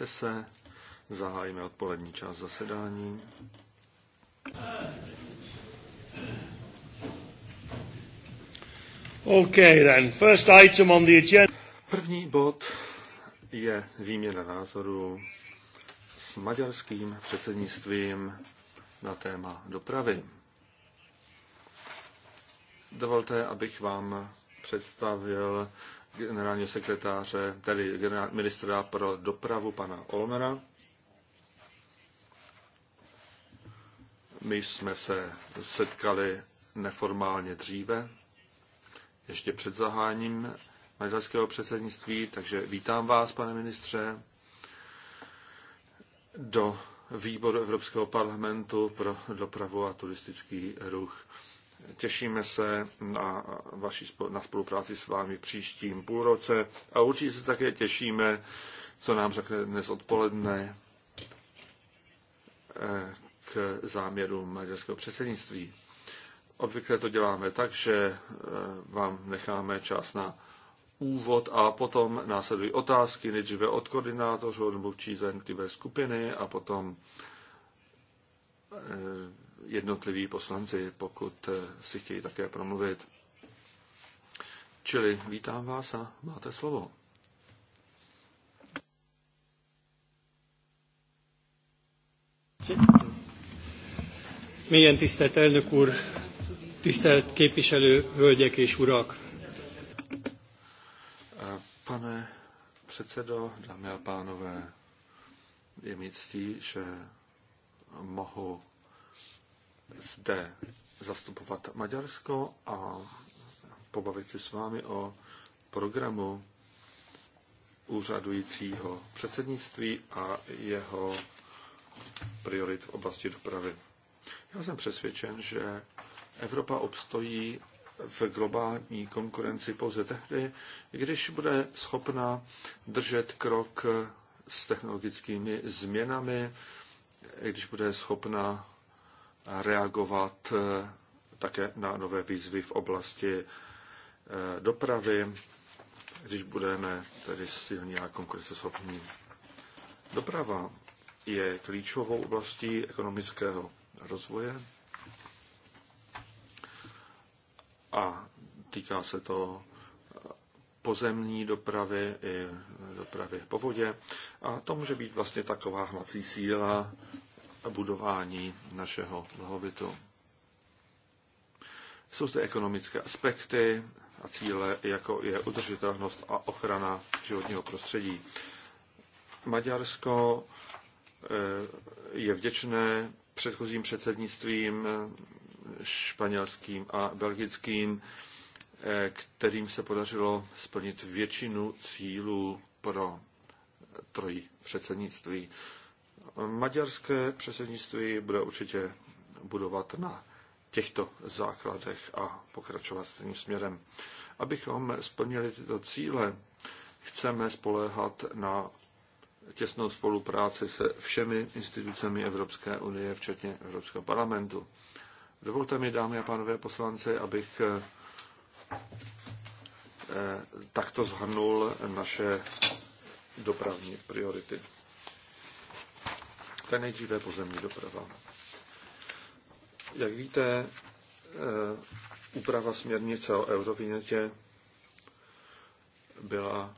Posaďte se, zahájíme odpolední část zasedání. Okay, then. First item on the agenda. První bod je výměna názoru s maďarským předsednictvím na téma dopravy. Dovolte, abych vám představil generálního sekretáře, tedy generál, ministra pro dopravu pana Olmera. My jsme se setkali neformálně dříve, ještě před zahájením maďarského předsednictví, takže vítám vás, pane ministře, do výboru Evropského parlamentu pro dopravu a turistický ruch. Těšíme se na, vaši, na spolupráci s vámi příštím půlroce a určitě se také těšíme, co nám řekne dnes odpoledne eh, k záměrům maďarského předsednictví. Obvykle to děláme tak, že eh, vám necháme čas na úvod a potom následují otázky, nejdříve od koordinátorů nebo čí za skupiny a potom eh, jednotliví poslanci, pokud eh, si chtějí také promluvit. Čili vítám vás a máte slovo. Milyen tisztelt elnök úr, tisztelt képviselő, hölgyek és urak! Pane předsedo, dámy a pánové, je mi ctí, že mohu zde zastupovat Maďarsko a pobavit se s vámi o programu úřadujícího předsednictví a jeho priorit v oblasti dopravy. Já jsem přesvědčen, že Evropa obstojí v globální konkurenci pouze tehdy, když bude schopna držet krok s technologickými změnami, když bude schopna reagovat eh, také na nové výzvy v oblasti eh, dopravy, když budeme tedy silní a konkurenceschopní. Doprava je klíčovou oblastí ekonomického rozvoje a týká se to eh, pozemní dopravy i dopravy po vodě. A to může být vlastně taková hnací síla budování našeho blahobytu. Jsou zde ekonomické aspekty a cíle, jako je udržitelnost a ochrana životního prostředí. Maďarsko eh, je vděčné předchozím předsednictvím eh, španělským a belgickým, eh, kterým se podařilo splnit většinu cílů pro trojí předsednictví. Maďarské předsednictví bude určitě budovat na těchto základech a pokračovat stejným směrem. Abychom splnili tyto cíle, chceme spoléhat na těsnou spolupráci se všemi institucemi Evropské unie, včetně Evropského parlamentu. Dovolte mi, dámy a pánové poslanci, abych eh, eh, takto zhrnul naše dopravní priority. To je nejdříve pozemní doprava. Jak víte, eh, úprava směrnice o eurovinětě byla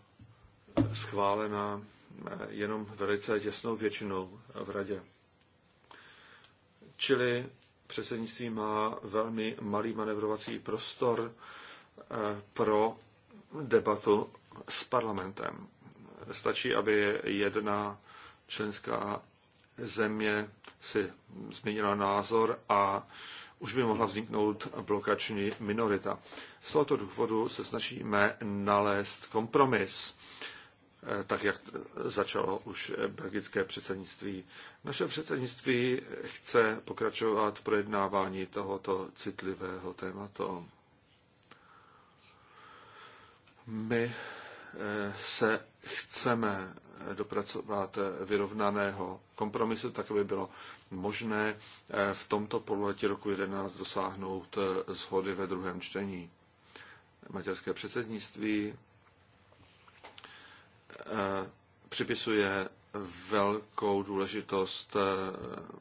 schválena eh, jenom velice těsnou většinou v radě. Čili předsednictví má velmi malý manevrovací prostor eh, pro debatu s parlamentem. Stačí, aby jedna členská země si změnila názor a už by mohla vzniknout blokační minorita. Z tohoto důvodu se snažíme nalézt kompromis, eh, tak jak začalo už belgické předsednictví. Naše předsednictví chce pokračovat v projednávání tohoto citlivého tématu. My eh, se chceme dopracovat vyrovnaného kompromisu, tak aby bylo možné eh, v tomto pololetí roku 2011 dosáhnout eh, shody ve druhém čtení. Maďarské předsednictví eh, připisuje velkou důležitost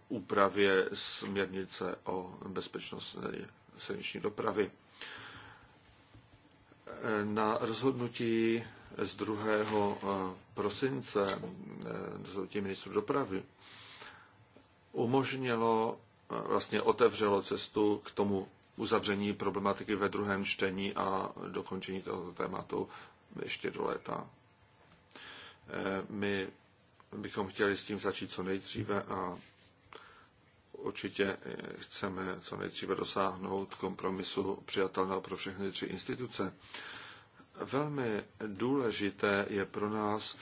úpravě směrnice o bezpečnosti silniční dopravy. Na rozhodnutí z 2. Eh, prosince rozhodnutí eh, ministru dopravy umožnilo, eh, vlastně otevřelo cestu k tomu uzavření problematiky ve druhém čtení a dokončení tohoto tématu ještě do léta. My bychom chtěli s tím začít co nejdříve a určitě chceme co nejdříve dosáhnout kompromisu přijatelného pro všechny tři instituce velmi důležité je pro nás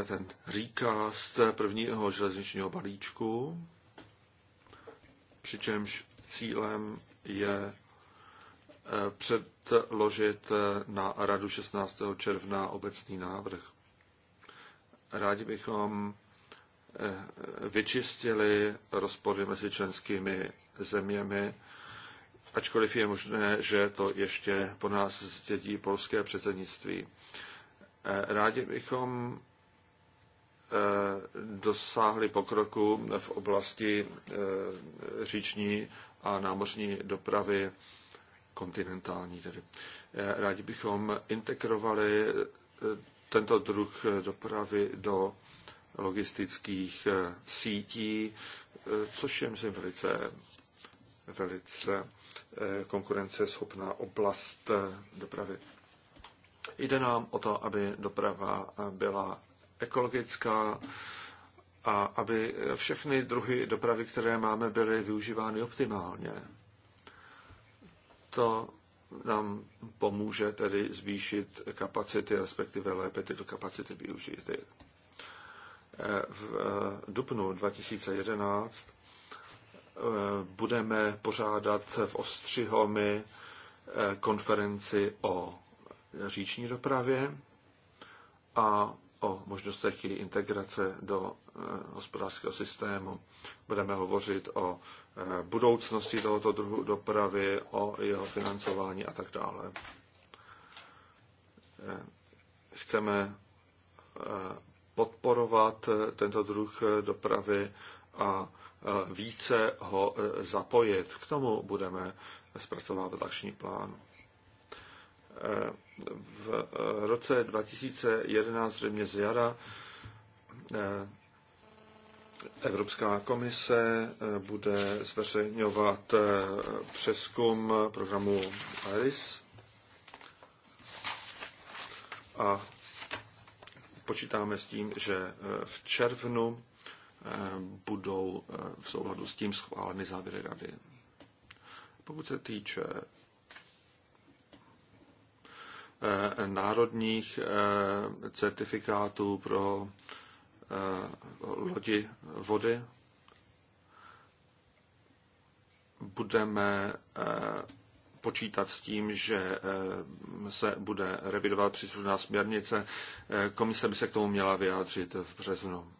eh, ten říkaz prvního železničního balíčku, přičemž cílem je eh, předložit eh, na radu 16. června obecný návrh. Rádi bychom vyčistili rozpory mezi členskými zeměmi ačkoliv je možné, že to ještě po nás zdědí polské předsednictví. Eh, rádi bychom eh, dosáhli pokroku v oblasti eh, říční a námořní dopravy kontinentální. Tedy. Rádi bychom integrovali tento druh dopravy do logistických sítí, což je, myslím, velice, velice Eh, konkurenceschopná oblast eh, dopravy. Jde nám o to, aby doprava eh, byla ekologická a aby všechny druhy dopravy, které máme, byly využívány optimálně. To nám pomůže tedy zvýšit kapacity, respektive lépe tyto kapacity využít. V dubnu 2011 Eh, budeme pořádat v Ostřihomi eh, konferenci o říční dopravě a o možnostech její integrace do eh, hospodářského systému. Budeme hovořit o budoucnosti tohoto druhu dopravy, o jeho financování a tak dále. Chceme podporovat tento druh dopravy a Eh, více ho eh, zapojit. K tomu budeme zpracovávat akční plán. Eh, v roce 2011, zřejmě z jara, Evropská komise bude zveřejňovat přeskum programu ARIS a počítáme s tím, že v červnu Eh, budou eh, v souladu s tím schváleny závěry rady. Pokud se týče eh, národních certifikátů pro lodi vody, budeme počítat s tím, že se bude revidovat příslušná směrnice. Komise by se k tomu měla vyjádřit v březnu.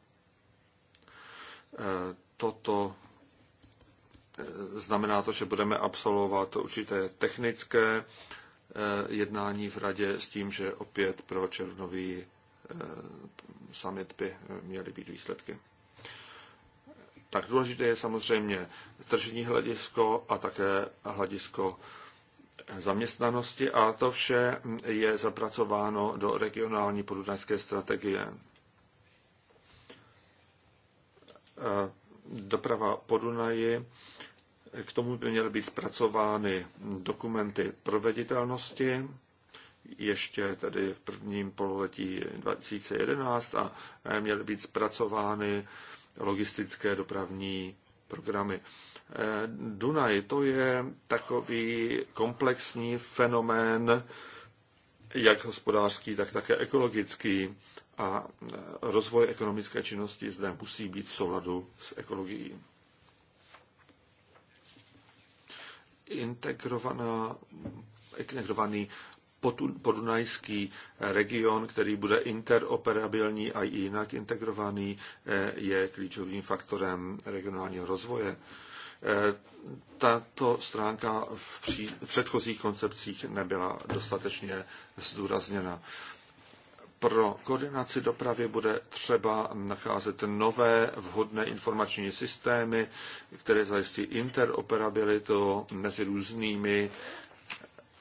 Eh, toto eh, znamená to, že budeme absolvovat určité technické eh, jednání v radě s tím, že opět pro červnový summit by měly být výsledky. Tak důležité je samozřejmě tržní hledisko a také hledisko zaměstnanosti a to vše je zapracováno do regionální podunajské strategie. doprava po Dunaji. K tomu by měly být zpracovány dokumenty proveditelnosti, ještě tedy v prvním pololetí 2011 a eh, měly být zpracovány logistické dopravní programy. Eh, Dunaj to je takový komplexní fenomén, jak hospodářský, tak také ekologický a e, rozvoj ekonomické činnosti zde musí být v souladu s ekologií. Integrovaná, integrovaný podunajský region, který bude interoperabilní a jinak integrovaný, e, je klíčovým faktorem regionálního rozvoje. E, tato stránka v, předchozích koncepcích nebyla dostatečně zdůrazněna. Pro koordinaci dopravy bude třeba nacházet nové vhodné informační systémy, které zajistí interoperabilitu mezi různými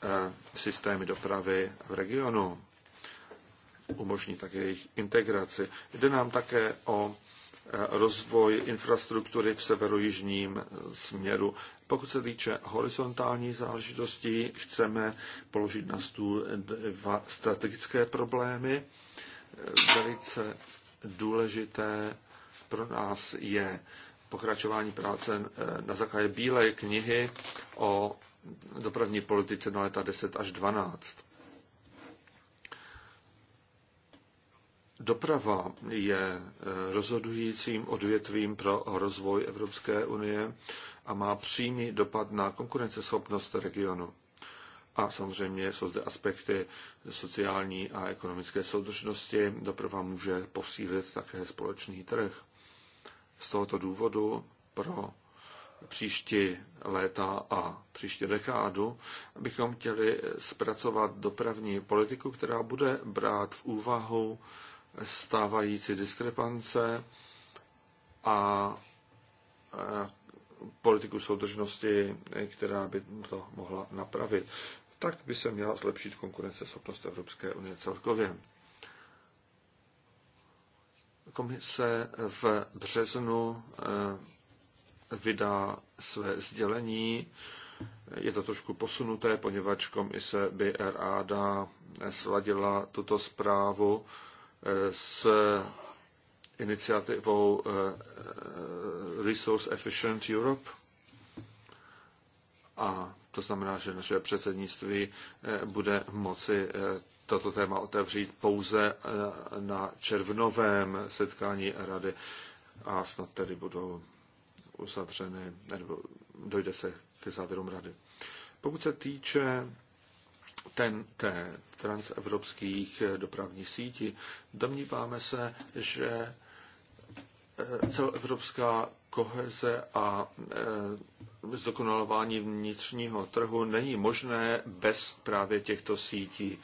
eh, systémy dopravy v regionu. Umožní také jejich integraci. Jde nám také o eh, rozvoj infrastruktury v severojižním eh, směru. Pokud se týče horizontální záležitosti chceme položit na stůl dva strategické problémy. Velice důležité pro nás je pokračování práce na základě bílé knihy o dopravní politice na leta 10 až 12. Doprava je eh, rozhodujícím odvětvím pro rozvoj Evropské unie a má přímý dopad na konkurenceschopnost regionu. A samozřejmě jsou zde aspekty sociální a ekonomické soudržnosti. Doprava může posílit také společný trh. Z tohoto důvodu pro příští léta a příští dekádu bychom chtěli zpracovat dopravní politiku, která bude brát v úvahu stávající diskrepance a e, politiku soudržnosti, která by to mohla napravit. Tak by se měla zlepšit konkurenceschopnost Evropské unie celkově. Komise v březnu e, vydá své sdělení. Je to trošku posunuté, poněvadž komise by ráda sladila tuto zprávu s iniciativou eh, eh, Resource Efficient Europe. A to znamená, že naše předsednictví eh, bude moci toto téma otevřít pouze na červnovém setkání rady a snad tedy budou uzavřeny, nebo dojde se k závěrům rady. Pokud se týče ten, té transevropských eh, dopravních sítí, domníváme se, že eh, celoevropská koheze a eh, zdokonalování vnitřního trhu není možné bez právě těchto sítí.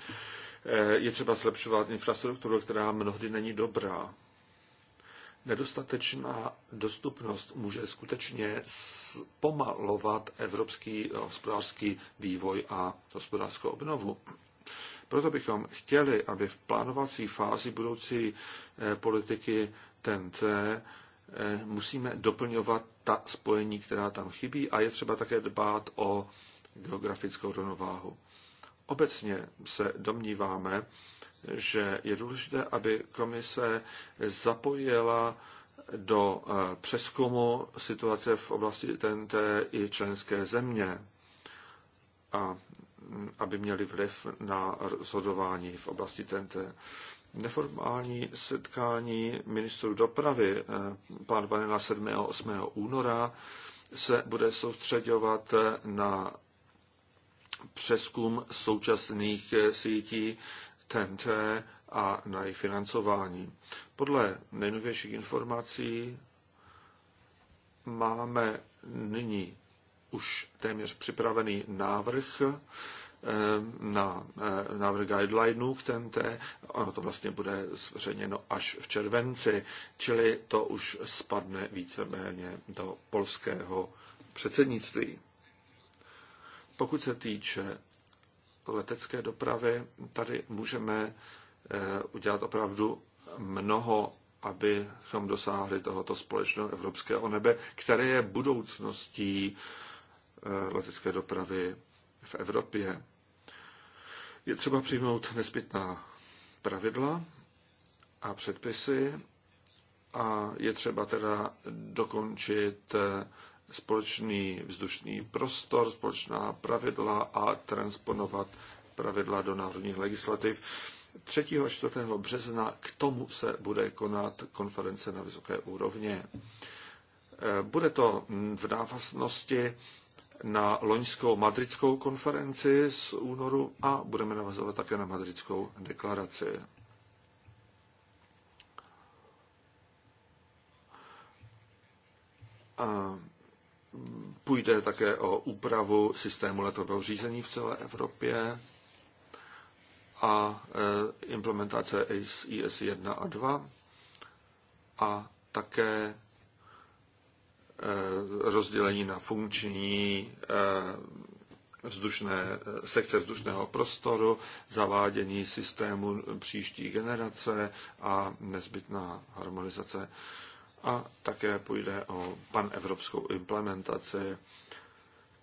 Je třeba zlepšovat infrastrukturu, která mnohdy není dobrá nedostatečná dostupnost může skutečně zpomalovat evropský hospodářský vývoj a hospodářskou obnovu. Proto bychom chtěli, aby v plánovací fázi budoucí eh, politiky TNT eh, musíme doplňovat ta spojení, která tam chybí a je třeba také dbát o geografickou rovnováhu. Obecně se domníváme, že je důležité, aby komise zapojila do eh, přeskumu situace v oblasti TNT i členské země a mm, aby měli vliv na rozhodování v oblasti TNT. Neformální setkání ministrů dopravy eh, plánované na 7. a 8. února se bude soustředovat eh, na přeskum současných sítí TNT a na jejich financování. Podle nejnovějších informací máme nyní už téměř připravený návrh eh, na eh, návrh guidelineů k TNT. Ono to vlastně bude zveřejněno až v červenci, čili to už spadne víceméně do polského předsednictví. Pokud se týče letecké dopravy tady můžeme eh, udělat opravdu mnoho, abychom dosáhli tohoto společného evropského nebe, které je budoucností eh, letecké dopravy v Evropě. Je třeba přijmout nezbytná pravidla a předpisy a je třeba teda dokončit eh, společný vzdušný prostor, společná pravidla a transponovat pravidla do národních legislativ. 3. a 4. března k tomu se bude konat konference na vysoké úrovně. Bude to v návaznosti na loňskou madridskou konferenci z únoru a budeme navazovat také na madridskou deklaraci. A Půjde také o úpravu systému letového řízení v celé Evropě a eh, implementace IS 1 a 2 a také eh, rozdělení na funkční eh, vzdušné, sekce vzdušného prostoru, zavádění systému příští generace a nezbytná harmonizace a také půjde o panevropskou implementaci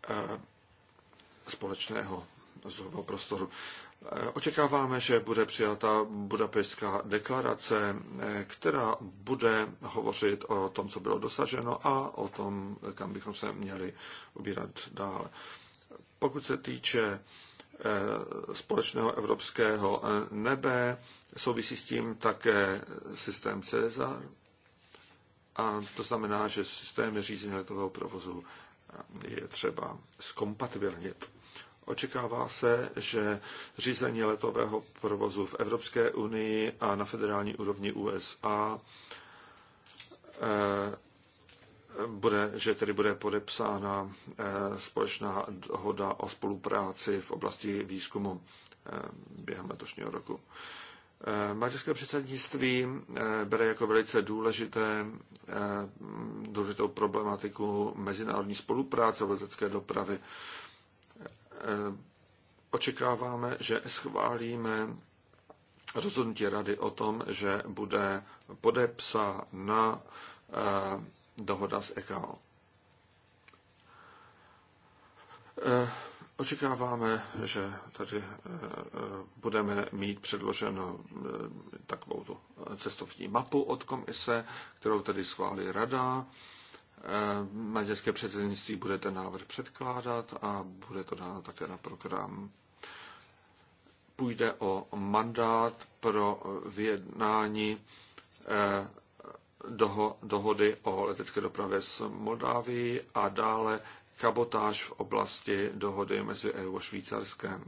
eh, společného vzduchového prostoru. Eh, očekáváme, že bude přijata budapeštská deklarace, eh, která bude hovořit o tom, co bylo dosaženo a o tom, kam bychom se měli ubírat dále. Pokud se týče společného evropského nebe, souvisí s tím také systém CESAR, a to znamená, že systémy řízení letového provozu je třeba zkompatibilnit. Očekává se, že řízení letového provozu v Evropské unii a na federální úrovni USA eh, bude, že tedy bude podepsána eh, společná dohoda o spolupráci v oblasti výzkumu eh, během letošního roku. Eh, maďarské předsednictví eh, bere jako velice důležité, eh, důležitou problematiku mezinárodní spolupráce v letecké dopravy. Očekáváme, že schválíme rozhodnutí rady o tom, že bude podepsána dohoda s ECAO. Očekáváme, že tady eh, eh, budeme mít předloženo eh, takovou tu cestovní mapu od komise, kterou tedy schválí rada. Maďarské předsednictví bude ten návrh předkládat a bude to dáno také na program. Půjde o mandát pro vyjednání dohody o letecké dopravě s Moldávií a dále kabotáž v oblasti dohody mezi EU a Švýcarskem.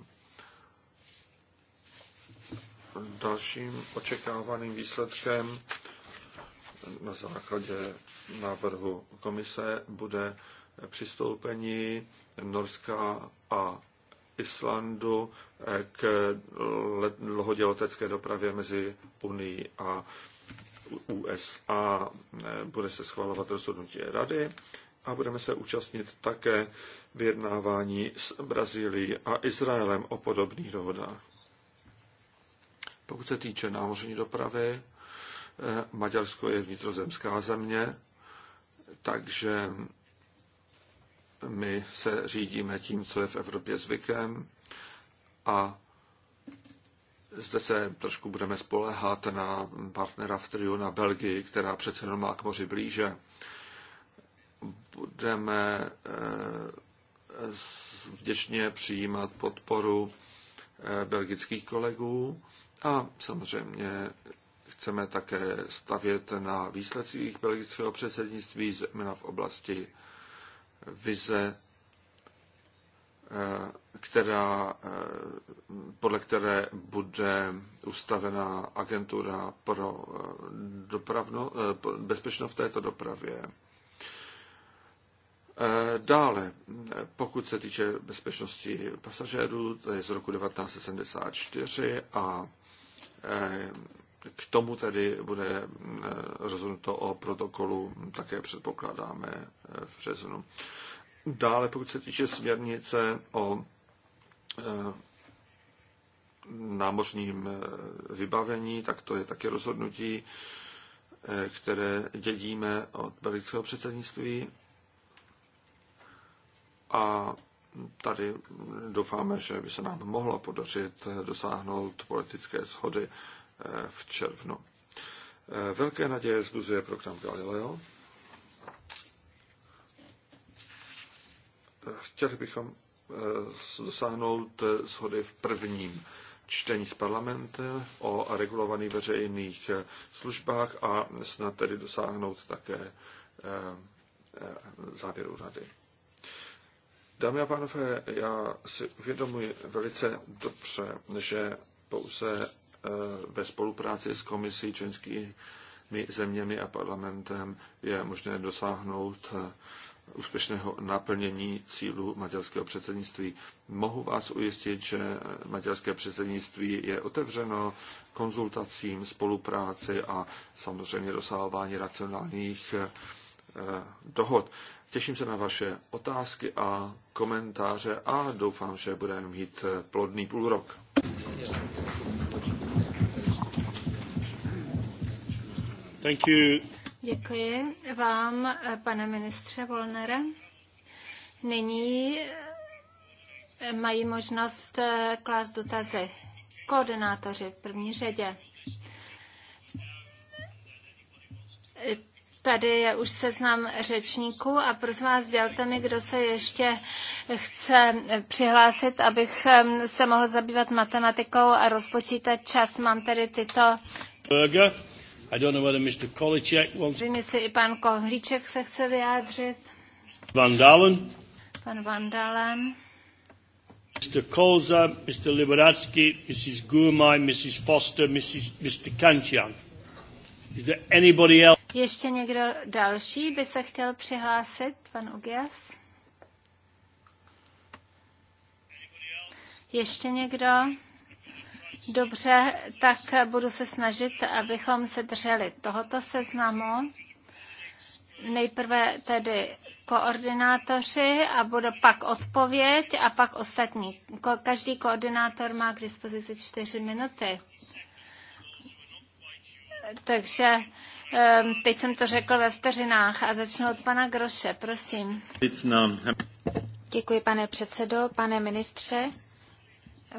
Dalším očekávaným výsledkem na základě návrhu komise bude přistoupení Norska a Islandu k dlouhodě letecké dopravě mezi Unii a USA. Bude se schvalovat rozhodnutí Rady a budeme se účastnit také vyjednávání s Brazílií a Izraelem o podobných dohodách. Pokud se týče námořní dopravy, eh, Maďarsko je vnitrozemská země, takže my se řídíme tím, co je v Evropě zvykem a zde se trošku budeme spolehat na partnera v triu na Belgii, která přece jenom má k moři blíže budeme eh, vděčně přijímat podporu eh, belgických kolegů a samozřejmě chceme také stavět na výsledcích belgického předsednictví, zejména v oblasti vize, eh, která, podle které bude ustavená agentura pro dopravno, bezpečnost v této dopravě. Eh, dále, eh, pokud se týče bezpečnosti pasažérů, to je z roku 1974 a eh, k tomu tedy bude rozhodnuto o protokolu, také předpokládáme v březnu. Dále, pokud se týče směrnice o námořním vybavení, tak to je také rozhodnutí, které dědíme od belgického předsednictví a tady doufáme, že by se nám mohlo podařit dosáhnout politické shody eh, v červnu. Eh, velké naděje zbuzuje program Galileo. Eh, chtěli bychom dosáhnout shody v prvním čtení z parlamentu o regulovaných veřejných službách a snad tedy dosáhnout také závěru rady. Dámy a pánové, já si uvědomuji velice dobře, že pouze eh, ve spolupráci s komisí členskými zeměmi a parlamentem je možné dosáhnout eh, úspěšného naplnění cílu maďarského předsednictví. Mohu vás ujistit, že maďarské předsednictví je otevřeno konzultacím, spolupráci a samozřejmě dosahování racionálních eh, Eh, dohod. Těším se na vaše otázky a komentáře a doufám, že budeme mít eh, plodný půl rok. Thank you. Děkuji vám, eh, pane ministře Volnere. Nyní mají možnost klást dotazy koordinátoři v první řadě Tady je už seznam řečníků a prosím vás, dělte mi, kdo se ještě chce přihlásit, abych se mohl zabývat matematikou a rozpočítat čas. Mám tady tyto... I don't know whether Mr. Kolicek wants... Vím, jestli i pan Kohlíček se chce vyjádřit. Van Dalen. Pan Van Dalen. Mr. Kolza, Mr. Liberatsky, Mrs. Gurmai, Mrs. Foster, Mrs. Mr. Kantian. Is there anybody else? Ještě někdo další by se chtěl přihlásit? Pan Ugias? Ještě někdo? Dobře, tak budu se snažit, abychom se drželi tohoto seznamu. Nejprve tedy koordinátoři a bude pak odpověď a pak ostatní. Každý koordinátor má k dispozici čtyři minuty. Takže Ehm, teď jsem to řekl ve vteřinách a začnu od pana Groše, prosím. Děkuji, pane předsedo, pane ministře.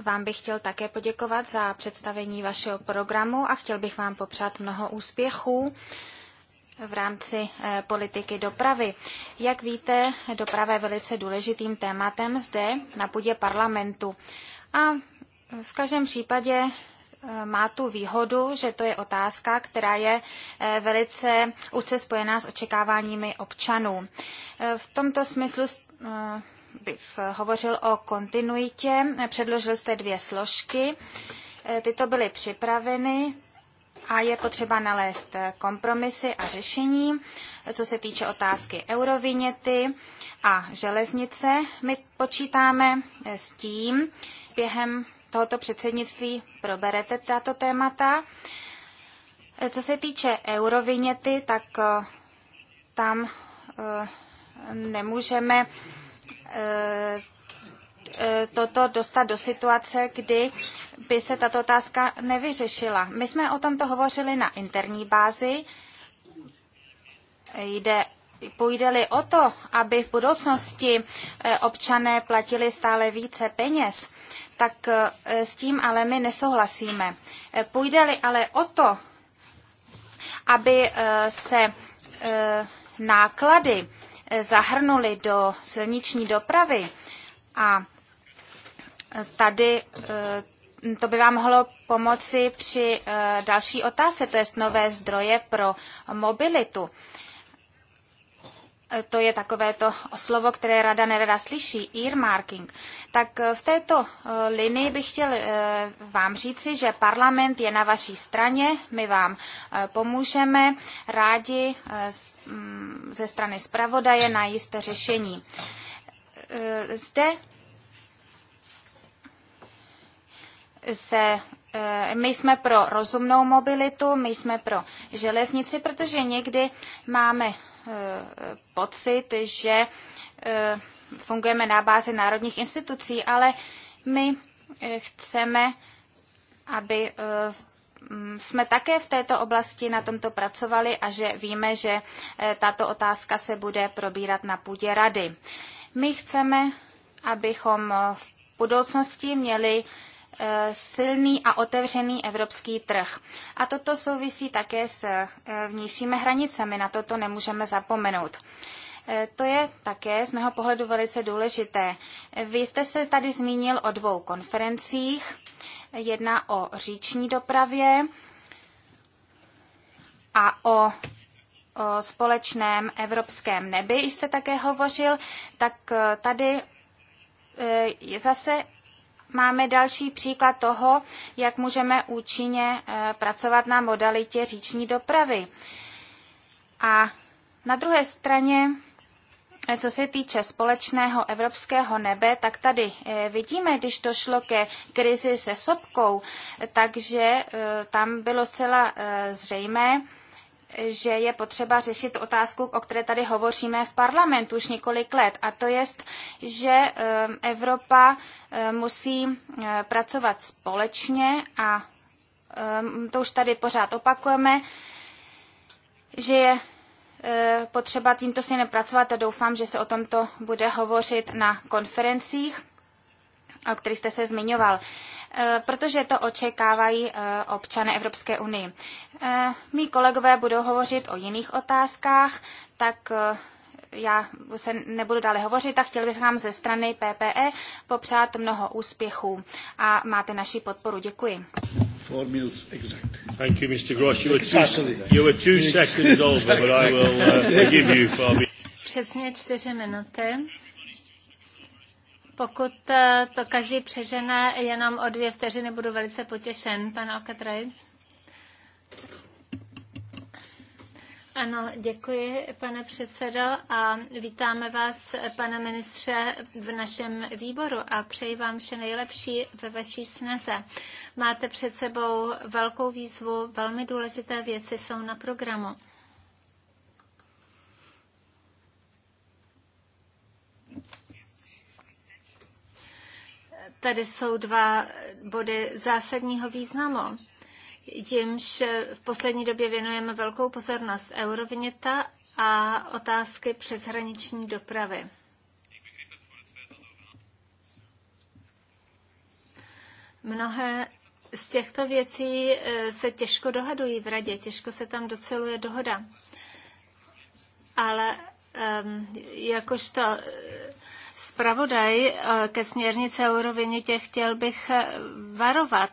Vám bych chtěl také poděkovat za představení vašeho programu a chtěl bych vám popřát mnoho úspěchů v rámci eh, politiky dopravy. Jak víte, doprava je velice důležitým tématem zde na půdě parlamentu. A v každém případě Eh, má tu výhodu, že to je otázka, která je eh, velice úzce spojená s očekáváními občanů. Eh, v tomto smyslu bych hovořil o kontinuitě. Předložil jste dvě složky. Tyto byly připraveny a je potřeba nalézt kompromisy a řešení, co se týče otázky eurovinety a železnice. My počítáme s tím během tohoto předsednictví proberete tato témata. Co se týče eurovinety, tak eh, tam eh, nemůžeme eh, toto dostat do situace, kdy by se tato otázka nevyřešila. My jsme o tomto hovořili na interní bázi. Jde Půjde-li o to, aby v budoucnosti občané platili stále více peněz, tak e, s tím ale my nesouhlasíme. E, půjde-li ale o to, aby e, se náklady zahrnuly do silniční dopravy a tady to by vám mohlo pomoci při další otázce, to je nové zdroje pro mobilitu. E, to je takové to slovo, které rada nerada slyší, earmarking, tak e, v této e, linii bych chtěl vám říci, že parlament je na vaší straně, my vám pomůžeme, rádi ze strany zpravodaje najíst řešení. Zde se my jsme pro rozumnou mobilitu, my jsme pro železnici, protože někdy máme pocit, že eh, fungujeme na bázi národních institucí, ale my eh, chceme, aby eh, jsme také v této oblasti na tomto pracovali a že víme, že tato otázka se bude probírat na půdě rady. My chceme, abychom v budoucnosti měli silný a otevřený evropský trh. A toto souvisí také s eh, vnějšími hranicemi, na toto nemůžeme zapomenout. Eh, to je také z mého pohledu velice důležité. Vy jste se tady zmínil o dvou konferencích. Jedna o říční dopravě a o o společném evropském nebi jste také hovořil, tak eh, tady zase máme další příklad toho, jak můžeme účinně eh, pracovat na modalitě říční dopravy. A na druhé straně, eh, co se týče společného evropského nebe, tak tady eh, vidíme, když došlo ke krizi se sopkou, takže tam bylo zcela zřejmé, že je potřeba řešit otázku, o které tady hovoříme v parlamentu už několik let, a to je, že ehm, Evropa ehm, musí ehm, pracovat společně a to už tady pořád opakujeme, že je potřeba tímto stejně pracovat a doufám, že se o tomto bude hovořit na konferencích o který jste se zmiňoval, eh, protože to očekávají eh, občané Evropské unii. Eh, mí kolegové budou hovořit o jiných otázkách, tak já se nebudu dále hovořit a chtěl bych vám ze strany PPE popřát mnoho úspěchů a máte naši podporu. Děkuji. Four minutes exact. Thank you, Mr. Grosh. You were two, you were two seconds over, but I will uh, forgive you for being... Přesně čtyři minuty. Pokud eh, to každý přežene jenom o dvě vteřiny, budu velice potěšen, pan Alcatraj. Ano, děkuji, pane předsedo, a vítáme vás, pane ministře, v našem výboru a přeji vám vše nejlepší ve vaší snaze. Máte před sebou velkou výzvu, velmi důležité věci jsou na programu. tady jsou dva body zásadního významu. Tímž v poslední době věnujeme velkou pozornost eurovinita a otázky přeshraniční dopravy. Mnohé z těchto věcí eh, se těžko dohadují v radě, těžko se tam doceluje dohoda. Ale um, jakožto zpravodaj eh, ke směrnice o rovině chtěl bych eh, varovat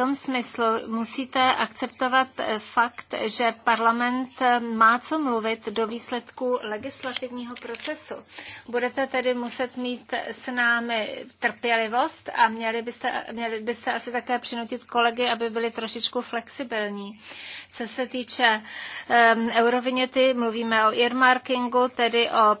tom smyslu musíte akceptovat eh, fakt, že parlament eh, má co mluvit do výsledku legislativního procesu. Budete tedy muset mít s námi trpělivost a měli byste, měli byste asi také přinutit kolegy, aby byli trošičku flexibilní. Co se týče um, eurovinety, mluvíme o earmarkingu, tedy o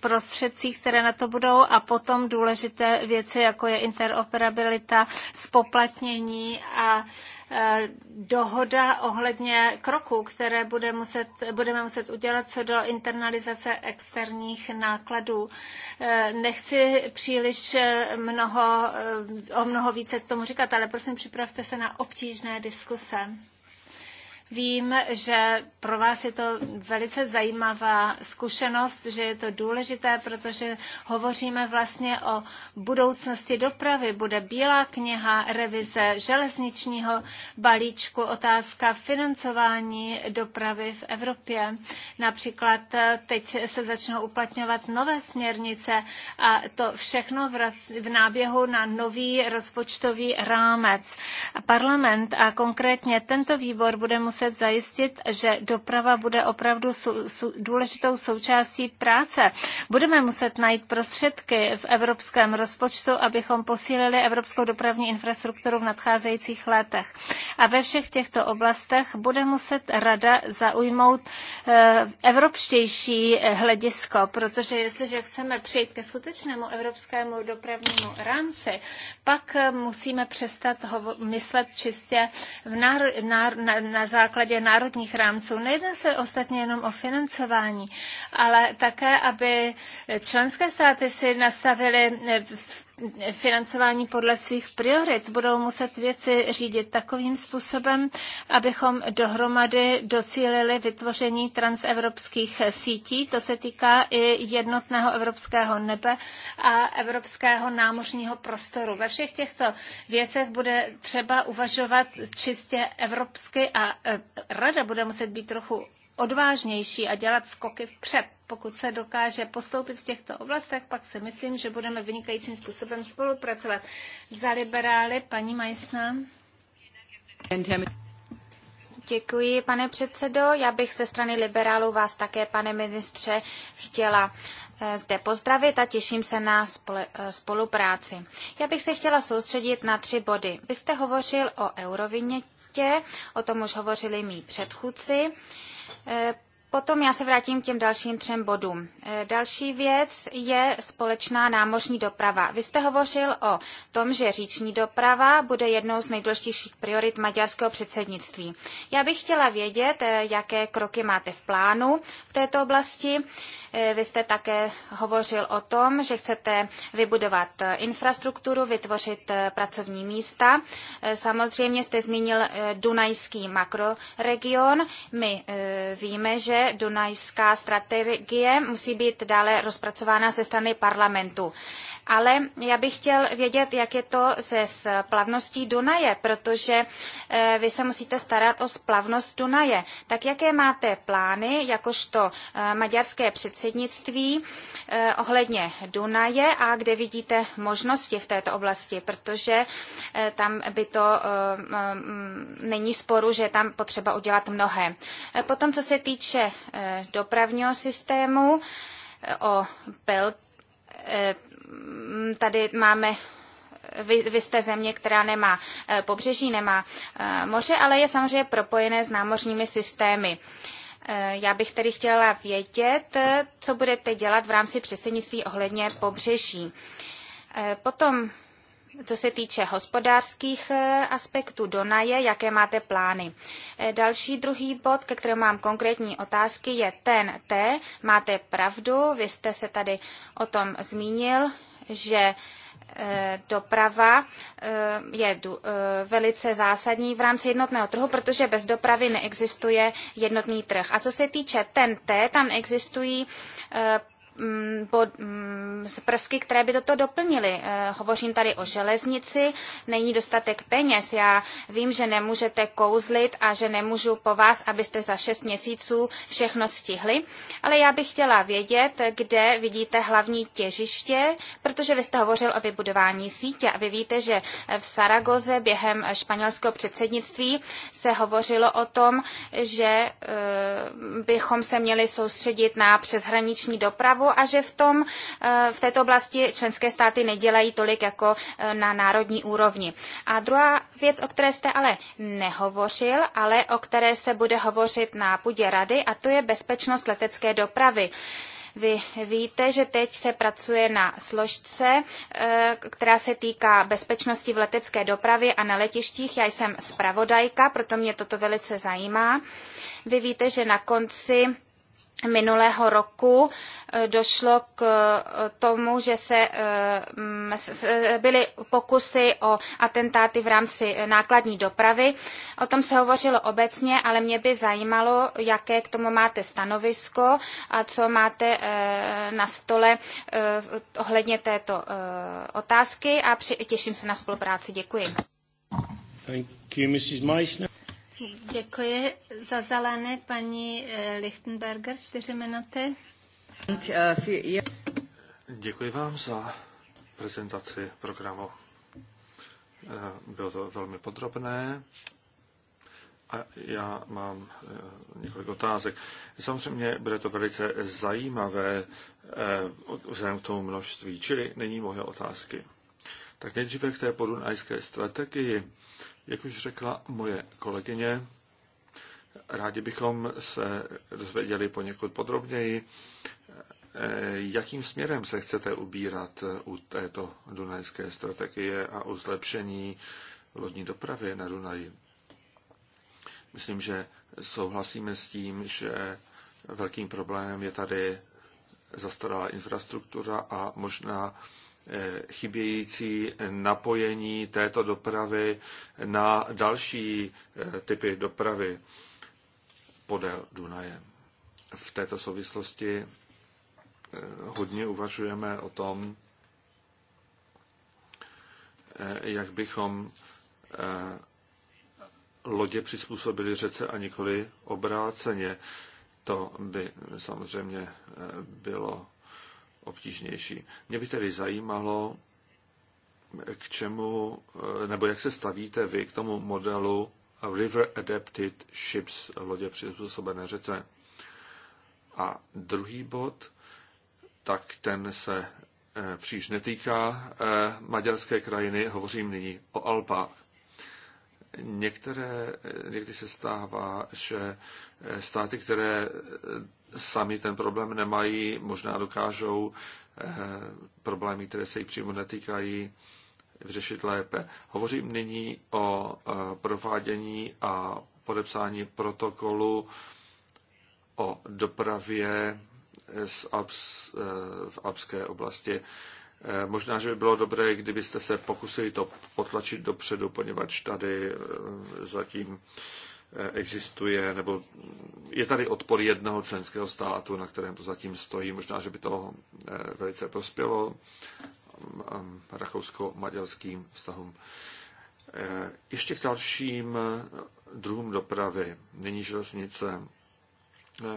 prostředcích, které na to budou a potom důležité věci, jako je interoperabilita, spoplatnění a e, dohoda ohledně kroků, které bude muset, budeme muset udělat co do internalizace externích nákladů. E, nechci příliš e, mnoho, o mnoho více k tomu říkat, ale prosím připravte se na obtížné diskuse. Vím, že pro vás je to velice zajímavá zkušenost, že je to důležité, protože hovoříme vlastně o budoucnosti dopravy. Bude bílá kniha, revize železničního balíčku, otázka financování dopravy v Evropě. Například eh, teď se začnou uplatňovat nové směrnice a to všechno v náběhu na nový rozpočtový rámec. Parlament a konkrétně tento výbor bude muset muset zajistit, že doprava bude opravdu su, su, důležitou součástí práce. Budeme muset najít prostředky v evropském rozpočtu, abychom posílili evropskou dopravní infrastrukturu v nadcházejících letech. A ve všech těchto oblastech bude muset Rada zaujmout eh, evropštější eh, hledisko, protože jestliže chceme přijít ke skutečnému evropskému dopravnímu rámci, pak eh, musíme přestat hovo- myslet čistě v náro- na, na, na, základě základě národních rámců. Nejedná se ostatně jenom o financování, ale také, aby členské státy si nastavily v financování podle svých priorit. Budou muset věci řídit takovým způsobem, abychom dohromady docílili vytvoření transevropských sítí. To se týká i jednotného evropského nebe a evropského námořního prostoru. Ve všech těchto věcech bude třeba uvažovat čistě evropsky a e, rada bude muset být trochu odvážnější a dělat skoky vpřed. Pokud se dokáže postoupit v těchto oblastech, pak si myslím, že budeme vynikajícím způsobem spolupracovat. Za liberály, paní Majsna. Děkuji, pane předsedo. Já bych ze strany liberálů vás také, pane ministře, chtěla eh, zde pozdravit a těším se na eh, spolupráci. Já bych se chtěla soustředit na tři body. Vy jste hovořil o eurovinětě, o tom už hovořili mý předchůdci. Eh, potom já se vrátím k těm dalším třem bodům. Eh, další věc je společná námořní doprava. Vy jste hovořil o tom, že říční doprava bude jednou z nejdůležitějších priorit maďarského předsednictví. Já bych chtěla vědět, eh, jaké kroky máte v plánu v této oblasti. Eh, vy jste také hovořil o tom, že chcete vybudovat eh, infrastrukturu, vytvořit eh, pracovní místa. Samozřejmě jste zmínil Dunajský makroregion. My víme, že Dunajská strategie musí být dále rozpracována ze strany parlamentu ale já bych chtěl vědět, jak je to se splavností Dunaje, protože eh, vy se musíte starat o splavnost Dunaje. Tak jaké máte plány, jakožto eh, maďarské předsednictví eh, ohledně Dunaje a kde vidíte možnosti v této oblasti, protože tam by to mm, není sporu, že je tam potřeba udělat mnohé. Potom, co se týče dopravního systému, o belt Mm, tady máme vy, vy jste země, která nemá eh, pobřeží, nemá eh, moře, ale je samozřejmě propojené s námořními systémy. Eh, já bych tedy chtěla vědět, co budete dělat v rámci přesednictví ohledně pobřeží. Potom co se týče hospodářských eh, aspektů Donaje, jaké máte plány. Eh, další druhý bod, ke kterému mám konkrétní otázky, je ten T. Máte pravdu, vy jste se tady o tom zmínil, že eh, doprava je velice zásadní v rámci jednotného trhu, protože bez dopravy neexistuje jednotný trh. A co se týče ten T, tam existují Mm, bod, z mm, prvky, které by toto doplnily. Eh, hovořím tady o železnici, není dostatek peněz. Já vím, že nemůžete kouzlit a že nemůžu po vás, abyste za šest měsíců všechno stihli, ale já bych chtěla vědět, kde vidíte hlavní těžiště, protože vy jste hovořil o vybudování sítě a vy víte, že v Saragoze během španělského předsednictví se hovořilo o tom, že eh, bychom se měli soustředit na přeshraniční dopravu a že v, tom, eh, v této oblasti členské státy nedělají tolik jako eh, na národní úrovni. A druhá věc, o které jste ale nehovořil, ale o které se bude hovořit na půdě rady, a to je bezpečnost letecké dopravy. Vy víte, že teď se pracuje na složce, eh, která se týká bezpečnosti v letecké dopravě a na letištích. Já jsem zpravodajka, proto mě toto velice zajímá. Vy víte, že na konci minulého roku eh, došlo k eh, tomu, že se eh, byly pokusy o atentáty v rámci nákladní dopravy. O tom se hovořilo obecně, ale mě by zajímalo, jaké k tomu máte stanovisko a co máte na stole ohledně této otázky a těším se na spolupráci. Děkuji. Thank you, Mrs. Meissner. Děkuji za zelené paní eh, Lichtenberger, čtyři minuty. Děkuji vám za prezentaci programu. Eh, bylo to velmi podrobné a já mám eh, několik otázek. Samozřejmě bude to velice zajímavé vzhledem k tomu množství, čili není moje otázky. Tak nejdříve k té podunajské strategii. Jak už řekla moje kolegyně, rádi bychom se dozvěděli poněkud podrobněji, eh, jakým směrem se chcete ubírat eh, u této dunajské strategie a u zlepšení lodní dopravy na Dunaji. Myslím, že souhlasíme s tím, že velkým problémem je tady zastaralá infrastruktura a možná chybějící napojení této dopravy na další eh, typy dopravy podél Dunaje. V této souvislosti eh, hodně uvažujeme o tom, eh, jak bychom lodě přizpůsobili řece a nikoli obráceně. To by samozřejmě bylo obtížnější. Mě by tedy zajímalo, k čemu, eh, nebo jak se stavíte vy k tomu modelu River Adapted Ships, lodě přizpůsobené řece. A druhý bod, tak ten se eh, příliš netýká eh, maďarské krajiny, hovořím nyní o Alpách. Některé, někdy se stává, že státy, které sami ten problém nemají, možná dokážou eh, problémy, které se jich přímo netýkají, vyřešit lépe. Hovořím nyní o eh, provádění a podepsání protokolu o dopravě eh, v Alpské oblasti. Možná, že by bylo dobré, kdybyste se pokusili to potlačit dopředu, poněvadž tady zatím Eh, existuje, nebo je tady odpor jednoho členského státu, na kterém to zatím stojí. Možná, že by to eh, velice prospělo eh, rakousko-maďarským vztahům. Ještě k dalším druhům dopravy. Není železnice.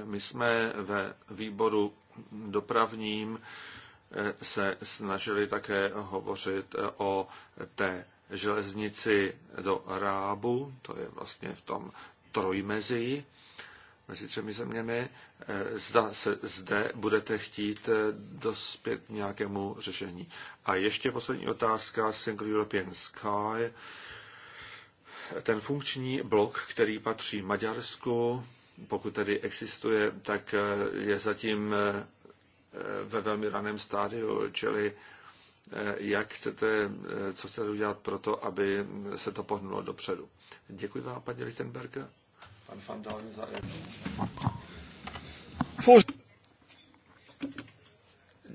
My jsme ve výboru dopravním se snažili také hovořit o té železnici do Rábu, to je vlastně v tom trojmezí mezi třemi zeměmi. E, zda se zde budete chtít e, dospět nějakému řešení. A ještě poslední otázka, Single European Sky. Ten funkční blok, který patří Maďarsku, pokud tedy existuje, tak e, je zatím ve velmi raném stádiu, čili Eh, jak chcete, eh, co chcete udělat pro to, aby se to pohnulo dopředu. Děkuji vám, paní Lichtenberg. Pan Fandalen za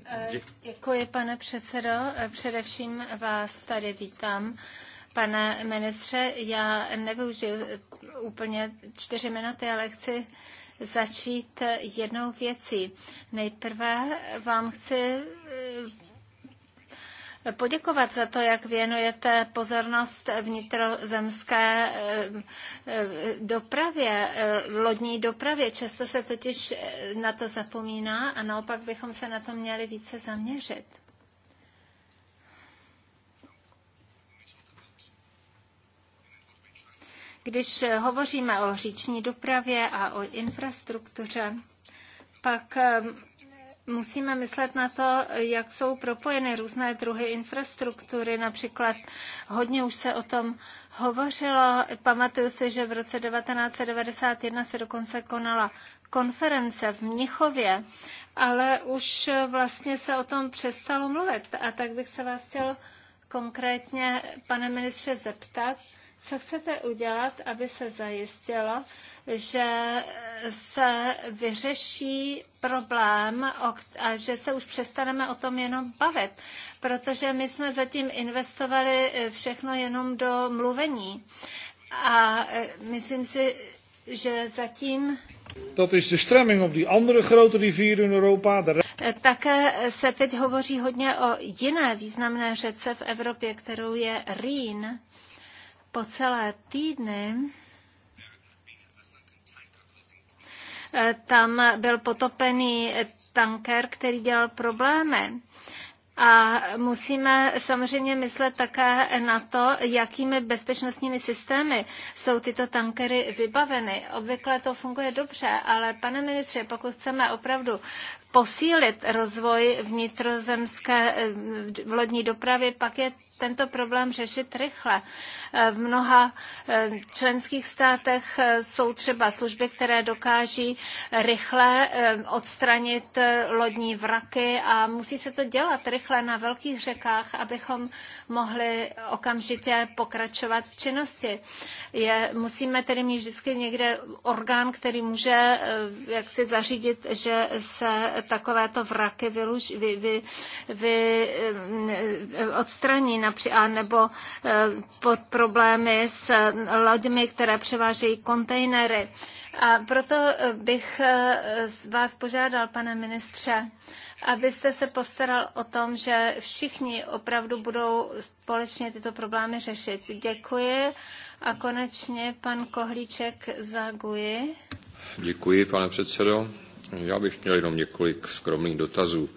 eh, Děkuji, pane předsedo. Především vás tady vítám. Pane ministře, já nevyužiju úplně čtyři minuty, ale chci začít jednou věcí. Nejprve vám chci poděkovat za to, jak věnujete pozornost vnitrozemské eh, eh, dopravě, eh, lodní dopravě. Často se totiž na to zapomíná a naopak bychom se na to měli více zaměřit. Když hovoříme o říční dopravě a o infrastruktuře, pak musíme myslet na to, jak jsou propojeny různé druhy infrastruktury. Například hodně už se o tom hovořilo. Pamatuju si, že v roce 1991 se dokonce konala konference v Mnichově, ale už vlastně se o tom přestalo mluvit. A tak bych se vás chtěl konkrétně, pane ministře, zeptat, co chcete udělat, aby se zajistilo, že se vyřeší problém a že se už přestaneme o tom jenom bavit, protože my jsme zatím investovali eh, všechno jenom do mluvení. A eh, myslím si, že zatím Dat is de stremming op die andere grote rivier in Europa. Eh, také se teď hovoří hodně o jiné významné řece v Evropě, kterou je Rýn po celé týdny eh, tam byl potopený tanker, který dělal problémy. A musíme samozřejmě myslet také na to, jakými bezpečnostními systémy jsou tyto tankery vybaveny. Obvykle to funguje dobře, ale pane ministře, pokud chceme opravdu posílit rozvoj vnitrozemské eh, lodní dopravy, pak je tento problém řešit rychle. Eh, v mnoha eh, členských státech eh, jsou třeba služby, které dokáží rychle odstranit lodní vraky a musí se to dělat rychle na velkých řekách, abychom mohli okamžitě pokračovat v činnosti. Je, musíme tedy mít vždycky někde orgán, který může jak si zařídit, že se takovéto vraky vyluž, vy, vy, vy, odstraní nebo eh, pod problémy s eh, loďmi, které převážejí kontejnery. A proto eh, bych vás požádal, pane ministře, abyste se postaral o tom, že všichni opravdu budou společně tyto problémy řešit. Děkuji. A konečně pan Kohlíček za GUI. Děkuji, pane předsedo. Já bych měl jenom několik skromných dotazů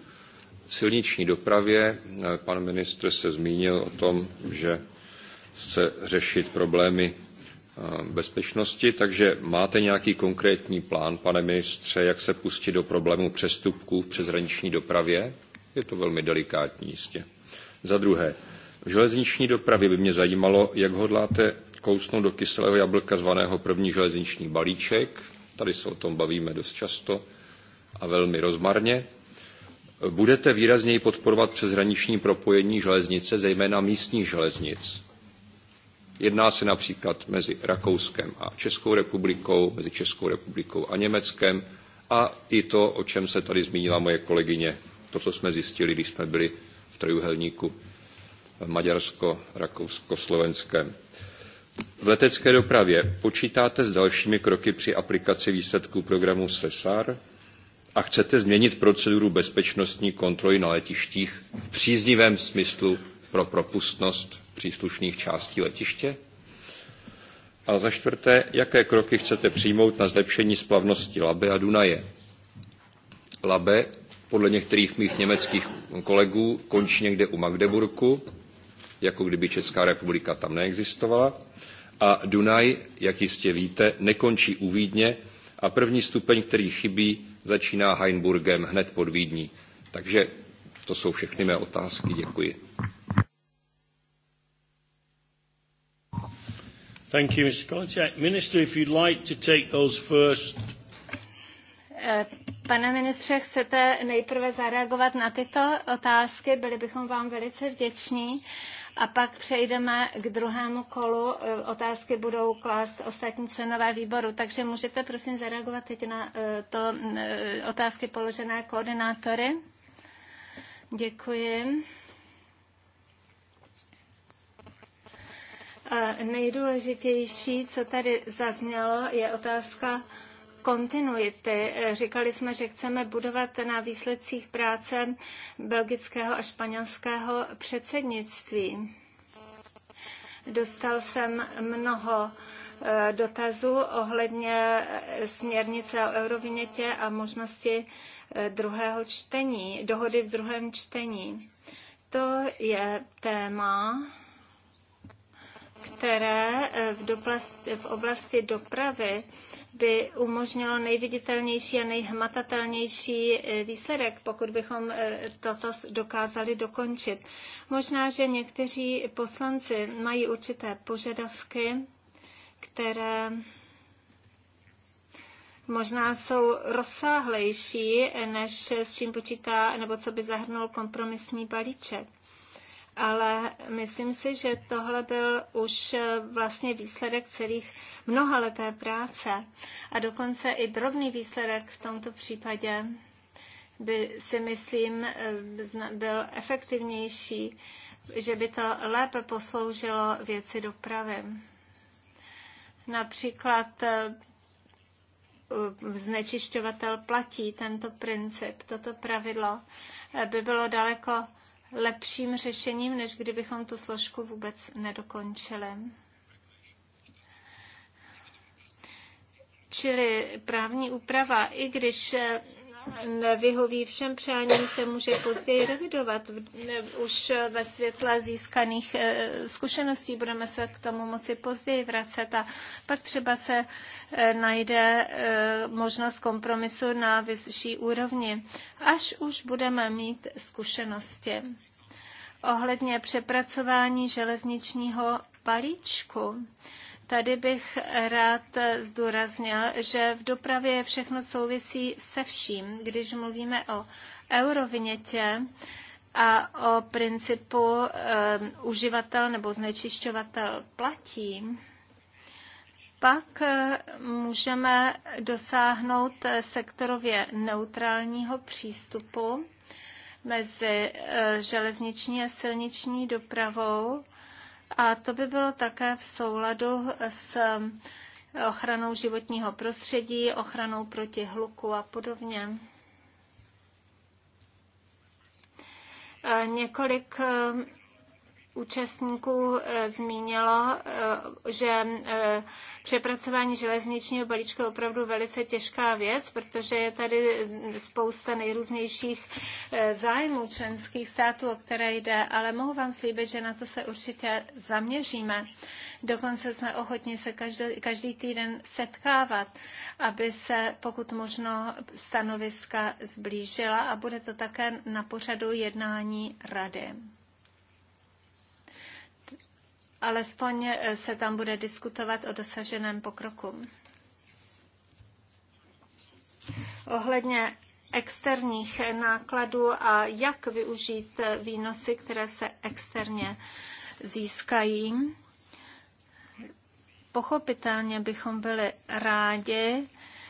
silniční dopravě. Pan ministr se zmínil o tom, že chce řešit problémy eh, bezpečnosti, takže máte nějaký konkrétní plán, pane ministře, jak se pustit do problému přestupků v přeshraniční dopravě? Je to velmi delikátní jistě. Za druhé, v železniční dopravě by mě zajímalo, jak hodláte kousnout do kyselého jablka zvaného první železniční balíček. Tady se o tom bavíme dost často a velmi rozmarně. Budete výrazněji podporovat přeshraniční propojení železnice, zejména místních železnic. Jedná se například mezi Rakouskem a Českou republikou, mezi Českou republikou a Německem a i to, o čem se tady zmínila moje kolegyně, to, co jsme zjistili, když jsme byli v trojuhelníku Maďarsko, Rakousko, Slovenském. V letecké dopravě počítáte s dalšími kroky při aplikaci výsledků programu SESAR, a chcete změnit proceduru bezpečnostní kontroly na letištích v příznivém smyslu pro propustnost příslušných částí letiště? A za čtvrté, jaké kroky chcete přijmout na zlepšení splavnosti Labe a Dunaje? Labe podle některých mých německých kolegů končí někde u Magdeburku, jako kdyby Česká republika tam neexistovala. A Dunaj, jak jistě víte, nekončí u Vídně a první stupeň, který chybí, začíná Heinburgem hned pod Vídní. Takže to jsou všechny mé otázky. Děkuji. Thank you, Mr. Minister, if you'd like to take those first. Eh, pane ministře, chcete nejprve zareagovat na tyto otázky? Byli bychom vám velice vděční a pak přejdeme k druhému kolu. E, otázky budou klást ostatní členové výboru, takže můžete prosím zareagovat teď na e, to e, otázky položené koordinátory. Děkuji. Nejdůležitější, co tady zaznělo, je otázka kontinuity. Říkali jsme, že chceme budovat na výsledcích práce belgického a španělského předsednictví. Dostal jsem mnoho eh, dotazů ohledně eh, směrnice o eurovinětě a možnosti eh, druhého čtení, dohody v druhém čtení. To je téma, které eh, v, oblasti, v oblasti dopravy by umožnilo nejviditelnější a nejhmatatelnější eh, výsledek, pokud bychom eh, toto dokázali dokončit. Možná, že někteří poslanci mají určité požadavky, které možná jsou rozsáhlejší, než s čím počítá, nebo co by zahrnul kompromisní balíček ale myslím si, že tohle byl už eh, vlastně výsledek celých mnohaleté práce a dokonce i drobný výsledek v tomto případě by si myslím eh, byl efektivnější, že by to lépe posloužilo věci dopravy. Například eh, znečišťovatel platí tento princip, toto pravidlo by bylo daleko lepším řešením, než kdybychom tu složku vůbec nedokončili. Čili právní úprava, i když nevyhoví všem přáním, se může později revidovat. Už ve světle získaných eh, zkušeností budeme se k tomu moci později vracet a pak třeba se eh, najde eh, možnost kompromisu na vyšší úrovni, až už budeme mít zkušenosti. Ohledně přepracování železničního balíčku Tady bych rád zdůraznil, že v dopravě všechno souvisí se vším. Když mluvíme o eurovinětě, a o principu um, uživatel nebo znečišťovatel platí, pak eh, můžeme dosáhnout eh, sektorově neutrálního přístupu mezi železniční a silniční dopravou a to by bylo také v souladu s um, ochranou životního prostředí, ochranou proti hluku a podobně. Několik um, účastníků eh, zmínilo, eh, že eh, přepracování železničního balíčku je opravdu velice těžká věc, protože je tady spousta nejrůznějších zájmů členských států, o které jde, ale mohu vám slíbit, že na to se určitě zaměříme. Dokonce jsme ochotni se každý, každý týden setkávat, aby se pokud možno stanoviska zblížila a bude to také na pořadu jednání rady alespoň eh, se tam bude diskutovat o dosaženém pokroku. Ohledně externích nákladů a jak využít eh, výnosy, které se externě získají. Pochopitelně bychom byli rádi,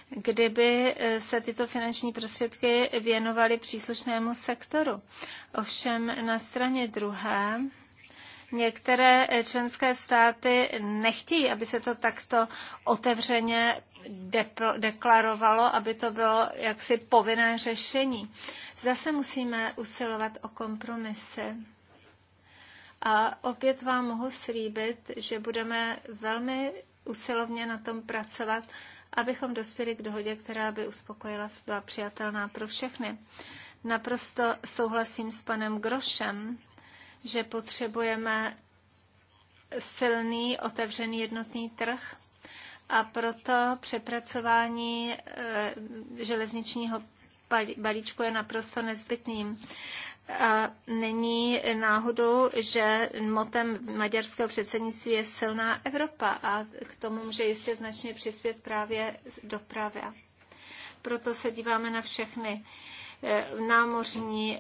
kdyby eh, se tyto finanční prostředky věnovaly příslušnému sektoru. Ovšem na straně druhé Některé eh, členské státy nechtějí, aby se to takto otevřeně deklarovalo, aby to bylo jaksi povinné řešení. Zase musíme usilovat o kompromisy. A opět vám mohu slíbit, že budeme velmi usilovně na tom pracovat, abychom dospěli k dohodě, která by uspokojila, byla přijatelná pro všechny. Naprosto souhlasím s panem Grošem že potřebujeme silný, otevřený jednotný trh a proto přepracování eh, železničního balíčku je naprosto nezbytným. A není náhodou, že motem maďarského předsednictví je silná Evropa a k tomu může jistě značně přispět právě doprava. Proto se díváme na všechny Eh, námořní,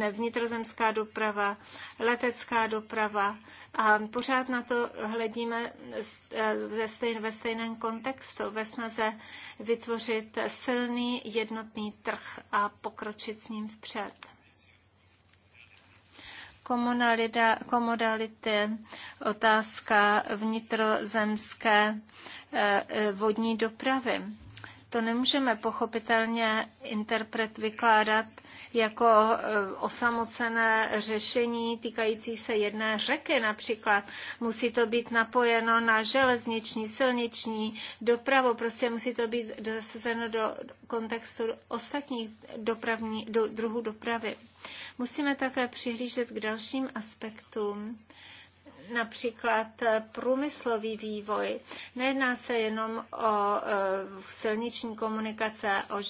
eh, vnitrozemská doprava, letecká doprava. A pořád na to hledíme eh, ve, stejném kontextu, ve snaze vytvořit silný jednotný trh a pokročit s ním vpřed komodality, otázka vnitrozemské vodní dopravy to nemůžeme pochopitelně interpret vykládat jako e, osamocené řešení týkající se jedné řeky například. Musí to být napojeno na železniční, silniční dopravu, prostě musí to být zasazeno do kontextu ostatních dopravní, do, druhů dopravy. Musíme také přihlížet k dalším aspektům, například eh, průmyslový vývoj. Nejedná se jenom o eh, silniční komunikace, o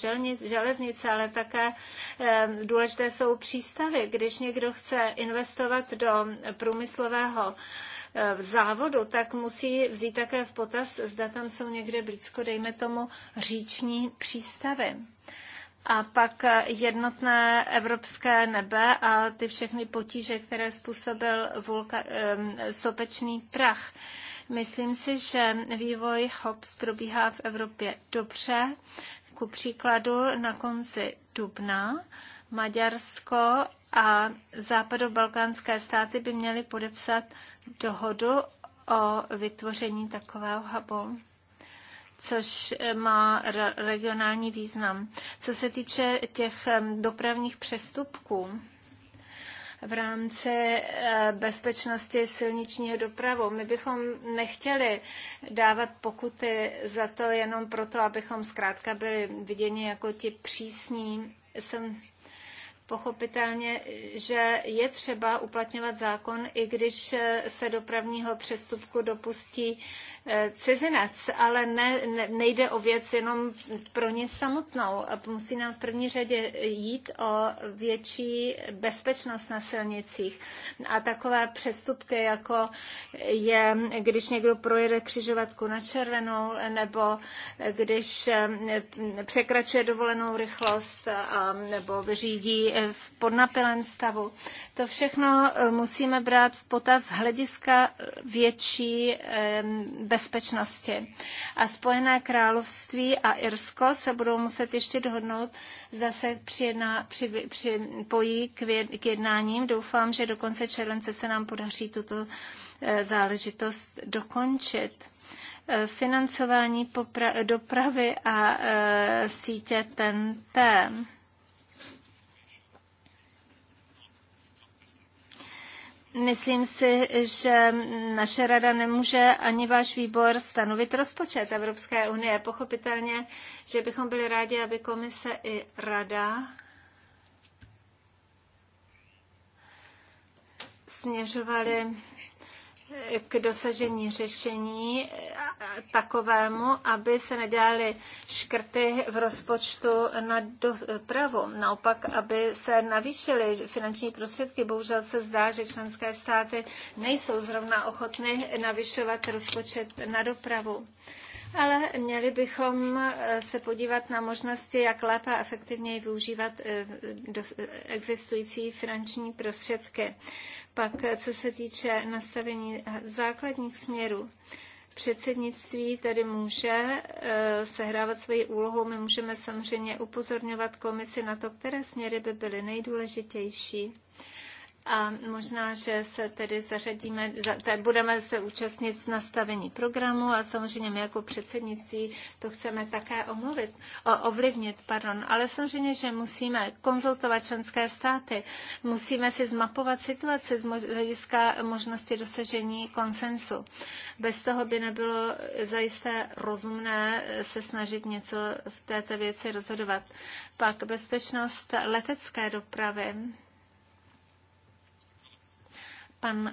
železnice, ale také eh, důležité jsou přístavy. Když někdo chce investovat do průmyslového v závodu, tak musí vzít také v potaz, zda tam jsou někde blízko, dejme tomu, říční přístavy a pak jednotné evropské nebe a ty všechny potíže, které způsobil vulka, sopečný prach. Myslím si, že vývoj HOPS probíhá v Evropě dobře. Ku příkladu na konci dubna Maďarsko a západobalkánské státy by měly podepsat dohodu o vytvoření takového hubu což eh, má regionální význam. Co se týče těch dopravních přestupků, v rámci eh, bezpečnosti silničního dopravu. My bychom nechtěli dávat pokuty za to jenom proto, abychom zkrátka byli viděni jako ti přísní. Jsem pochopitelně, že je třeba uplatňovat zákon, i když se dopravního přestupku dopustí eh, cizinec, ale ne, nejde o věc jenom pro ně samotnou. Musí nám v první řadě jít o větší bezpečnost na silnicích. A takové přestupky, jako je, když někdo projede křižovatku na červenou, nebo když eh, překračuje dovolenou rychlost, a, nebo řídí v podnapilém stavu. To všechno eh, musíme brát v potaz z hlediska větší bezpečnosti. A Spojené království a Irsko se budou muset ještě dohodnout, zda se přijedná, při, připojí k, jednáním. Doufám, že do konce července se nám podaří tuto eh, záležitost dokončit eh, financování dopravy a e, sítě t. Myslím si, že naše rada nemůže ani váš výbor stanovit rozpočet Evropské unie. Pochopitelně, že bychom byli rádi, aby komise i rada směřovaly k dosažení řešení eh, takovému, aby se nedělaly škrty v rozpočtu na dopravu. Naopak, aby se navýšily finanční prostředky. Bohužel se zdá, že členské státy nejsou zrovna ochotny navyšovat rozpočet na dopravu. Ale měli bychom eh, se podívat na možnosti, jak lépe a efektivněji využívat eh, existující finanční prostředky. Pak, co se týče nastavení základních směrů, předsednictví tedy může eh, sehrávat svoji úlohu. My můžeme samozřejmě upozorňovat komisi na to, které směry by byly nejdůležitější a možná, že se tedy zařadíme, budeme se účastnit nastavení programu a samozřejmě my jako předsednictví to chceme také omluvit, ovlivnit, pardon. ale samozřejmě, že musíme konzultovat členské státy, musíme si zmapovat situaci z hlediska možnosti dosažení konsensu. Bez toho by nebylo zajisté rozumné se snažit něco v této věci rozhodovat. Pak bezpečnost letecké dopravy Pan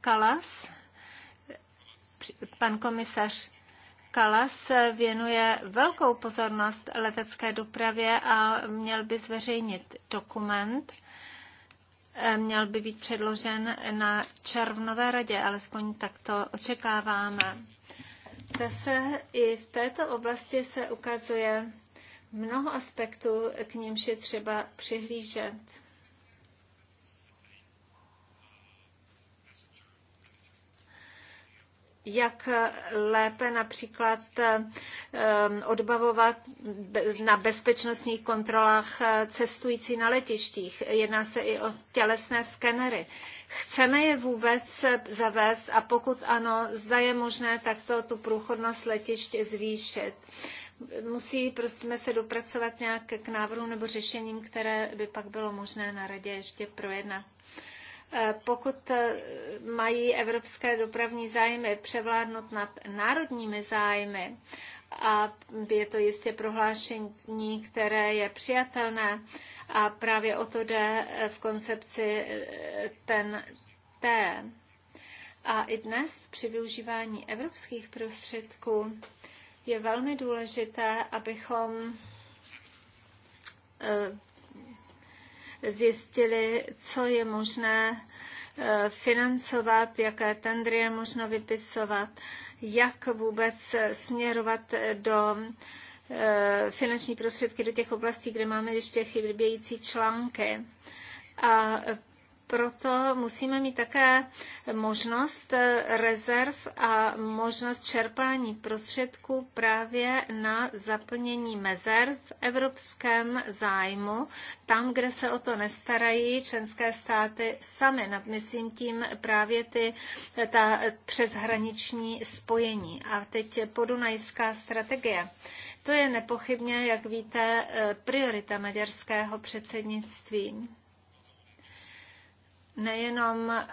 Kalas, pan komisař Kalas věnuje velkou pozornost letecké dopravě a měl by zveřejnit dokument. Eh, měl by být předložen na červnové radě, alespoň tak to očekáváme. Zase i v této oblasti se ukazuje mnoho aspektů, k nímž je třeba přihlížet. jak eh, lépe například eh, eh, odbavovat na bezpečnostních kontrolách cestující na letištích. Jedná se i o tělesné skenery. Chceme je vůbec zavést a pokud ano, zda je možné takto tu průchodnost letišť zvýšit. Musí prostě se dopracovat nějak k návrhu nebo řešením, které by pak bylo možné na radě ještě projednat. Eh, pokud eh, mají evropské dopravní zájmy převládnout nad národními zájmy, a je to jistě prohlášení, které je přijatelné a právě o to jde eh, v koncepci ten T. A i dnes při využívání evropských prostředků je velmi důležité, abychom zjistili, co je možné eh, financovat, jaké tendry je možno vypisovat, jak vůbec směrovat do eh, finanční prostředky do těch oblastí, kde máme ještě chybějící články. A proto musíme mít také možnost rezerv a možnost čerpání prostředků právě na zaplnění mezer v evropském zájmu, tam, kde se o to nestarají členské státy sami. Myslím tím právě ty, ta přeshraniční spojení. A teď podunajská strategie. To je nepochybně, jak víte, priorita maďarského předsednictví nejenom eh,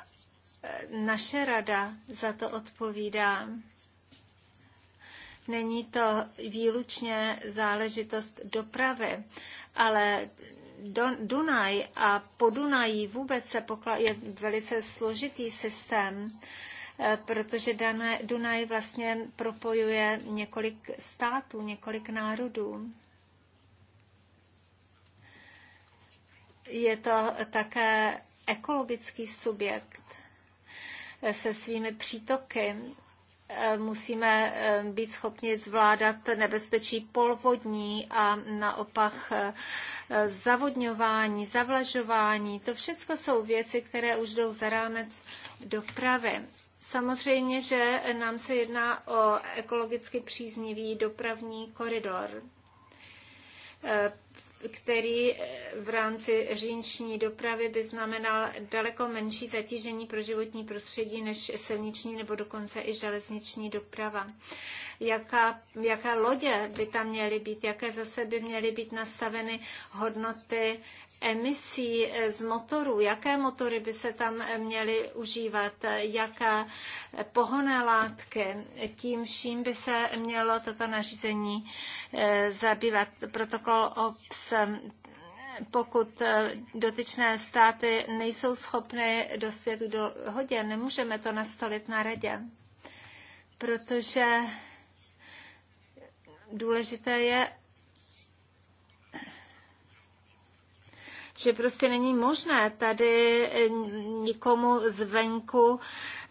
naše rada za to odpovídá. Není to výlučně záležitost dopravy, ale Dunaj a Podunají vůbec se pokla- je velice složitý systém, eh, protože Dunaj vlastně propojuje několik států, několik národů. Je to také ekologický subjekt se svými přítoky, eh, musíme eh, být schopni zvládat nebezpečí polvodní a naopak eh, zavodňování, zavlažování. To všechno jsou věci, které už jdou za rámec dopravy. Samozřejmě, že nám se jedná o ekologicky příznivý dopravní koridor který eh, v rámci říční dopravy by znamenal daleko menší zatížení pro životní prostředí než silniční nebo dokonce i železniční doprava. Jaká, jaké lodě by tam měly být, jaké zase by měly být nastaveny hodnoty emisí eh, z motorů, jaké motory by se tam eh, měly užívat, jaké pohonné látky, tím vším by se mělo toto nařízení eh, zabývat. Protokol OPS pokud dotyčné státy nejsou schopny dospět k dohodě, nemůžeme to nastolit na radě, protože důležité je, že prostě není možné tady eh, nikomu zvenku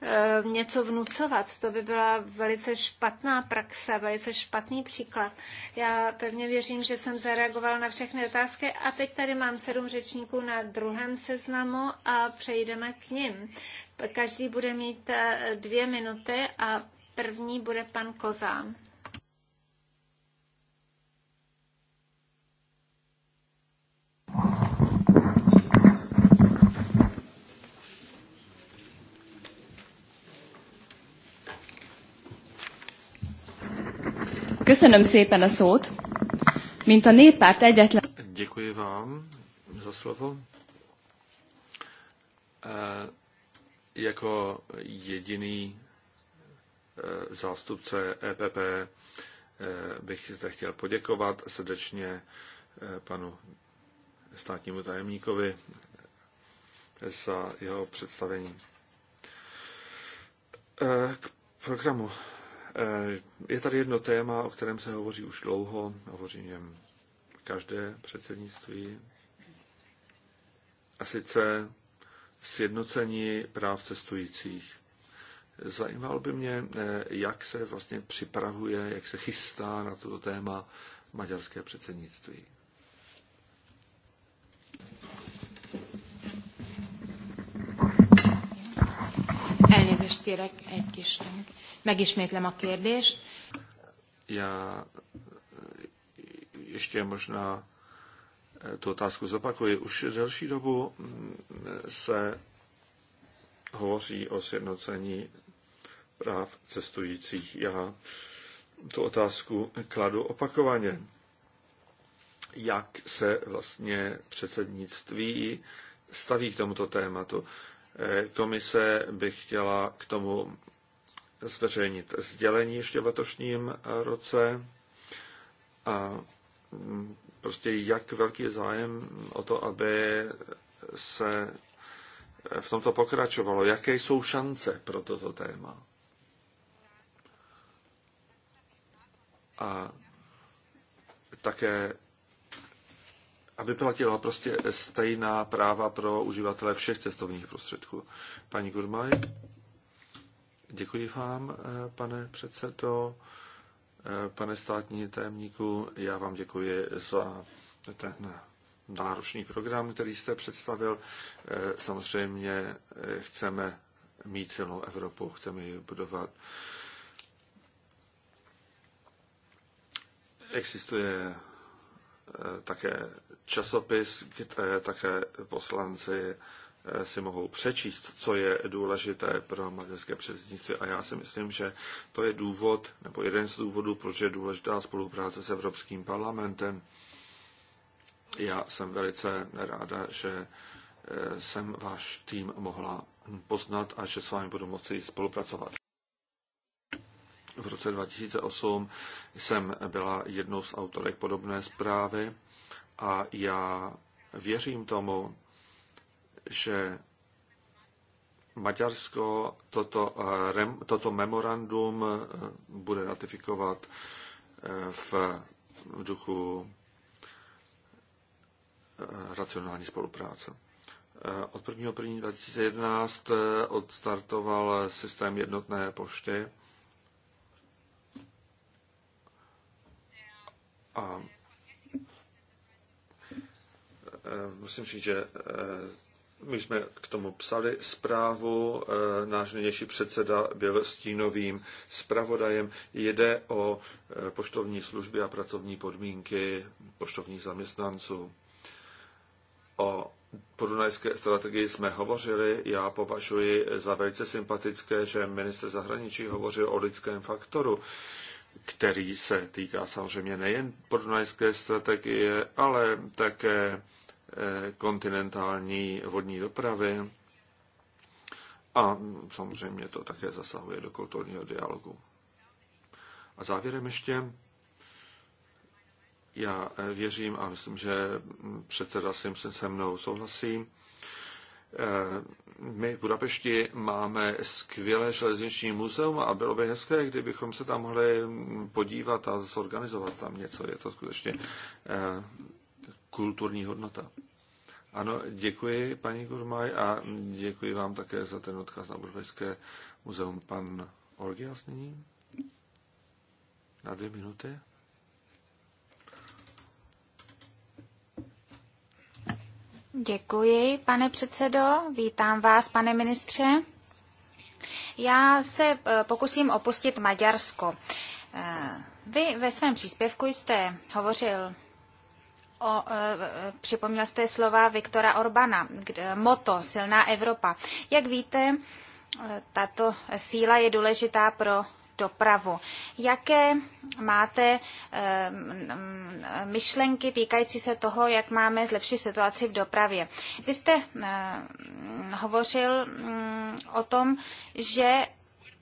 eh, něco vnucovat. To by byla velice špatná praxe, velice špatný příklad. Já pevně věřím, že jsem zareagovala na všechny otázky a teď tady mám sedm řečníků na druhém seznamu a přejdeme k ním. Každý bude mít eh, dvě minuty a první bude pan Kozán. Köszönöm szépen a szót. Mint a néppárt egyetlen... Děkuji vám za slovo. E, jako jediný e, zástupce EPP e, bych zde chtěl poděkovat srdečně e, panu státnímu tajemníkovi za jeho představení. E, k programu Eh, je tady jedno téma, o kterém se hovoří už dlouho, hovoří něm každé předsednictví, a sice sjednocení práv cestujících. Zajímalo by mě, eh, jak se vlastně připravuje, jak se chystá na toto téma maďarské předsednictví. Elnézést kérek, egy kis megismétlem a kérdést. Já ještě možná tu otázku zopakuji. Už delší dobu se hovoří o sjednocení práv cestujících. Já tu otázku kladu opakovaně. Jak se vlastně předsednictví staví k tomuto tématu? Komise by chtěla k tomu zveřejnit sdělení ještě v letošním roce a mm, prostě jak velký zájem o to, aby se eh, v tomto pokračovalo. Jaké jsou šance pro toto téma? A také aby platila prostě stejná práva pro uživatele všech cestovních prostředků. Paní Gurmaj, děkuji vám, eh, pane předsedo, eh, pane státní tajemníku, já vám děkuji za ten náročný program, který jste představil. Eh, samozřejmě chceme mít silnou Evropu, chceme ji budovat. Existuje Eh, také časopis, kde také poslanci eh, si mohou přečíst, co je důležité pro maďarské předsednictví. A já si myslím, že to je důvod, nebo jeden z důvodů, proč je důležitá spolupráce s Evropským parlamentem. Já jsem velice ráda, že eh, jsem váš tým mohla poznat a že s vámi budu moci spolupracovat. V roce 2008 jsem byla jednou z autorek podobné zprávy a já věřím tomu, že Maďarsko toto, eh, toto memorandum eh, bude ratifikovat eh, v duchu racionální spolupráce. Od 1.1.2011 odstartoval systém jednotné pošty A e, musím říct, že e, my jsme k tomu psali zprávu, e, náš nynější předseda byl stínovým zpravodajem. Jde o poštovní služby a pracovní podmínky poštovních zaměstnanců. O podunajské strategii jsme hovořili. Já považuji za velice sympatické, že minister zahraničí hovořil o lidském faktoru který se týká samozřejmě nejen podunajské strategie, ale také eh, kontinentální vodní dopravy a samozřejmě to také zasahuje do kulturního dialogu. A závěrem ještě, já eh, věřím a myslím, že mm, předseda Simpson se mnou souhlasí, Eh, my v Budapešti máme skvělé železniční muzeum a bylo by hezké, kdybychom se tam mohli podívat a zorganizovat tam něco. Je to skutečně eh, kulturní hodnota. Ano, děkuji paní Kurmaj a děkuji vám také za ten odkaz na Budapešské muzeum. Pan Orgias nyní? Na dvě minuty. Děkuji, pane předsedo. Vítám vás, pane ministře. Já se eh, pokusím opustit Maďarsko. Eh, vy ve svém příspěvku jste hovořil O, eh, připomněl jste slova Viktora Orbana, kde, moto Silná Evropa. Jak víte, tato síla je důležitá pro dopravu. Jaké máte eh, myšlenky týkající se toho, jak máme zlepšit situaci v dopravě? Vy jste eh, hovořil mm, o tom, že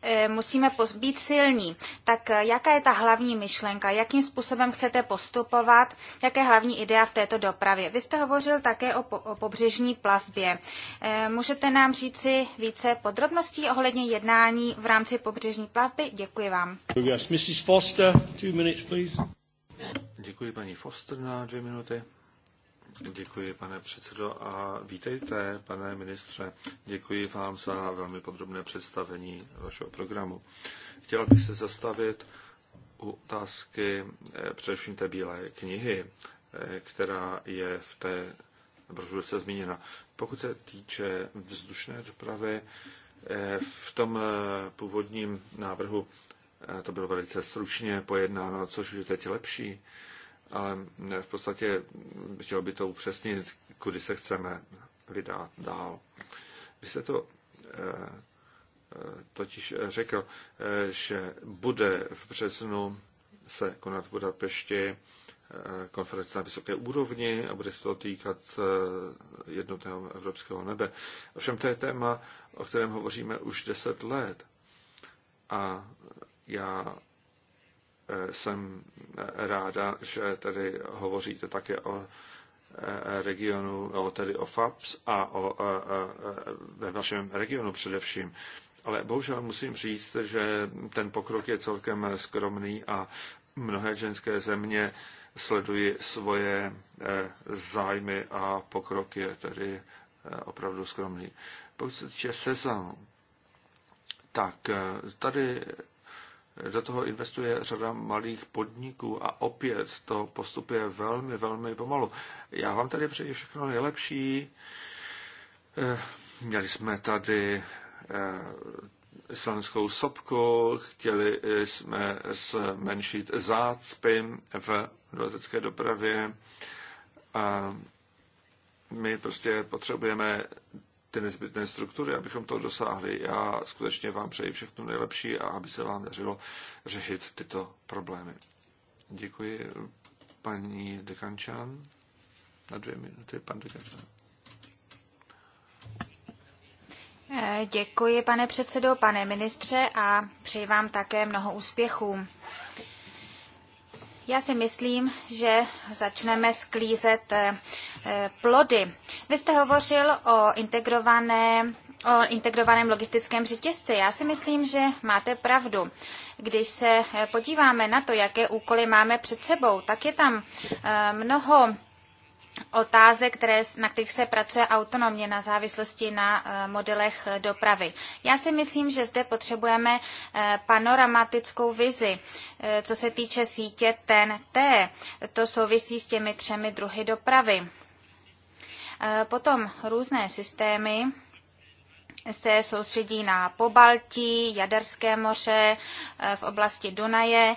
E, musíme být silní. Tak e, jaká je ta hlavní myšlenka? Jakým způsobem chcete postupovat? Jaké hlavní idea v této dopravě? Vy jste hovořil také o, po, o pobřežní plavbě. E, můžete nám říci více podrobností ohledně jednání v rámci pobřežní plavby? Děkuji vám. Mrs. Foster, two minutes, please. Děkuji paní Foster na dvě minuty. Děkuji, pane předsedo, a vítejte, pane ministře. Děkuji vám za velmi podrobné představení vašeho programu. Chtěl bych se zastavit u otázky eh, především té bílé knihy, eh, která je v té brožurce zmíněna. Pokud se týče vzdušné dopravy, eh, v tom původním návrhu to bylo velice stručně pojednáno, což je teď lepší ale v podstatě chtěl by to upřesnit, kudy se chceme vydat dál. Vy jste to eh, eh, totiž řekl, eh, že bude v březnu se konat v Budapešti konference na vysoké úrovni a bude se to týkat jednotného evropského nebe. Ovšem to je téma, o kterém hovoříme už deset let. A já jsem ráda, že tedy hovoříte také o eh, regionu, o, tedy o FAPS a o, eh, eh, ve vašem regionu především. Ale bohužel musím říct, že ten pokrok je celkem skromný a mnohé ženské země sledují svoje zájmy a pokrok je tedy opravdu skromný. Pokud se týče sezamu, tak tady do toho investuje řada malých podniků a opět to postupuje velmi, velmi pomalu. Já vám tady přeji všechno nejlepší. Eh, měli jsme tady eh, islámskou sopku, chtěli eh, jsme zmenšit zácpy v letecké dopravě a my prostě potřebujeme ty nezbytné struktury, abychom to dosáhli. Já skutečně vám přeji všechno nejlepší a aby se vám dařilo řešit tyto problémy. Děkuji paní Dekančan. Na dvě minuty, pan Dekančan. Děkuji, pane předsedo, pane ministře, a přeji vám také mnoho úspěchů. Já si myslím, že začneme sklízet eh, eh, plody. Vy jste hovořil o integrované o integrovaném logistickém řetězci. Já si myslím, že máte pravdu. Když se eh, podíváme na to, jaké úkoly máme před sebou, tak je tam mnoho otázek, které, na kterých se pracuje autonomně na závislosti na eh, modelech dopravy. Já si myslím, že zde potřebujeme eh, panoramatickou vizi, eh, co se týče sítě TNT. To souvisí s těmi třemi druhy dopravy. Potom různé systémy se soustředí na Pobaltí, Jaderské moře, v oblasti Dunaje.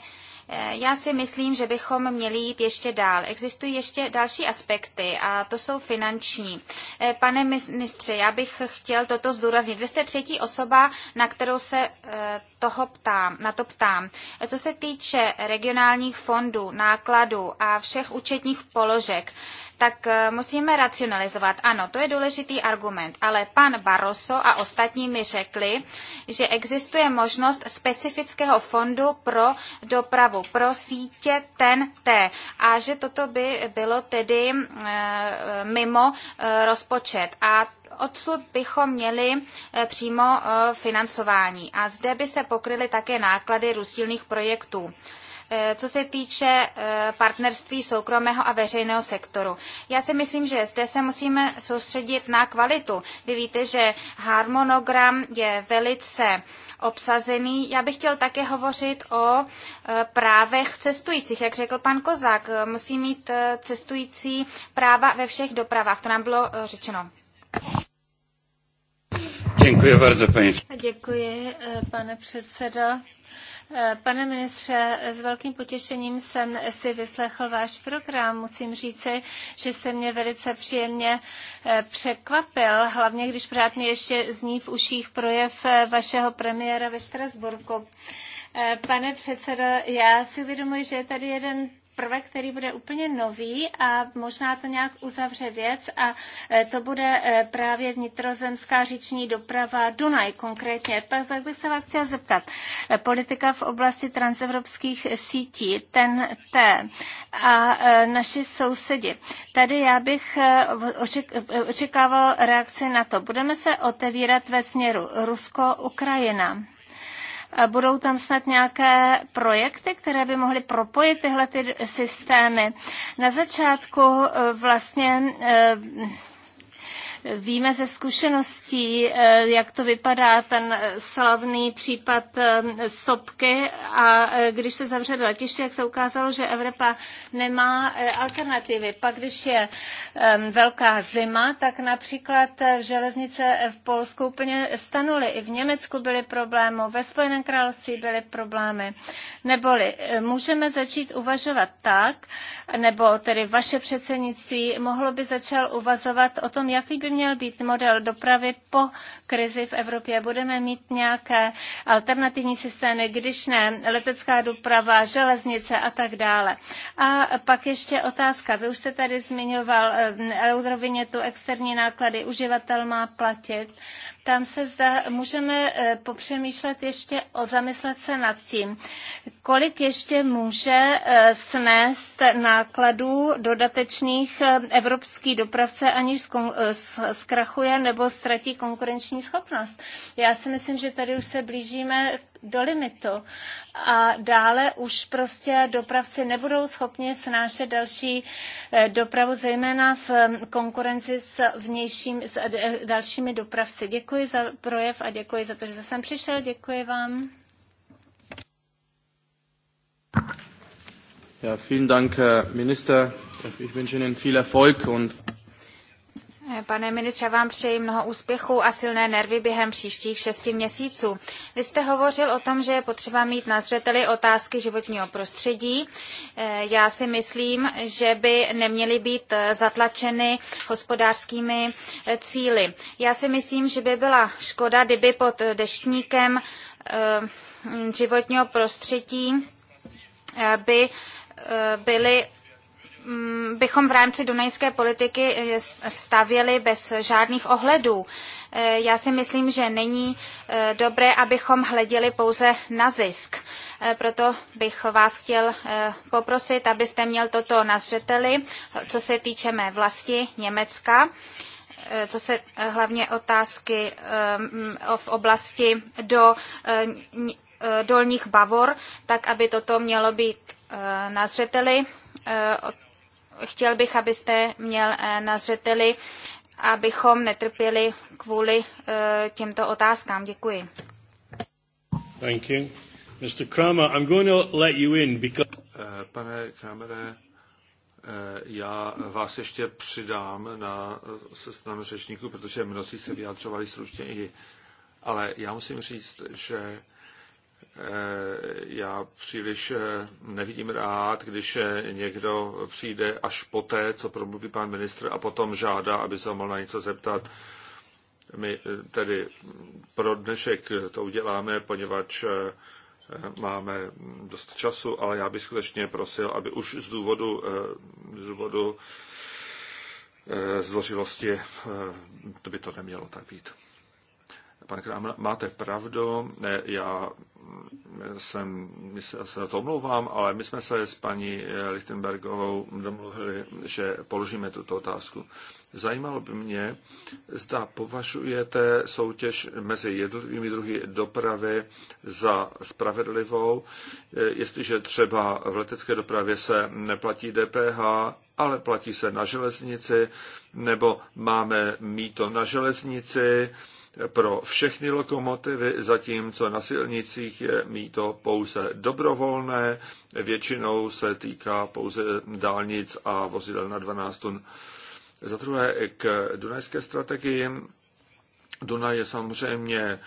Eh, já si myslím, že bychom měli jít ještě dál. Existují ještě další aspekty a to jsou finanční. Eh, pane ministře, já bych chtěl toto zdůraznit. Vy jste třetí osoba, na kterou se eh, toho ptám, na to ptám. Co se týče regionálních fondů, nákladů a všech účetních položek, tak eh, musíme racionalizovat. Ano, to je důležitý argument, ale pan Barroso a ostatní mi řekli, že existuje možnost specifického fondu pro dopravu, pro sítě TEN-T a že toto by bylo tedy eh, mimo eh, rozpočet. A odsud bychom měli přímo financování. A zde by se pokryly také náklady rozdílných projektů. Eh, co se týče eh, partnerství soukromého a veřejného sektoru. Já si myslím, že zde se musíme soustředit na kvalitu. Vy víte, že harmonogram je velice obsazený. Já bych chtěl také hovořit o eh, právech cestujících. Jak řekl pan Kozák, musí mít cestující práva ve všech dopravách. To nám bylo řečeno. Děkuji bardzo, paní. Děkuji, pane předsedo. Pane ministře, s velkým potěšením jsem si vyslechl váš program. Musím říci, že se mě velice příjemně eh, překvapil, hlavně když pořád mě ještě zní v uších projev eh, vašeho premiéra ve Štrasburku. Eh, pane předsedo, já si uvědomuji, že je tady jeden prvek, který bude úplně nový a možná to nějak uzavře věc a e, to bude e, právě vnitrozemská říční doprava Dunaj konkrétně. Tak bych se vás chtěla zeptat. E, politika v oblasti transevropských sítí, ten T a naši sousedi. Tady já bych očekával reakci na to. Budeme se otevírat ve směru Rusko-Ukrajina. Budou tam snad nějaké projekty, které by mohly propojit tyhle ty systémy. Na začátku eh, vlastně eh, Víme ze zkušeností, eh, jak to vypadá ten slavný případ eh, sopky a eh, když se zavřeli letiště, jak se ukázalo, že Evropa nemá alternativy. Pak, když je ehm, velká zima, tak například v železnice v Polsku úplně stanuly. I v Německu byly problémy, ve Spojeném království byly problémy. Neboli můžeme začít uvažovat tak, nebo tedy vaše předsednictví mohlo by začal uvazovat o tom, jaký by měl být model dopravy po krizi v Evropě? Budeme mít nějaké alternativní systémy, když ne letecká doprava, železnice a tak dále. A pak ještě otázka. Vy už jste tady zmiňoval eh, tu externí náklady, uživatel má platit. Tam se zda, můžeme eh, popřemýšlet ještě o zamyslet se nad tím, kolik ještě může eh, snést nákladů dodatečných eh, evropský dopravce, aniž zkrachuje nebo ztratí konkurenční schopnost. Já si myslím, že tady už se blížíme do limitu. A dále už prostě dopravci nebudou schopni snášet další eh, dopravu, zejména v mm, konkurenci s, vnějším, s eh, dalšími dopravci. Děkuji za projev a děkuji za to, že jsem přišel. Děkuji vám. Ja, vielen Dank, Herr Minister. Ich wünsche Ihnen viel Erfolg und Pane ministře, vám přeji mnoho úspěchů a silné nervy během příštích šesti měsíců. Vy jste hovořil o tom, že je potřeba mít na zřeteli otázky životního prostředí. Eh, já si myslím, že by neměly být eh, zatlačeny hospodářskými eh, cíly. Já si myslím, že by byla škoda, kdyby pod deštníkem životního prostředí by byly Mm, bychom v rámci dunajské politiky eh, stavěli bez žádných ohledů. Eh, já si myslím, že není eh, dobré, abychom hleděli pouze na zisk. Proto bych vás chtěl poprosit, abyste měl toto na zřeteli, co se týče mé vlasti Německa co se hlavně otázky v oblasti do dolních Bavor, tak aby toto mělo být na zřeteli chtěl bych, abyste měl eh, na zřeteli, abychom netrpěli kvůli eh, těmto otázkám. Děkuji. Thank you. Mr. Kramer, I'm going to let you in because... Eh, pane Kramere, já vás ještě přidám na seznam řečníků, protože mnozí se vyjadřovali stručně i ale já musím říct, že Eh, já příliš eh, nevidím rád, když eh, někdo přijde až poté, co promluví pan ministr a potom žádá, aby se mohl na něco zeptat. My tedy pro dnešek to uděláme, poněvadž máme dost času, ale já bych skutečně prosil, aby už z důvodu, z důvodu zdvořilosti by to nemělo tak být. Pan Krámer, máte pravdu, já mm, jsem, já se na to omlouvám, ale my jsme se s paní eh, Lichtenbergovou domluvili, že položíme tuto otázku. Zajímalo by mě, zda považujete soutěž mezi jednotlivými druhy dopravy za spravedlivou, eh, jestliže třeba v letecké dopravě se neplatí DPH, ale platí se na železnici, nebo máme míto na železnici, pro všechny lokomotivy, zatímco na silnicích je míto pouze dobrovolné, většinou se týká pouze dálnic a vozidel na 12 tun. Za druhé k dunajské strategii. Dunaj je samozřejmě eh,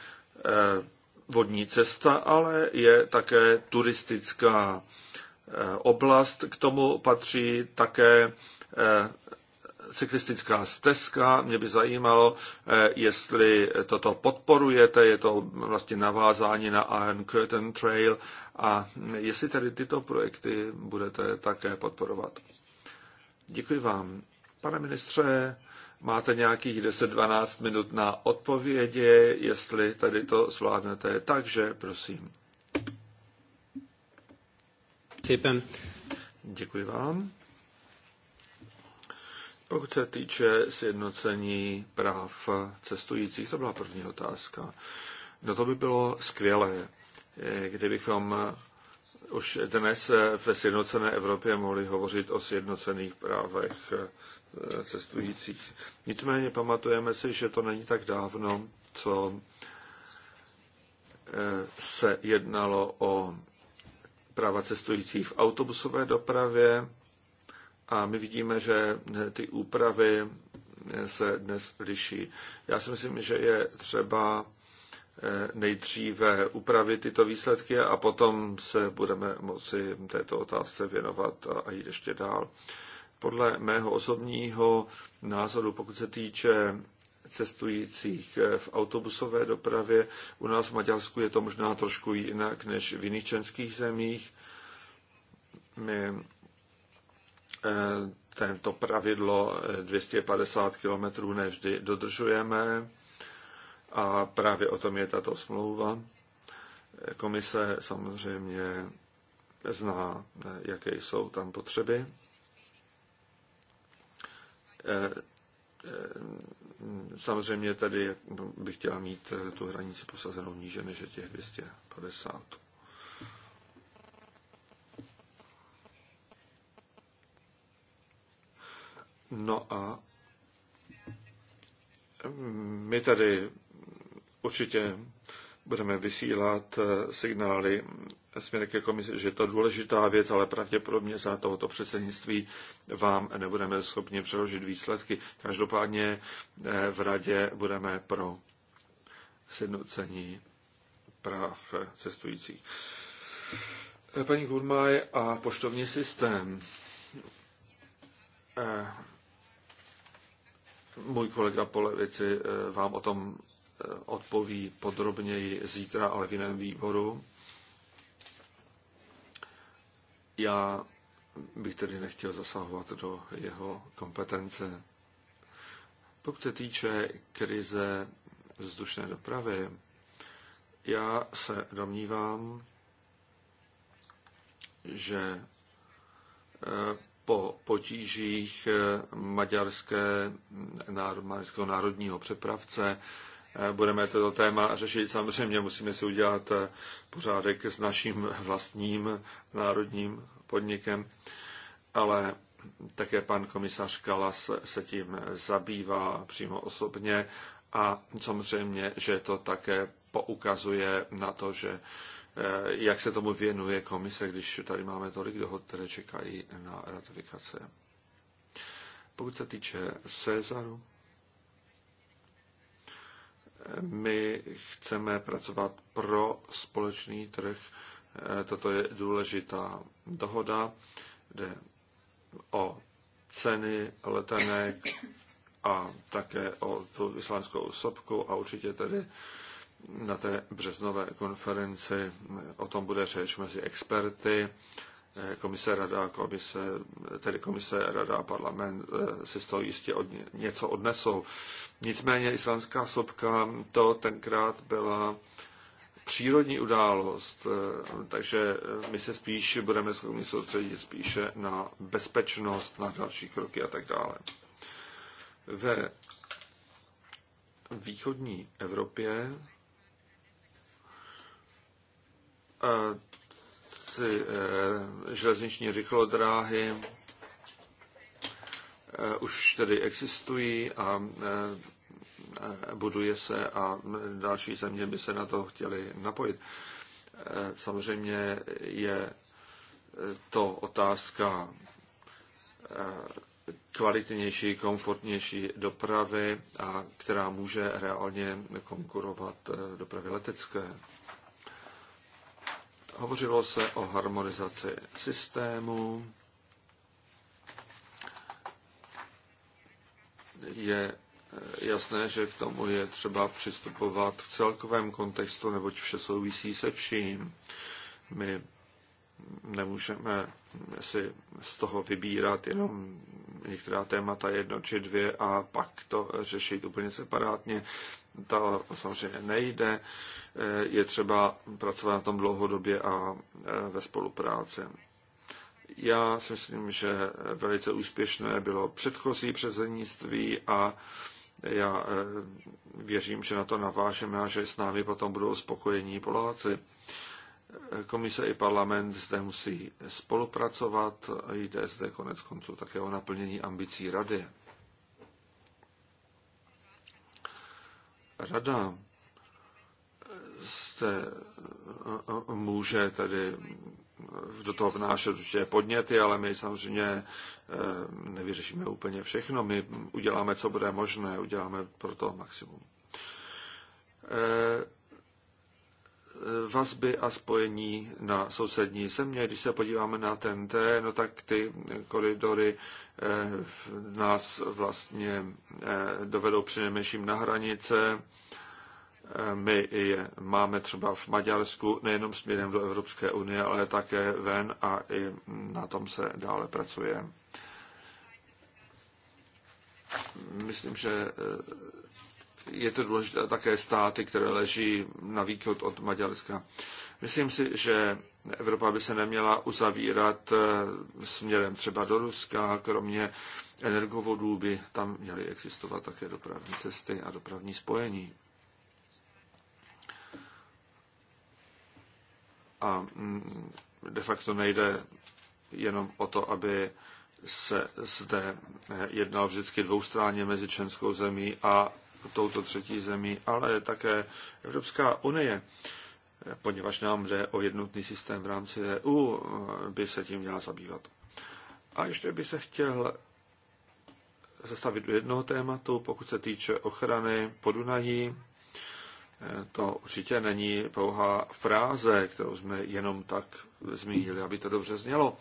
vodní cesta, ale je také turistická eh, oblast. K tomu patří také eh, cyklistická stezka. Mě by zajímalo, eh, jestli toto podporujete, je to vlastně navázání na Iron Curtain Trail a jestli tedy tyto projekty budete také podporovat. Děkuji vám. Pane ministře, máte nějakých 10-12 minut na odpovědi, jestli tady to zvládnete. Takže prosím. Děkuji vám. Pokud se týče sjednocení práv cestujících, to byla první otázka. No to by bylo skvělé, kdybychom už dnes ve sjednocené Evropě mohli hovořit o sjednocených právech cestujících. Nicméně pamatujeme si, že to není tak dávno, co se jednalo o práva cestujících v autobusové dopravě, a my vidíme, že ty úpravy se dnes liší. Já si myslím, že je třeba eh, nejdříve upravit tyto výsledky a potom se budeme moci této otázce věnovat a jít ještě dál. Podle mého osobního názoru, pokud se týče cestujících eh, v autobusové dopravě, u nás v Maďarsku je to možná trošku jinak než v jiných členských zemích. My Eh, tento pravidlo 250 eh, km nevždy dodržujeme a právě o tom je tato smlouva. Eh, komise samozřejmě zná, jaké jsou tam potřeby. Samozřejmě tady no, bych chtěla mít tu hranici posazenou níže než je těch 250. No a my tady určitě budeme vysílat eh, signály směrem ke komisi, že je to důležitá věc, ale pravděpodobně za tohoto předsednictví vám nebudeme schopni přeložit výsledky. Každopádně eh, v radě budeme pro sjednocení práv cestujících. Eh, paní Gurmaj a poštovní systém. Můj kolega po levici eh, vám o tom eh, odpoví podrobněji zítra, ale v jiném výboru. Já bych tedy nechtěl zasahovat do jeho kompetence. Pokud se týče krize vzdušné dopravy, já se domnívám, že eh, po potížích eh, maďarské mm, maďarského národního přepravce. Eh, budeme toto téma řešit. Samozřejmě musíme si udělat eh, pořádek s naším vlastním národním podnikem, ale také pan komisař Kalas se tím zabývá přímo osobně a samozřejmě, že to také poukazuje na to, že Eh, jak se tomu věnuje komise, když tady máme tolik dohod, které čekají na ratifikace. Pokud se týče Cezaru, eh, my chceme pracovat pro společný trh. Eh, toto je důležitá dohoda, jde o ceny letenek a také o tu islánskou sobku, a určitě tedy na té březnové konferenci o tom bude řeč mezi experty. Eh, komise Rada, komise, tedy komise Rada a parlament eh, si z toho jistě od, něco odnesou. Nicméně islandská sopka to tenkrát byla přírodní událost, eh, takže my se spíš budeme schopni soustředit spíše na bezpečnost, na další kroky a tak dále. Ve východní Evropě ty eh, železniční rychlodráhy eh, už tedy existují a eh, buduje se a další země by se na to chtěly napojit. Samozřejmě je to otázka kvalitnější, komfortnější dopravy, a která může reálně konkurovat dopravě letecké. Hovořilo se o harmonizaci systému. Je eh, jasné, že k tomu je třeba přistupovat v celkovém kontextu, neboť vše souvisí se vším. My nemůžeme si z toho vybírat jenom některá témata jedno či dvě a pak to řešit úplně separátně to samozřejmě nejde. Je třeba pracovat na tom dlouhodobě a e, ve spolupráci. Já si myslím, že velice úspěšné bylo předchozí předsednictví a já e, věřím, že na to navážeme a že s námi potom budou spokojení Poláci. Komise i parlament zde musí spolupracovat, jde zde konec konců také o naplnění ambicí rady. rada eh, jste, eh, eh, může tedy do toho vnášet určitě podněty, ale my samozřejmě nevyřešíme úplně všechno. My uděláme, co bude možné, uděláme pro to maximum. Eh, vazby a spojení na sousední země. Když se podíváme na T, no tak ty koridory eh, nás vlastně eh, dovedou přinejmenším na hranice. My je máme třeba v Maďarsku nejenom směrem do Evropské unie, ale také ven a i na tom se dále pracuje. Myslím, že je to důležité také státy, které leží na východ od Maďarska. Myslím si, že Evropa by se neměla uzavírat eh, směrem třeba do Ruska, kromě energovodů by tam měly existovat také dopravní cesty a dopravní spojení. A mm, de facto nejde jenom o to, aby se zde eh, jednal vždycky dvoustráně mezi členskou zemí a touto třetí zemí, ale také Evropská unie, poněvadž nám jde o jednotný systém v rámci EU, by se tím měla zabývat. A ještě bych se chtěl zastavit u jednoho tématu, pokud se týče ochrany Podunají. To určitě není pouhá fráze, kterou jsme jenom tak zmínili, aby to dobře znělo.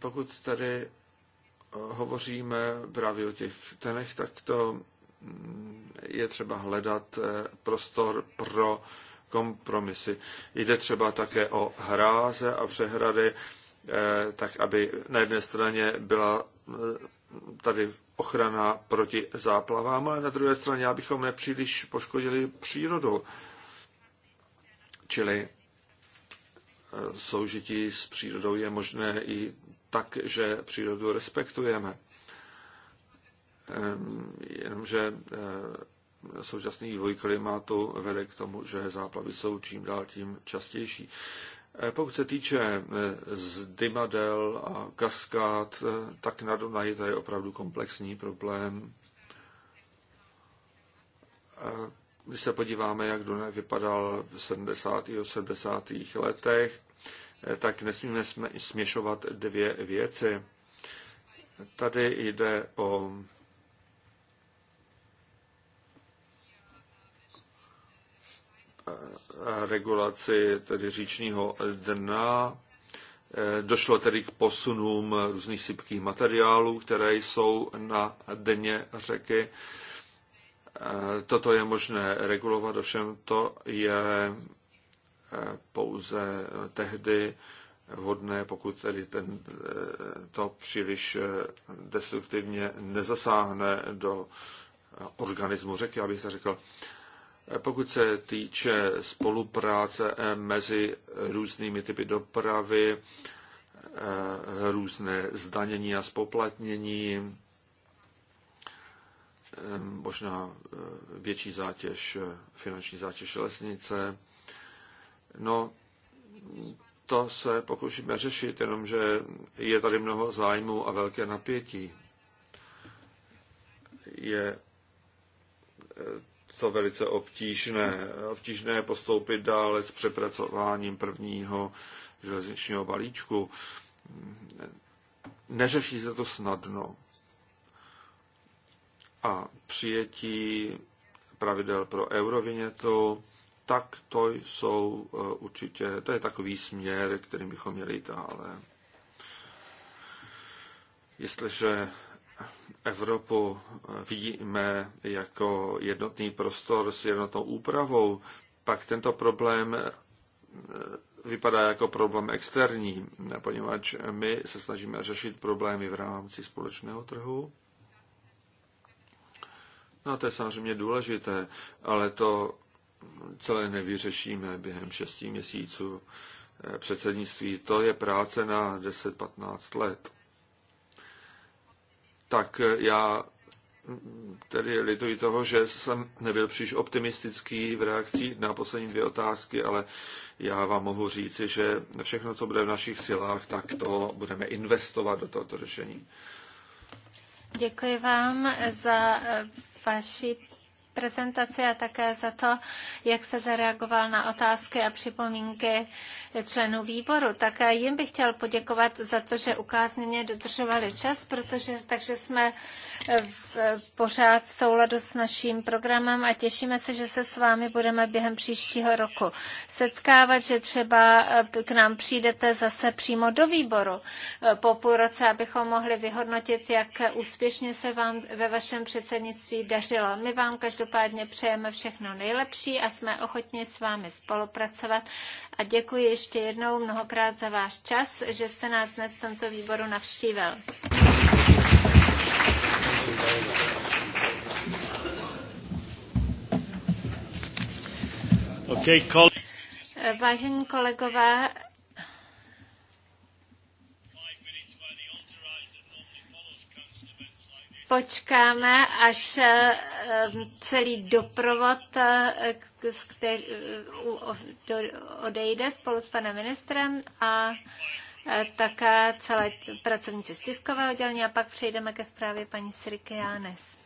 Pokud tady hovoříme právě o těch tenech, tak to mm, je třeba hledat eh, prostor pro kompromisy. Jde třeba také o hráze a přehrady, eh, tak aby na jedné straně byla mm, tady ochrana proti záplavám, ale na druhé straně, abychom nepříliš poškodili přírodu. Čili eh, soužití s přírodou je možné i tak, že přírodu respektujeme. Ehm, jenomže eh, současný vývoj klimatu vede k tomu, že záplavy jsou čím dál tím častější. Eh, pokud se týče eh, zdymadel a kaskád, tak na Dunaji to je opravdu komplexní problém. Když se podíváme, jak Dunaj vypadal v 70. a 80. letech, Eh, tak nesmíme směšovat dvě věci. Tady jde o eh, regulaci tedy říčního dna. Eh, došlo tedy k posunům různých sypkých materiálů, které jsou na dně řeky. Toto je možné regulovat, ovšem to je pouze tehdy vhodné, pokud tedy ten, to příliš destruktivně nezasáhne do organismu řeky, abych to řekl. Pokud se týče spolupráce mezi různými typy dopravy, různé zdanění a spoplatnění, možná větší zátěž, finanční zátěž lesnice, No, to se pokoušíme řešit, jenomže je tady mnoho zájmu a velké napětí. Je eh, to velice obtížné. Obtížné postoupit dále s přepracováním prvního železničního balíčku. Neřeší se to snadno. A přijetí pravidel pro eurovinětu, tak to jsou e, určitě, to je takový směr, kterým bychom měli jít dále. Jestliže Evropu e, vidíme jako jednotný prostor s jednotnou úpravou, pak tento problém e, vypadá jako problém externí, poněvadž my se snažíme řešit problémy v rámci společného trhu. No to je samozřejmě důležité, ale to celé nevyřešíme během šesti měsíců eh, předsednictví. To je práce na 10-15 let. Tak eh, já mm, tedy lituji toho, že jsem nebyl příliš optimistický v reakcích na poslední dvě otázky, ale já vám mohu říci, že všechno, co bude v našich silách, tak to budeme investovat do tohoto řešení. Děkuji vám za eh, vaši prezentaci a také za to, jak se zareagoval na otázky a připomínky členů výboru. Také jim bych chtěl poděkovat za to, že ukázněně dodržovali čas, protože takže jsme v, pořád v souladu s naším programem a těšíme se, že se s vámi budeme během příštího roku setkávat, že třeba eh, k nám přijdete zase přímo do výboru eh, po půl roce, abychom mohli vyhodnotit, jak úspěšně se vám ve vašem předsednictví dařilo. My vám každopádně Každopádně přejeme všechno nejlepší a jsme ochotni s vámi spolupracovat. A děkuji ještě jednou mnohokrát za váš čas, že jste nás dnes v tomto výboru navštívil. Okay, Vážení kolegové, počkáme, až eh, eh, celý doprovod eh, který odejde spolu s panem ministrem a také celé pracovníci z tiskového oddělení a pak přejdeme ke zprávě paní Sriky Jánes.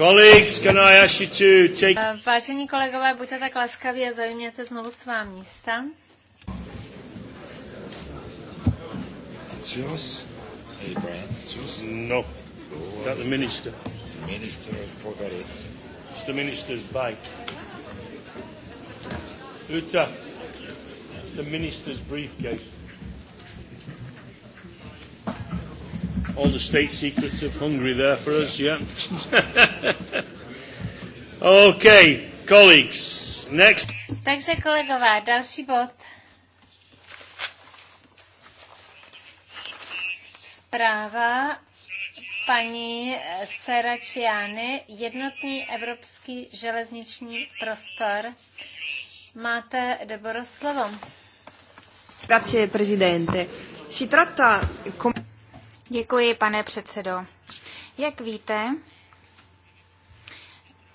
Colleagues, can I ask you to take... Eh, vážení kolegové, buďte tak laskaví a zajměte znovu svá místa. It's yours, hey No, oh, not the minister. The minister forgot it. It's the minister's bike. Uta, it's the minister's briefcase. all the state secrets of Hungary there for us, yeah? okay, colleagues, next. Takže kolegové, další bod. Zpráva paní Seračiany, jednotný evropský železniční prostor. Máte, Deboro, slovo. Grazie, presidente. Si tratta... Děkuji, pane předsedo. Jak víte,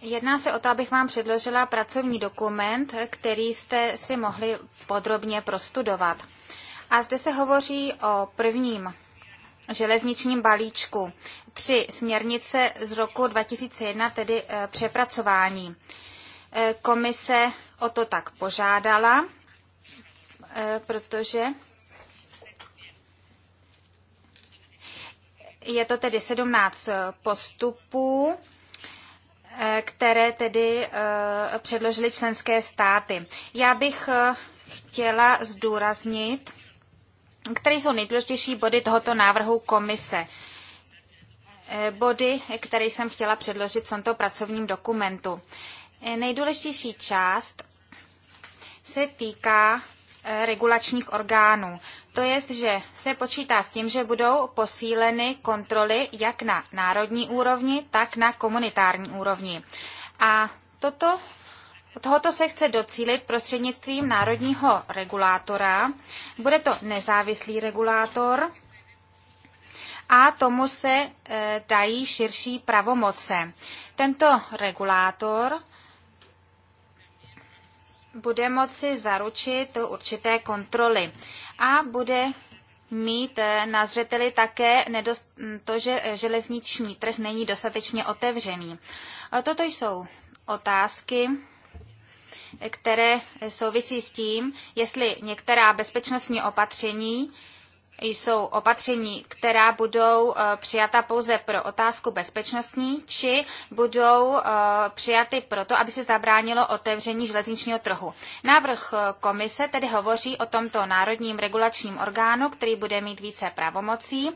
jedná se o to, abych vám předložila pracovní dokument, který jste si mohli podrobně prostudovat. A zde se hovoří o prvním železničním balíčku. Tři směrnice z roku 2001, tedy eh, přepracování. Eh, komise o to tak požádala, eh, protože Je to tedy 17 eh, postupů, eh, které tedy eh, předložily členské státy. Já bych chtěla zdůraznit, které jsou nejdůležitější body tohoto návrhu komise. Body, které jsem chtěla předložit v tomto pracovním dokumentu. Nejdůležitější část se týká E, regulačních orgánů. To je, že se počítá s tím, že budou posíleny kontroly jak na národní úrovni, tak na komunitární úrovni. A toto, tohoto se chce docílit prostřednictvím národního regulátora. Bude to nezávislý regulátor a tomu se e, dají širší pravomoce. Tento regulátor bude moci zaručit určité kontroly a bude mít eh, na zřeteli také to, že železniční trh není dostatečně otevřený. Toto jsou otázky, které souvisí s tím, jestli některá bezpečnostní opatření jsou opatření, která budou eh, přijata pouze pro otázku bezpečnostní, či budou eh, přijaty proto, aby se zabránilo otevření železničního trhu. Návrh eh, komise tedy hovoří o tomto národním regulačním orgánu, který bude mít více pravomocí.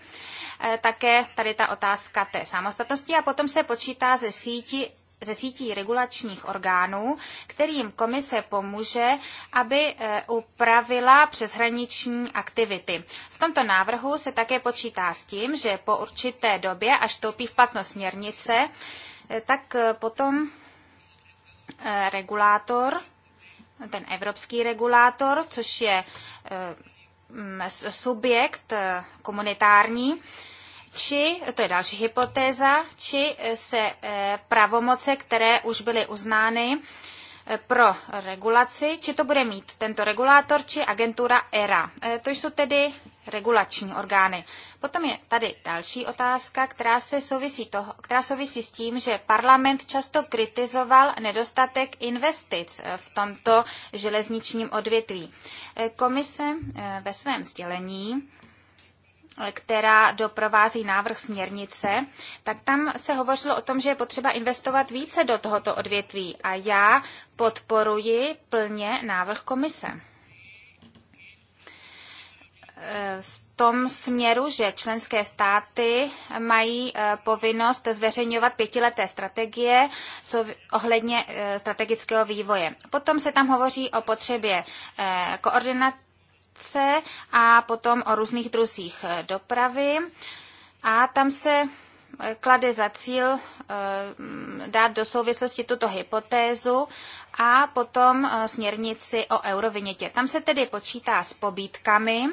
Také tady ta otázka té samostatnosti a potom se počítá ze síti ze sítí regulačních orgánů, kterým komise pomůže, aby e, upravila přeshraniční aktivity. V tomto návrhu se také počítá s tím, že po určité době, až stoupí v platnost směrnice, e, tak e, potom regulátor, ten evropský regulátor, což je subjekt komunitární, či, to je další hypotéza, či se eh, pravomoce, které už byly uznány eh, pro regulaci, či to bude mít tento regulátor, či agentura ERA. Eh, to jsou tedy regulační orgány. Potom je tady další otázka, která, se souvisí toho, která souvisí s tím, že parlament často kritizoval nedostatek investic v tomto železničním odvětví. Komise ve svém sdělení která doprovází návrh směrnice, tak tam se hovořilo o tom, že je potřeba investovat více do tohoto odvětví a já podporuji plně návrh komise. V tom směru, že členské státy mají eh, povinnost zveřejňovat pětileté strategie ohledně eh, strategického vývoje. Potom se tam hovoří o potřebě eh, koordinace dopravce a potom o různých druzích eh, dopravy. A tam se eh, klade za cíl eh, dát do souvislosti tuto hypotézu a potom směrnici o eurovinětě. Tam se tedy počítá s pobítkami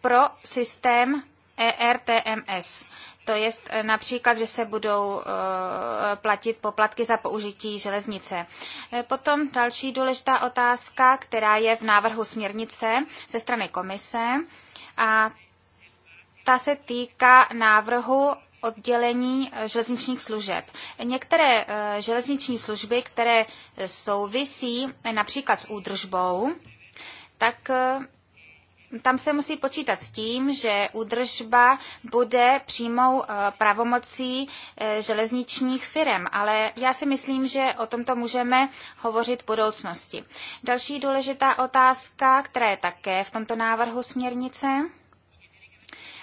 pro systém ERTMS. To je například, že se budou eh, platit poplatky za použití železnice. Eh, potom další důležitá otázka, která je v návrhu směrnice ze strany komise a ta se týká návrhu oddělení eh, železničních služeb. Některé železniční služby, které souvisí například s údržbou, tak tam se musí počítat s tím, že údržba bude přímou eh, pravomocí eh, železničních firm, ale já si myslím, že o tomto můžeme hovořit v budoucnosti. Další důležitá otázka, která je také v tomto návrhu směrnice,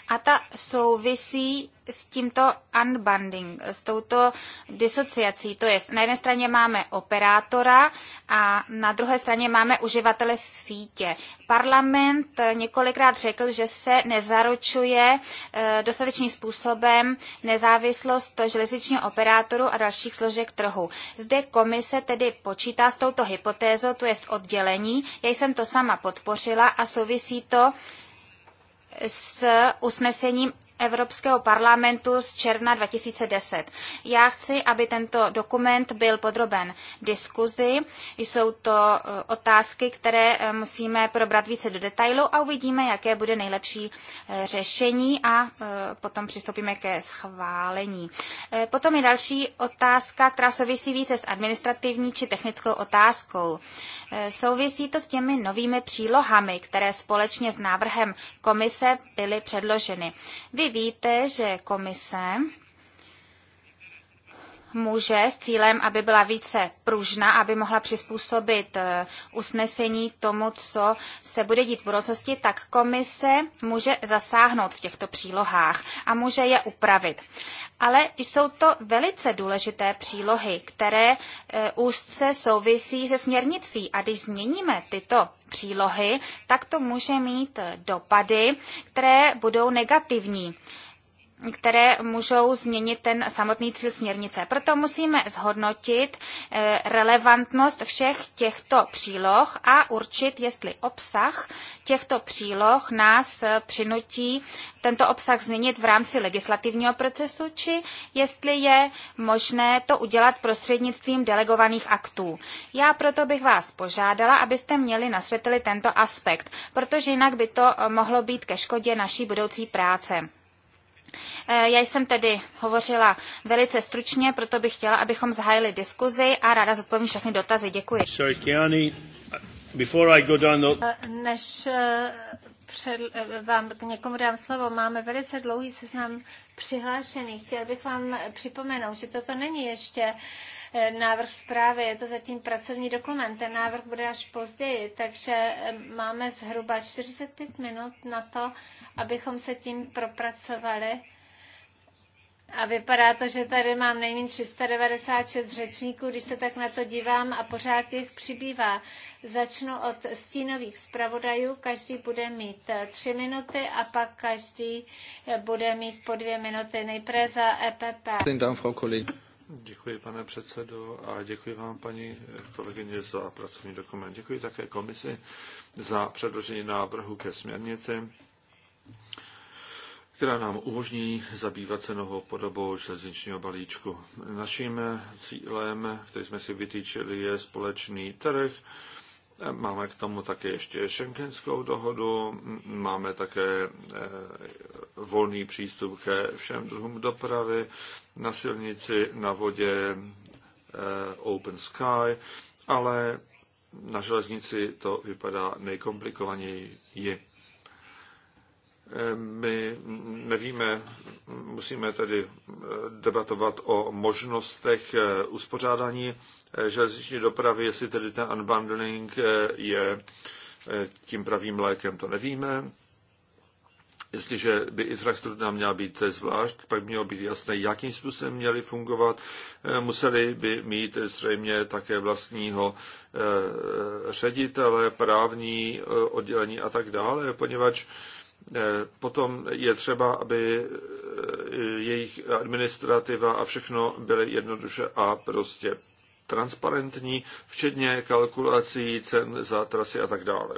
a ta souvisí s tímto unbundling, s touto disociací. To je, na jedné straně máme operátora a na druhé straně máme uživatele sítě. Parlament několikrát řekl, že se nezaručuje e, dostatečným způsobem nezávislost železničního operátoru a dalších složek trhu. Zde komise tedy počítá s touto hypotézou, to je oddělení. Já jsem to sama podpořila a souvisí to s usnesením Evropského parlamentu z června 2010. Já chci, aby tento dokument byl podroben diskuzi. Jsou to eh, otázky, které eh, musíme probrat více do detailu a uvidíme, jaké bude nejlepší eh, řešení a potom přistoupíme ke schválení. Potom je další otázka, která souvisí více s administrativní či technickou otázkou. Souvisí to s těmi novými přílohami, které společně s návrhem komise byly předloženy. Vy víte, že komise muže s cílem, aby byla více pružná, aby mohla přizpůsobit eh, usnesení tomu, co se bude dít v budoucnosti, tak komise může zasáhnout v těchto přílohách a může je upravit. Ale jsou to velice důležité přílohy, které eh, úzce souvisí se směrnicí a když změníme tyto přílohy, tak to může mít eh, dopady, které budou negativní které můžou změnit ten samotný cíl směrnice. Proto musíme zhodnotit eh, relevantnost všech těchto příloh a určit, jestli obsah těchto příloh nás eh, přinutí tento obsah změnit v rámci legislativního procesu, či jestli je možné to udělat prostřednictvím delegovaných aktů. Já proto bych vás požádala, abyste měli nasvětlit tento aspekt, protože jinak by to eh, mohlo být ke škodě naší budoucí práce. Eh, já jsem tedy hovořila velice stručně, proto bych chtěla, abychom zahájili diskuzi a ráda zodpovím všechny dotazy. Děkuji. Eh, než eh, před, eh, vám k někomu dám slovo. Máme velice dlouhý seznam přihlášených. Chtěl bych vám připomenout, že toto není ještě eh, návrh zprávy, je to zatím pracovní dokument. Ten návrh bude až později, takže eh, máme zhruba 45 minut na to, abychom se tím propracovali a vypadá to, že tady mám nejméně 396 řečníků, když se tak na to dívám a pořád jich přibývá. Začnu od stínových zpravodajů, každý bude mít eh, tři minuty a pak každý eh, bude mít po dvě minuty nejprve za EPP. Děkuji, pane předsedo, a děkuji vám, paní eh, kolegyně, za pracovní dokument. Děkuji také komisi za předložení návrhu ke směrnici která nám umožní zabývat se novou podobou železničního balíčku. Naším cílem, který jsme si vytýčili, je společný trh. Máme k tomu také ještě šenkenskou dohodu, máme také eh, volný přístup ke všem druhům dopravy na silnici, na vodě, eh, Open Sky, ale na železnici to vypadá nejkomplikovaněji. My nevíme, musíme tedy eh, debatovat o možnostech eh, uspořádání eh, železniční dopravy, jestli tedy ten unbundling je tím pravým lékem, to nevíme. Jestliže by infrastruktura měla být zvlášť, pak mělo být jasné, jakým způsobem měly fungovat. Museli by mít zřejmě také vlastního ředitele, právní oddělení a tak dále, poněvadž Eh, potom je třeba, aby eh, jejich administrativa a všechno byly jednoduše a prostě transparentní, včetně kalkulací cen za trasy a tak dále.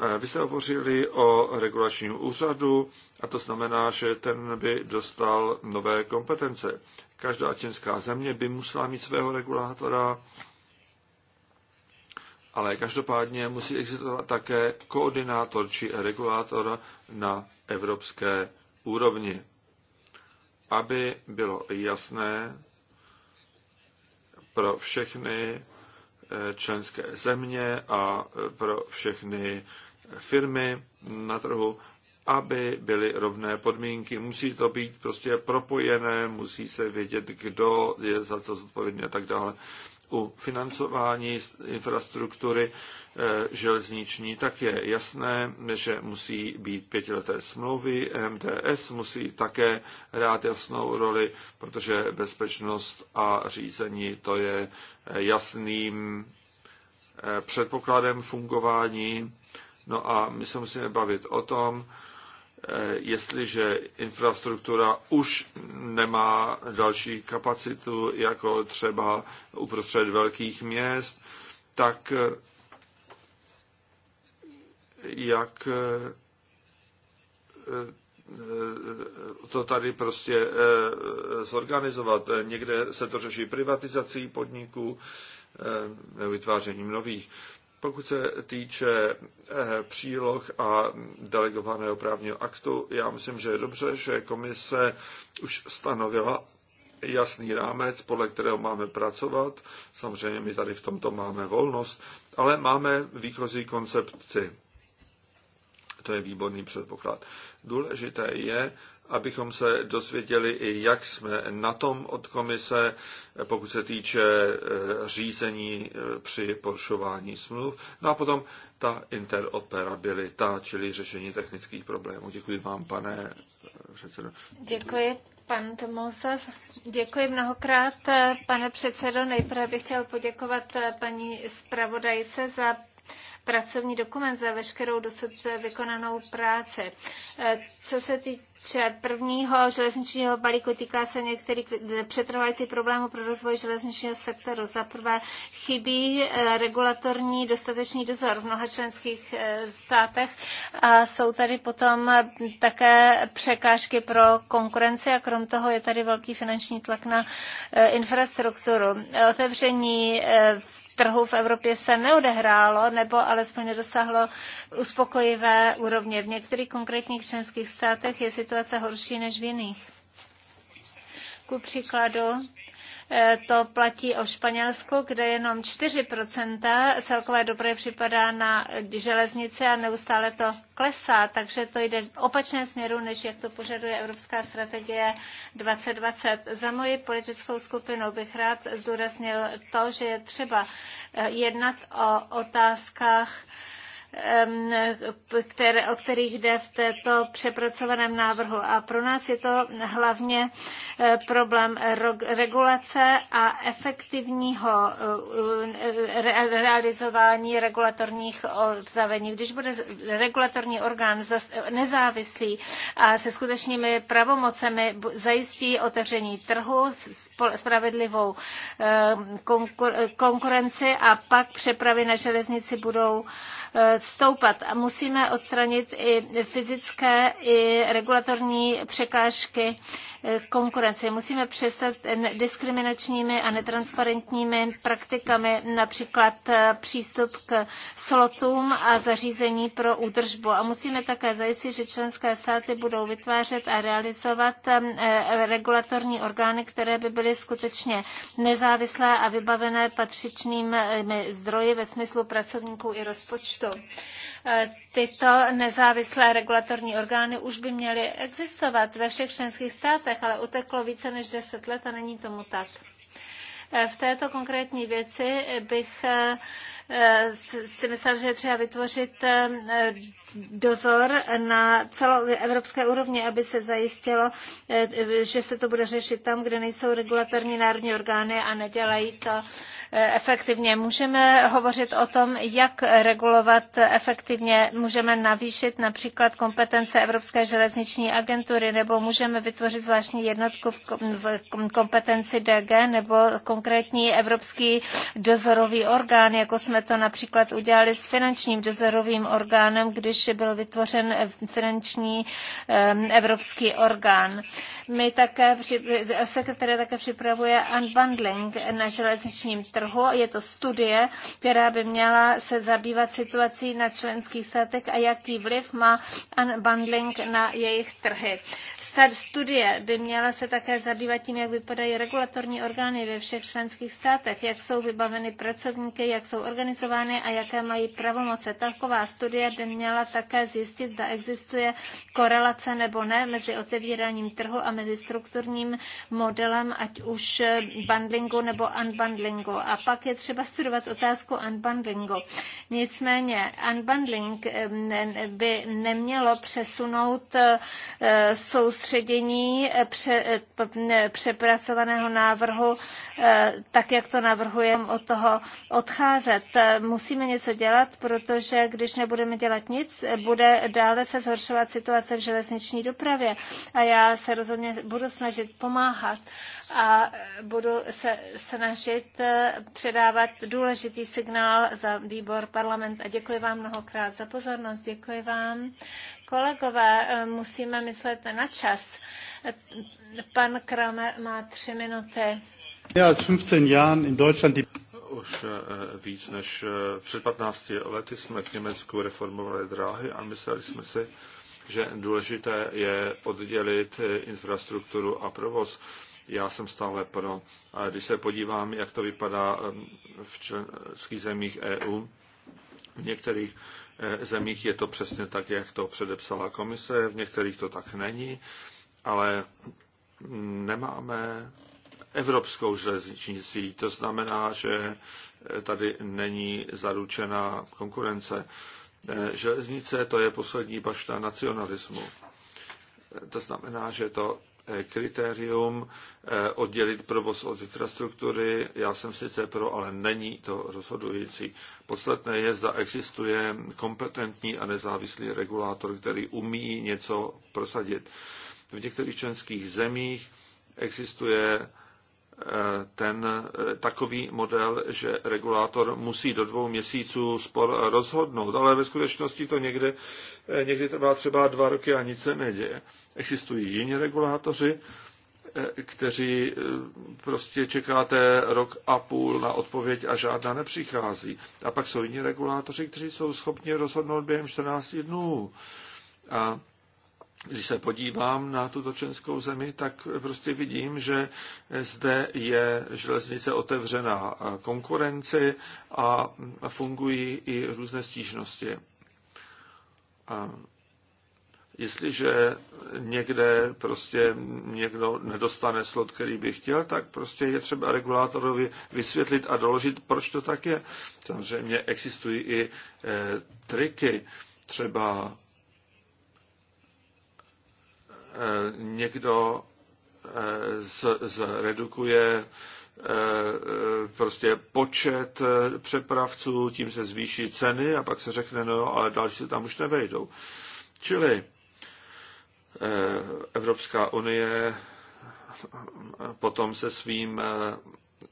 Eh, vy jste hovořili o regulačním úřadu a to znamená, že ten by dostal nové kompetence. Každá čínská země by musela mít svého regulátora ale každopádně musí existovat také koordinátor či regulátor na evropské úrovni, aby bylo jasné pro všechny eh, členské země a eh, pro všechny eh, firmy na trhu, aby byly rovné podmínky. Musí to být prostě propojené, musí se vědět, kdo je za co zodpovědný a tak dále u financování infrastruktury eh, železniční, tak je jasné, že musí být pětileté smlouvy. MTS musí také hrát jasnou roli, protože bezpečnost a řízení to je eh, jasným eh, předpokladem fungování. No a my se musíme bavit o tom, Eh, jestliže infrastruktura už nemá další kapacitu, jako třeba uprostřed velkých měst, tak eh, jak eh, to tady prostě zorganizovat. Někde se to řeší privatizací podniků, vytvářením nových. Pokud se týče eh, příloh a delegovaného právního aktu, já myslím, že je dobře, že komise už stanovila jasný rámec, podle kterého máme pracovat. Samozřejmě my tady v tomto máme volnost, ale máme výchozí koncepci. To je výborný předpoklad. Důležité je, abychom se dozvěděli i, jak jsme na tom od komise, pokud se týče eh, řízení eh, při porušování smluv. No a potom ta interoperabilita, čili řešení technických problémů. Děkuji vám, pane eh, předsedo. Děkuji. Pan Tomosas, děkuji mnohokrát. Pane předsedo, nejprve bych chtěl poděkovat paní zpravodajce za pracovní dokument za veškerou dosud vykonanou práci. E, co se týče prvního železničního balíku, týká se některých přetrvajících problémů pro rozvoj železničního sektoru. Za prvé chybí e, regulatorní dostatečný dozor v mnoha členských e, státech a jsou tady potom také překážky pro konkurenci a krom toho je tady velký finanční tlak na infrastrukturu. Otevření v trhu v Evropě se neodehrálo nebo alespoň nedosáhlo uspokojivé úrovně. V některých konkrétních členských státech je situace horší než v jiných. Ku příkladu to platí o Španělsku, kde jenom 4% celkové dopravy připadá na železnice a neustále to klesá, takže to jde v opačném směru, než jak to požaduje Evropská strategie 2020. Za moji politickou skupinu bych rád zdůraznil to, že je třeba eh, jednat o otázkách, které, o kterých jde v této přepracovaném návrhu. A pro nás je to hlavně eh, problém regulace a efektivního eh, realizování regulatorních obzavení. Když bude regulatorní orgán nezávislý a se skutečnými pravomocemi zajistí otevření trhu, spravedlivou eh, konkurenci a pak přepravy na železnici budou Eh, stoupat. A musíme odstranit i fyzické, i regulatorní překážky Eh, konkurenci. Musíme přestat s diskriminačními a netransparentními praktikami, například eh, přístup k slotům a zařízení pro údržbu. A musíme také zajistit, že členské státy budou vytvářet a realizovat eh, regulatorní orgány, které by byly skutečně nezávislé a vybavené patřičnými zdroji ve smyslu pracovníků i rozpočtu. E, tyto nezávislé regulatorní orgány už by měly existovat ve všech členských státech, ale uteklo více než 10 let a není tomu tak. E, v této konkrétní věci bych e, si myslel, že je třeba vytvořit eh, dozor na celoevropské úrovni, aby se zajistilo, eh, že se to bude řešit tam, kde nejsou regulatorní národní orgány a nedělají to eh, efektivně. Můžeme hovořit o tom, jak regulovat efektivně, můžeme navýšit například kompetence Evropské železniční agentury, nebo můžeme vytvořit zvláštní jednotku v kompetenci DG, nebo konkrétní evropský dozorový orgán, jako jsme jsme to například udělali s finančním dozorovým orgánem, když byl vytvořen finanční eh, evropský orgán. My také, sekretary také připravuje unbundling na železničním trhu. Je to studie, která by měla se zabývat situací na členských státech a jaký vliv má unbundling na jejich trhy. star studie by měla se také zabývat tím, jak vypadají regulatorní orgány ve všech členských státech, jak jsou vybaveny pracovníky, jak jsou organizovány a jaké mají pravomoce. Taková studie by měla také zjistit, zda existuje korelace nebo ne mezi otevíráním trhu a mezi strukturním modelem, ať už bundlingu nebo unbundlingu. A pak je třeba studovat otázku unbundlingu. Nicméně unbundling by nemělo přesunout eh, soustředění eh, eh, přepracovaného návrhu, tak jak to navrhujeme, od toho odcházet. Musíme něco dělat, protože když nebudeme dělat nic, bude dále se zhoršovat situace v železniční dopravě. A já se rozhodně samozřejmě budu snažit pomáhat a budu se snažit eh, předávat důležitý signál za výbor parlament. A děkuji vám mnohokrát za pozornost. Děkuji vám. Kolegové, eh, musíme myslet na čas. Pan Kramer má tři minuty. Já ja, 15 Jahren in Deutschland die už eh, víc než před 15 lety jsme v Německu reformovali dráhy a mysleli jsme si, že důležité je oddělit infrastrukturu a provoz. Já jsem stále pro. A když se podívám, jak to vypadá v členských zemích EU, v některých eh, zemích je to přesně tak, jak to předepsala komise, v některých to tak není, ale nemáme evropskou železniční síť. To znamená, že eh, tady není zaručená konkurence. Eh, železnice to je poslední bašta nacionalismu. Eh, to znamená, že to eh, kritérium oddělit provoz od infrastruktury, já jsem sice pro, ale není to rozhodující. Podstatné je, zda existuje kompetentní a nezávislý regulátor, který umí něco prosadit. V některých členských zemích existuje ten eh, takový model, že regulátor musí do dvou měsíců spor rozhodnout, ale ve skutečnosti to někde, eh, někdy trvá třeba dva roky a nic se neděje. Existují jiní regulátoři, eh, kteří prostě čekáte rok a půl na odpověď a žádná nepřichází. A pak jsou jiní regulátoři, kteří jsou schopni rozhodnout během 14 dnů. A když se podívám na tuto členskou zemi, tak prostě vidím, že zde je železnice otevřená konkurenci a fungují i různé stížnosti. A jestliže někde prostě někdo nedostane slot, který by chtěl, tak prostě je třeba regulátorovi vysvětlit a doložit, proč to tak je. Samozřejmě existují i e, triky, třeba Eh, někdo eh, zredukuje eh, prostě počet přepravců, tím se zvýší ceny a pak se řekne, no ale další se tam už nevejdou. Čili Evropská unie potom se svým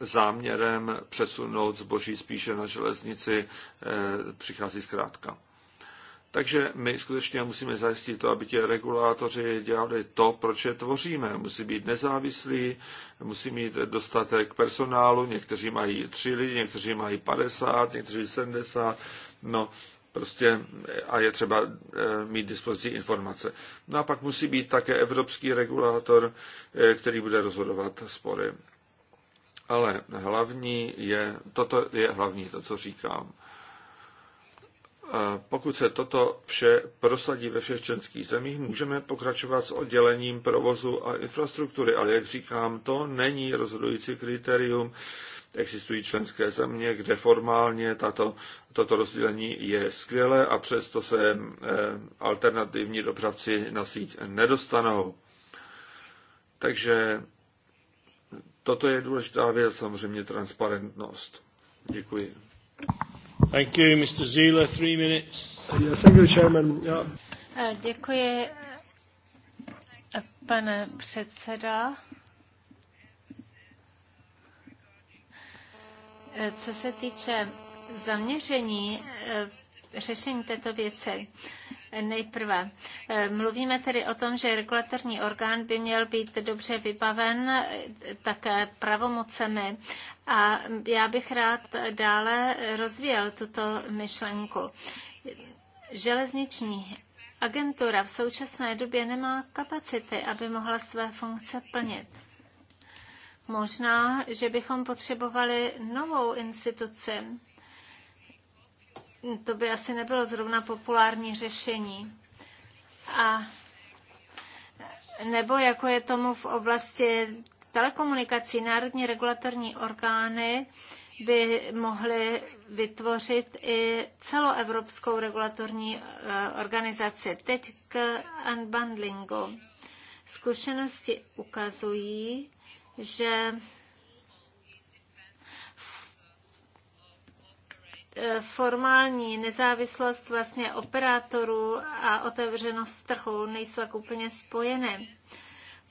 záměrem přesunout zboží spíše na železnici přichází zkrátka. Takže my skutečně musíme zajistit to, aby ti regulátoři dělali to, proč je tvoříme. Musí být nezávislí, musí mít dostatek personálu, někteří mají tři lidi, někteří mají 50, někteří 70, no prostě a je třeba eh, mít dispozici informace. No a pak musí být také evropský regulátor, eh, který bude rozhodovat spory. Ale hlavní je, toto je hlavní, to, co říkám pokud se toto vše prosadí ve všech členských zemích, můžeme pokračovat s oddělením provozu a infrastruktury, ale jak říkám, to není rozhodující kritérium. Existují členské země, kde formálně tato, toto rozdělení je skvělé a přesto se eh, alternativní dopravci na síť nedostanou. Takže toto je důležitá věc, samozřejmě transparentnost. Děkuji. Thank you, Mr. Zila. Three minutes. Yes, thank you, Chairman. Yeah. Eh, děkuji, eh, pane předseda. Eh, co se týče zaměření řešení této věci, Nejprve, mluvíme tedy o tom, že regulatorní orgán by měl být dobře vybaven také pravomocemi a já bych rád dále rozvíjel tuto myšlenku. Železniční agentura v současné době nemá kapacity, aby mohla své funkce plnit. Možná, že bychom potřebovali novou instituci. To by asi nebylo zrovna populární řešení. A nebo jako je tomu v oblasti telekomunikací národní regulatorní orgány by mohly vytvořit i celoevropskou regulatorní eh, organizaci. Teď k unbundlingu. Zkušenosti ukazují, že eh, formální nezávislost vlastně operátorů a otevřenost trhu nejsou tak úplně spojené.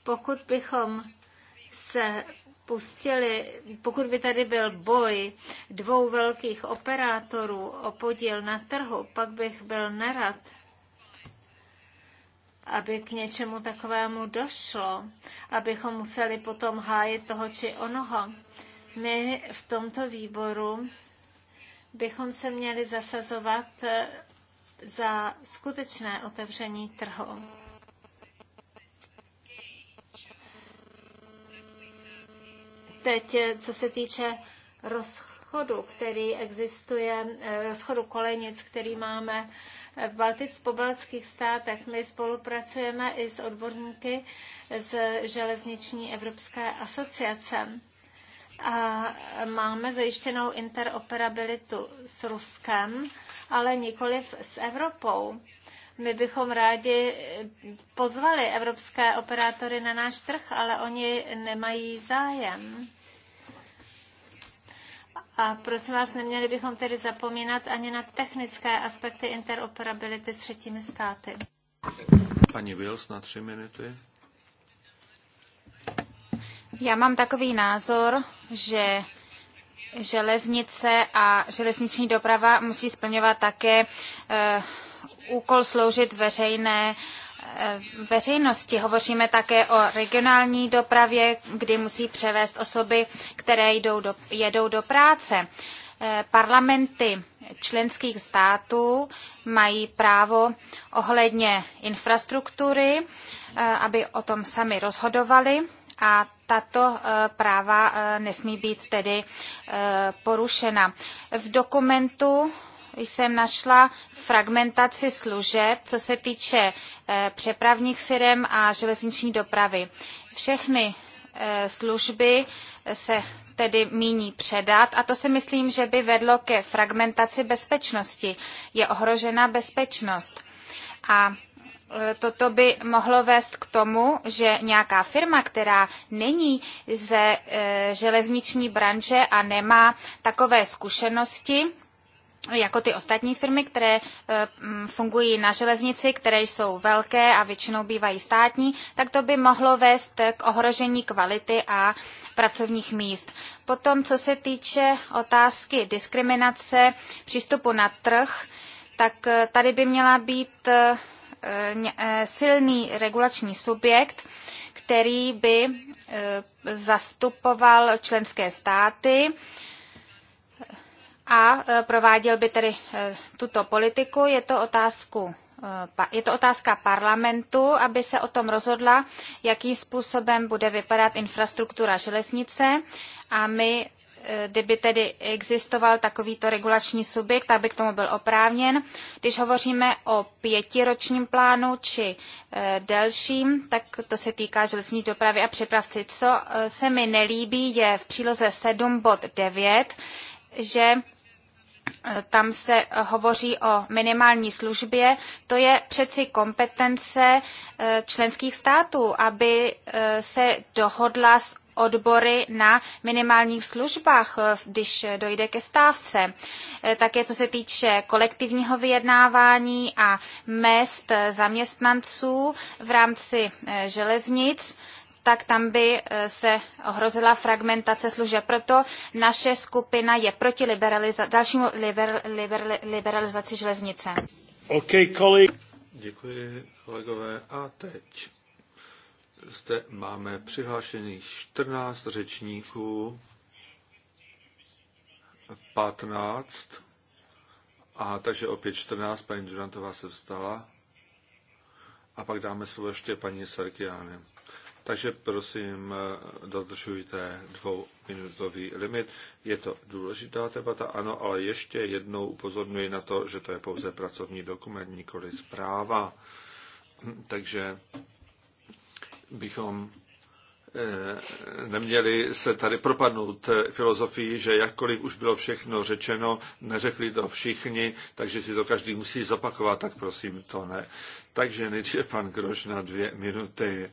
Pokud bychom se pustili, pokud by tady byl boj dvou velkých operátorů o podíl na trhu, pak bych byl nerad, aby k něčemu takovému došlo, abychom museli potom hájit toho či onoho. My v tomto výboru bychom se měli zasazovat za skutečné otevření trhu Teď, eh, co se týče rozchodu, který existuje, eh, rozchodu kolejnic, který máme eh, v Baltic, baltických státech. My spolupracujeme i s odborníky z Železniční Evropské asociace. A máme zajištěnou interoperabilitu s Ruskem, ale nikoliv s Evropou. My bychom rádi pozvali evropské operátory na náš trh, ale oni nemají zájem. A prosím vás, neměli bychom tedy zapomínat ani na technické aspekty interoperability s třetími státy. Paní Wills na tři minuty. Já mám takový názor, že železnice a železniční doprava musí splňovat také e, úkol sloužit veřejné Eh, veřejnosti. Hovoříme také o regionální dopravě, kdy musí převést osoby, které jdou do, jedou do práce. Eh, parlamenty členských států mají právo ohledně infrastruktury, eh, aby o tom sami rozhodovali a tato práva nesmí být tedy porušena. V dokumentu jsem našla fragmentaci služeb, co se týče eh, přepravních firm a železniční dopravy. Všechny eh, služby se tedy míní předat a to si myslím, že by vedlo ke fragmentaci bezpečnosti. Je ohrožena bezpečnost. A eh, toto by mohlo vést k tomu, že nějaká firma, která není ze železniční branže a nemá takové zkušenosti, jako ty ostatní firmy, které eh, mm, fungují na železnici, které jsou velké a většinou bývají státní, tak to by mohlo vést k ohrožení kvality a pracovních míst. Potom, co se týče otázky diskriminace přístupu na trh, tak eh, tady by měla být eh, silný regulační subjekt, který by zastupoval členské státy, a e, prováděl by tedy e, tuto politiku. Je to otázku e, je to otázka parlamentu, aby se o tom rozhodla, jakým způsobem bude vypadat infrastruktura železnice a my kdyby tedy existoval takovýto regulační subjekt, aby k tomu byl oprávněn. Když hovoříme o pětiročním plánu či delším, tak to se týká železniční dopravy a přepravci. Co se mi nelíbí, je v příloze 7 bod 9, že tam se hovoří o minimální službě, to je přeci kompetence e, členských států, aby e, se dohodla s odbory na minimálních službách, e, když dojde ke stávce. Také co se týče kolektivního vyjednávání a mest zaměstnanců v rámci železnic, tak tam by eh, se ohrozila fragmentace služeb. Proto naše skupina je proti liberaliza- dalšímu liber- liber- liberalizaci železnice. Okay, kolik. Děkuji, kolegové. A teď zde máme přihlášených 14 řečníků, 15. a takže opět 14, paní Durantová se vstala. A pak dáme slovo ještě paní Sarkiány. Takže prosím, dodržujte dvouminutový limit. Je to důležitá debata, ano, ale ještě jednou upozorňuji na to, že to je pouze pracovní dokument, nikoli zpráva. Takže bychom eh, neměli se tady propadnout eh, filozofii, že jakkoliv už bylo všechno řečeno, neřekli to všichni, takže si to každý musí zopakovat, tak prosím to ne. Takže nejdříve pan Grož na dvě minuty.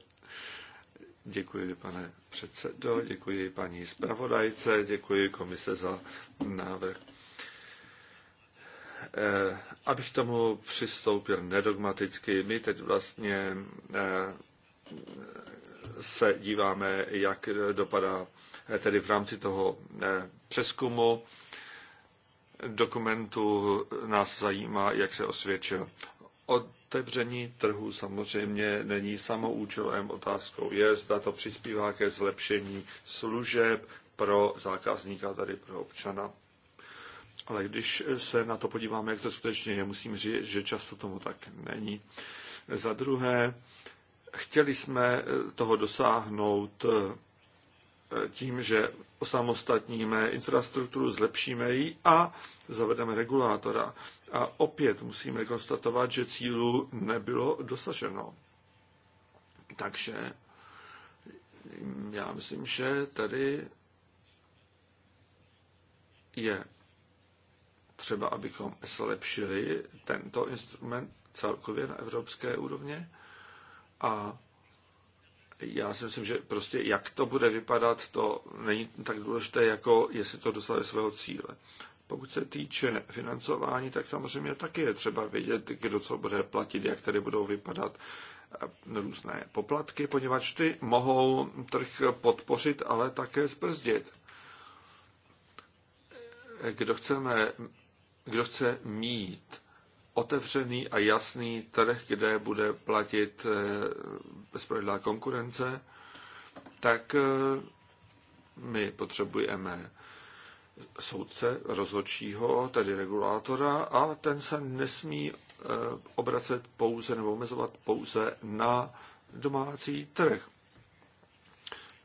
Děkuji, pane předsedo, děkuji paní zpravodajce, děkuji komise za návrh. Eh, abych tomu přistoupil nedogmaticky, my teď vlastně eh, se díváme, jak dopadá eh, tedy v rámci toho přeskumu dokumentu nás zajímá, jak se osvědčil. Od otevření trhu samozřejmě není samoučelem. Otázkou je, zda to přispívá ke zlepšení služeb pro zákazníka, tady pro občana. Ale když se na to podíváme, jak to skutečně je, musím říct, že často tomu tak není. Za druhé, chtěli jsme toho dosáhnout tím, že osamostatníme infrastrukturu, zlepšíme ji a zavedeme regulátora. A opět musíme konstatovat, že cílu nebylo dosaženo. Takže já myslím, že tady je třeba, abychom zlepšili tento instrument celkově na evropské úrovně. A já si myslím, že prostě jak to bude vypadat, to není tak důležité, jako jestli to dosáhne svého cíle. Pokud se týče financování, tak samozřejmě taky je třeba vědět, kdo co bude platit, jak tady budou vypadat eh, různé poplatky, poněvadž ty mohou trh podpořit, ale také zbrzdit. Kdo, chceme, kdo chce mít otevřený a jasný trh, kde bude platit eh, bezpravidlá konkurence, tak eh, my potřebujeme soudce rozhodčího, tedy regulátora, a ten se nesmí eh, obracet pouze nebo omezovat pouze na domácí trh.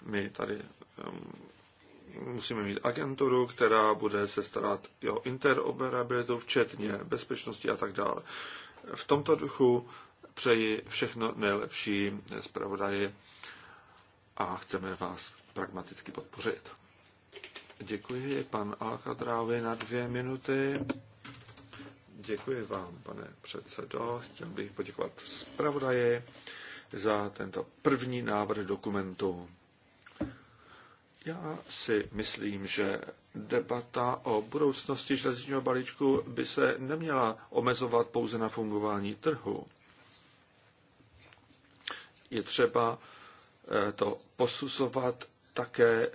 My tady ehm, musíme mít agenturu, která bude se starat o interoperabilitu, včetně bezpečnosti a tak dále. V tomto duchu přeji všechno nejlepší zpravodaji a chceme vás pragmaticky podpořit. Děkuji, pan Alchadrávy na dvě minuty. Děkuji vám, pane předsedo. Chtěl bych poděkovat zpravodaji za tento první návrh dokumentu. Já si myslím, že debata o budoucnosti železničního balíčku by se neměla omezovat pouze na fungování trhu. Je třeba eh, to posuzovat také eh,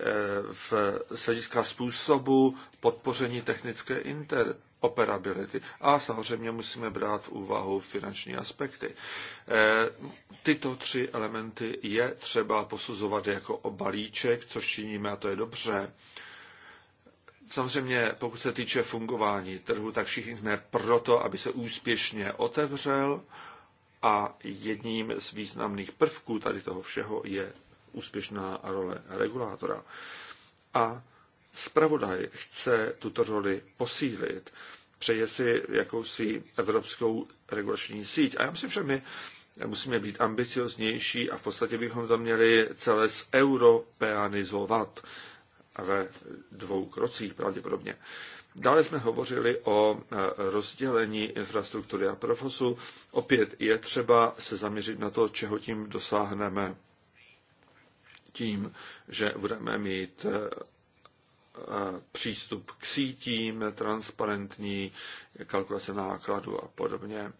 v, z hlediska způsobu podpoření technické interoperability. A samozřejmě musíme brát v úvahu finanční aspekty. Eh, tyto tři elementy je třeba posuzovat jako balíček, což činíme a to je dobře. Samozřejmě, pokud se týče fungování trhu, tak všichni jsme proto, aby se úspěšně otevřel a jedním z významných prvků tady toho všeho je úspěšná role regulátora. A zpravodaj chce tuto roli posílit. Přeje si jakousi evropskou regulační síť. A já myslím, že my musíme být ambicioznější a v podstatě bychom to měli celé zeuropeanizovat ve dvou krocích pravděpodobně. Dále jsme hovořili o e, rozdělení infrastruktury a profosu Opět je třeba se zaměřit na to, čeho tím dosáhneme tím, že budeme mít eh, eh, přístup k sítím, transparentní kalkulace nákladu a podobně.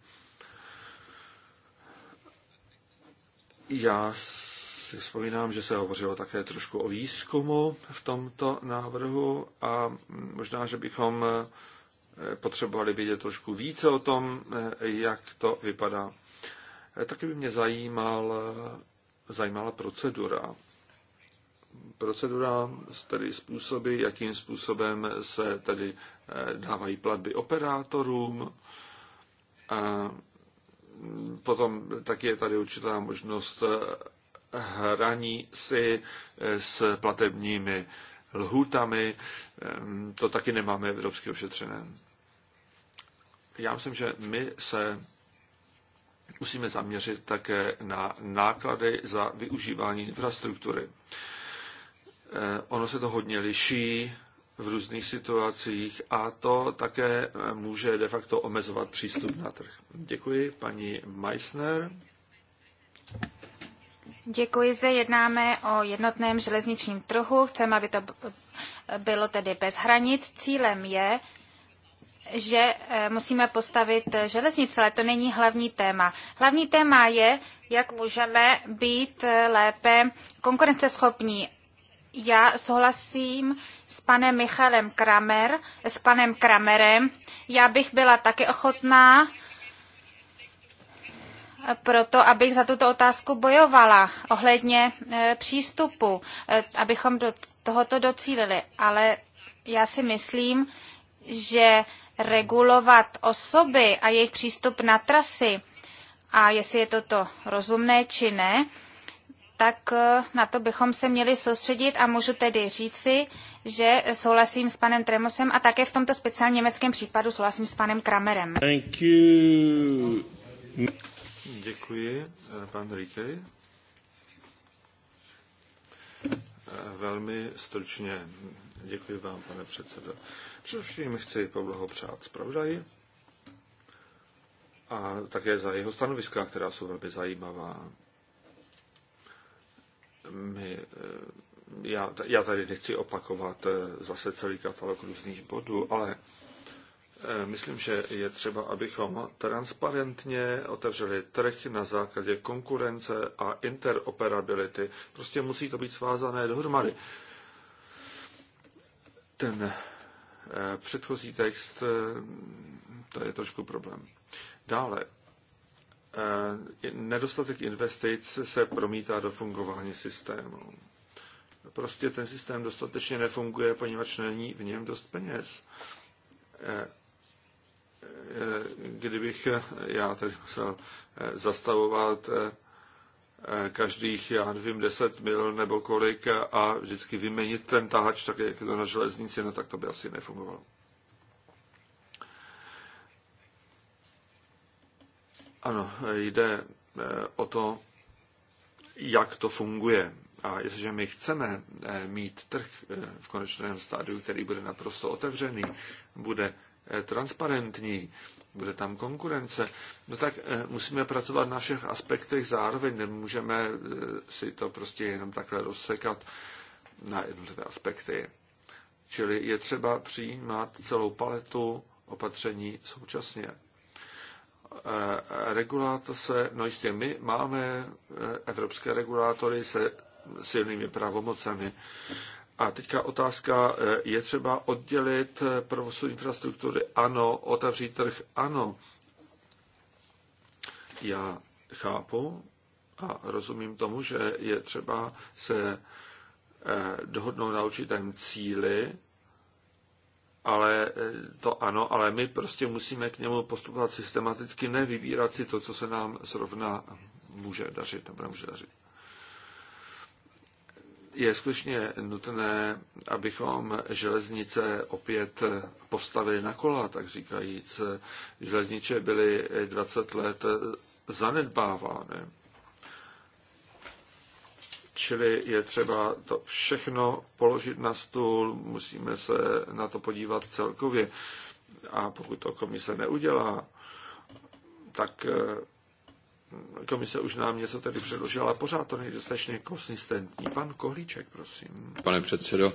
Já si vzpomínám, že se hovořilo také trošku o výzkumu v tomto návrhu a možná, že bychom eh, potřebovali vědět trošku více o tom, jak to vypadá. Taky by mě zajímal, zajímala procedura procedura, tedy způsoby, jakým způsobem se tedy eh, dávají platby operátorům. A eh, potom taky je tady určitá možnost eh, hraní si s platebními lhůtami. To taky nemáme evropsky ošetřené. Já myslím, že my se musíme zaměřit také na náklady za využívání infrastruktury. Eh, ono se to hodně liší v různých situacích a to také eh, může de facto omezovat přístup na trh. Děkuji, paní Meissner. Děkuji, zde jednáme o jednotném železničním trhu. Chceme, aby to bylo tedy bez hranic. Cílem je, že eh, musíme postavit železnice, ale to není hlavní téma. Hlavní téma je, jak můžeme být lépe konkurenceschopní já souhlasím s panem Michalem Kramer, s panem Kramerem. Já bych byla taky ochotná proto, abych za tuto otázku bojovala ohledně e, přístupu, e, abychom do tohoto docílili. Ale já si myslím, že regulovat osoby a jejich přístup na trasy a jestli je toto rozumné či ne, tak eh, na to bychom se měli soustředit a můžu tedy říci, že souhlasím s panem Tremosem a také v tomto speciálně německém případu souhlasím s panem Kramerem. Thank you. Děkuji, eh, pan Rikej. Eh, velmi stručně děkuji vám, pane předsedo. Především chci poblahopřát zpravodaji a také za jeho stanoviska, která jsou velmi zajímavá my, eh, já, já tady nechci opakovat eh, zase celý katalog různých bodů, ale eh, myslím, že je třeba, abychom transparentně otevřeli trh na základě konkurence a interoperability. Prostě musí to být svázané dohromady. Ten předchozí text, to je trošku problém. Dále, Eh, nedostatek investic se promítá do fungování systému. Prostě ten systém dostatečně nefunguje, poněvadž není v něm dost peněz. Eh, eh, kdybych já tady musel zastavovat každých, já nevím, 10 mil nebo kolik a vždycky vyměnit ten tahač, tak jak je to na železnici, no tak to by asi nefungovalo. Ano, jde eh, o to, jak to funguje. A jestliže my chceme eh, mít trh eh, v konečném stádiu, který bude naprosto otevřený, bude transparentní, bude tam konkurence, no tak musíme pracovat na všech aspektech zároveň, nemůžeme si to prostě jenom takhle rozsekat na jednotlivé aspekty. Čili je třeba přijímat celou paletu opatření současně. Eh, regulátor se, no jistě my máme eh, evropské regulátory se silnými pravomocemi. A teďka otázka, eh, je třeba oddělit provozu infrastruktury? Ano. Otevřít trh? Ano. Já chápu a rozumím tomu, že je třeba se dohodnout na určitém cíli, ale eh, to ano, ale my prostě musíme k němu postupovat systematicky, nevybírat si to, co se nám zrovna může dařit nebo nemůže dařit. Je skutečně nutné, abychom železnice opět postavili na kola, tak říkajíc. Železniče byly 20 let zanedbávány. Čili je třeba to všechno položit na stůl, musíme se na to podívat celkově. A pokud to komise neudělá, tak eh, komise už nám něco tedy předložila, ale pořád to není dostatečně konsistentní. Pan Kohlíček, prosím. Pane předsedo,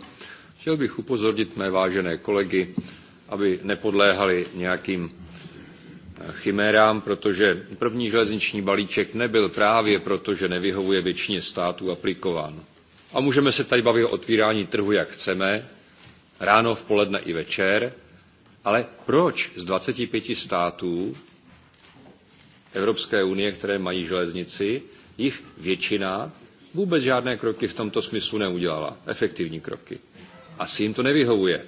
chtěl bych upozornit mé vážené kolegy, aby nepodléhali nějakým chimérám, protože první železniční balíček nebyl právě proto, že nevyhovuje většině států aplikován. A můžeme se tady bavit o otvírání trhu, jak chceme, ráno, v poledne i večer, ale proč z 25 států Evropské unie, které mají železnici, jich většina vůbec žádné kroky v tomto smyslu neudělala, efektivní kroky. Asi jim to nevyhovuje.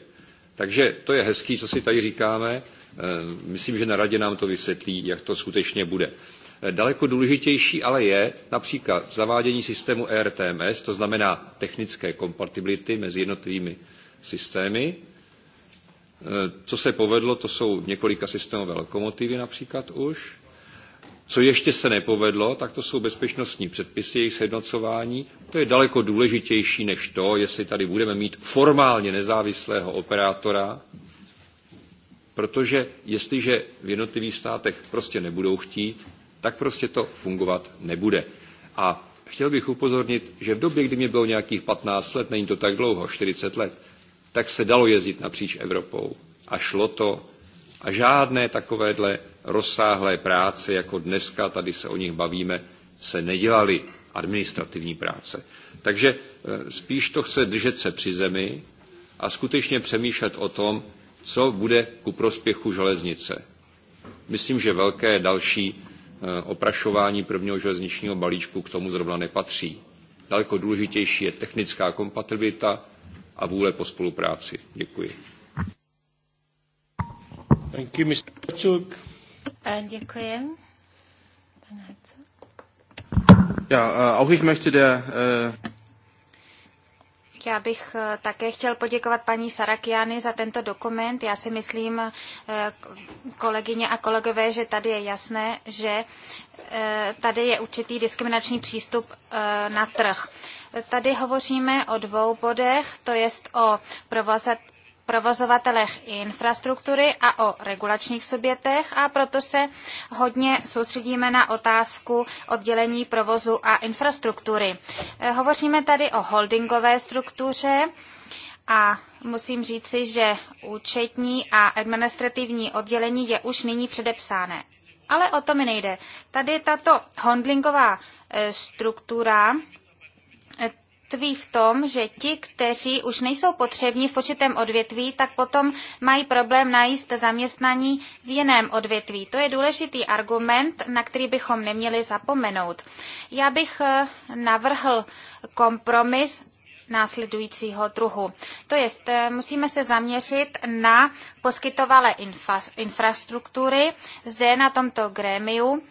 Takže to je hezký, co si tady říkáme, Eh, myslím, že na radě nám to vysvětlí, jak to skutečně bude. Eh, daleko důležitější ale je například zavádění systému ERTMS, to znamená technické kompatibility mezi jednotlivými systémy. Eh, co se povedlo, to jsou několika systémové lokomotivy například už. Co ještě se nepovedlo, tak to jsou bezpečnostní předpisy, jejich sjednocování. To je daleko důležitější než to, jestli tady budeme mít formálně nezávislého operátora, protože jestliže v jednotlivých státech prostě nebudou chtít, tak prostě to fungovat nebude. A chtěl bych upozornit, že v době, kdy mě bylo nějakých 15 let, není to tak dlouho, 40 let, tak se dalo jezdit napříč Evropou. A šlo to. A žádné takovéhle rozsáhlé práce, jako dneska, tady se o nich bavíme, se nedělaly administrativní práce. Takže eh, spíš to chce držet se při zemi a skutečně přemýšlet o tom, co bude ku prospěchu železnice. Myslím, že velké další eh, oprašování prvního železničního balíčku k tomu zrovna nepatří. Daleko důležitější je technická kompatibilita a vůle po spolupráci. Děkuji. Thank Mr. Herzog. Eh, děkuji. Pan Herzog. Eh, auch ich möchte der... Já bych eh, také chtěl poděkovat paní Sarakiany za tento dokument. Já si myslím, eh, kolegyně a kolegové, že tady je jasné, že eh, tady je určitý diskriminační přístup na trh. Tady hovoříme o dvou bodech, to jest o provozovatelech infrastruktury a o regulačních subjektech a proto se hodně soustředíme na otázku oddělení provozu a infrastruktury. Eh, hovoříme tady o holdingové struktuře a musím říci, že účetní a administrativní oddělení je už nyní předepsáné. Ale o to mi nejde. Tady tato holdingová eh, struktura tkví v tom, že ti, kteří už nejsou potřební v určitém odvětví, tak potom mají problém najít zaměstnaní v jiném odvětví. To je důležitý argument, na který bychom neměli zapomenout. Já bych eh, navrhl kompromis následujícího druhu. To je, eh, musíme se zaměřit na poskytovatele infrastruktury zde na tomto grémiu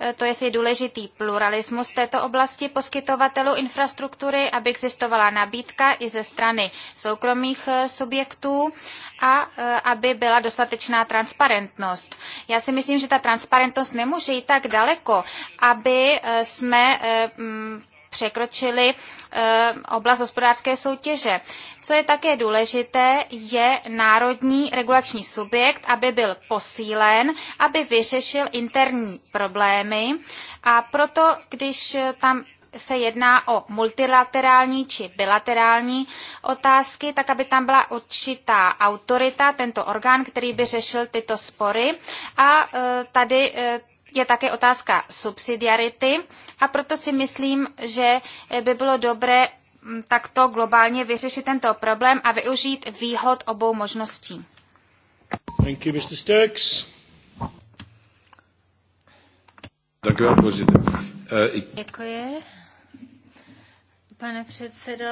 Eh, to jestli je důležitý pluralismus této oblasti poskytovatelů infrastruktury, aby existovala nabídka i ze strany soukromých eh, subjektů a eh, aby byla dostatečná transparentnost. Já si myslím, že ta transparentnost nemůže jít tak daleko, aby jsme mm, překročili eh, oblast hospodářské soutěže. Co je také důležité, je národní regulační subjekt, aby byl posílen, aby vyřešil interní problémy a proto, když tam se jedná o multilaterální či bilaterální otázky, tak aby tam byla určitá autorita, tento orgán, který by řešil tyto spory. A eh, tady eh, je také otázka subsidiarity a proto si myslím, že by bylo dobré mm, takto globálně vyřešit tento problém a využít výhod obou možností. Thank you, Mr. Sturks. Eh, děkuji, pane předsedo.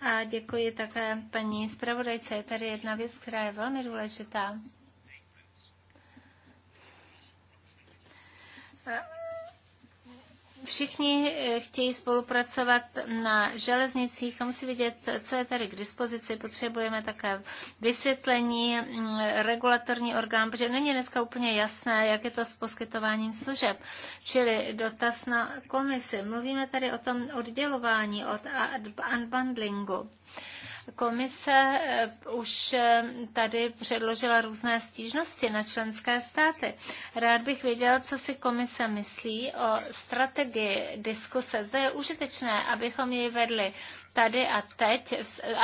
A děkuji také paní zpravodajce. Je tady jedna věc, která je velmi důležitá. všichni eh, chtějí spolupracovat na železnicích a musí vidět, co je tady k dispozici. Potřebujeme také vysvětlení, mm, regulatorní orgán, protože není dneska úplně jasné, jak je to s poskytováním služeb. Čili dotaz na komisi. Mluvíme tady o tom oddělování, od unbundlingu. Ad- Komise eh, už eh, tady předložila různé stížnosti na členské státy. Rád bych věděla, co si komise myslí o strategii diskuse. Zde je užitečné, abychom ji vedli tady a teď,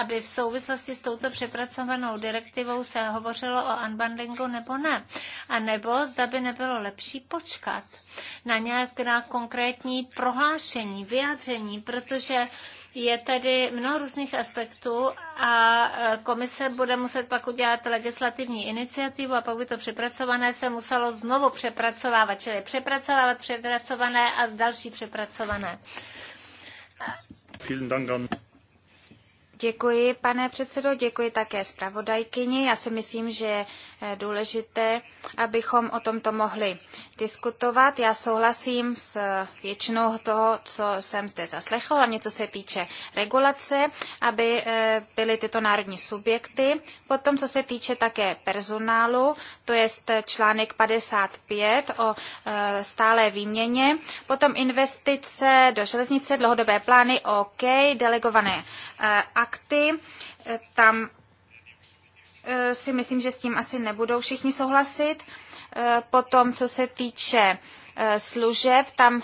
aby v souvislosti s touto přepracovanou direktivou se hovořilo o unbundlingu nebo ne. A nebo zda by nebylo lepší počkat na nějaké konkrétní prohlášení, vyjádření, protože je tady mnoho různých aspektů, a e, komise bude muset pak udělat legislativní iniciativu a pak by to přepracované se muselo znovu přepracovávat, čili přepracovávat přepracované a další přepracované. Vielen Dank Děkuji, pane předsedo, děkuji také zpravodajkyni. Já si myslím, že je eh, důležité, abychom o tomto mohli diskutovat. Já souhlasím s eh, většinou toho, co jsem zde zaslechl, hlavně co se týče regulace, aby eh, byly tyto národní subjekty. Potom, co se týče také personálu, to je článek 55 o stálé výměně. Potom investice do železnice, dlouhodobé plány, OK, delegované a akty. E, tam e, si myslím, že s tím asi nebudou všichni souhlasit. E, potom, co se týče služeb, tam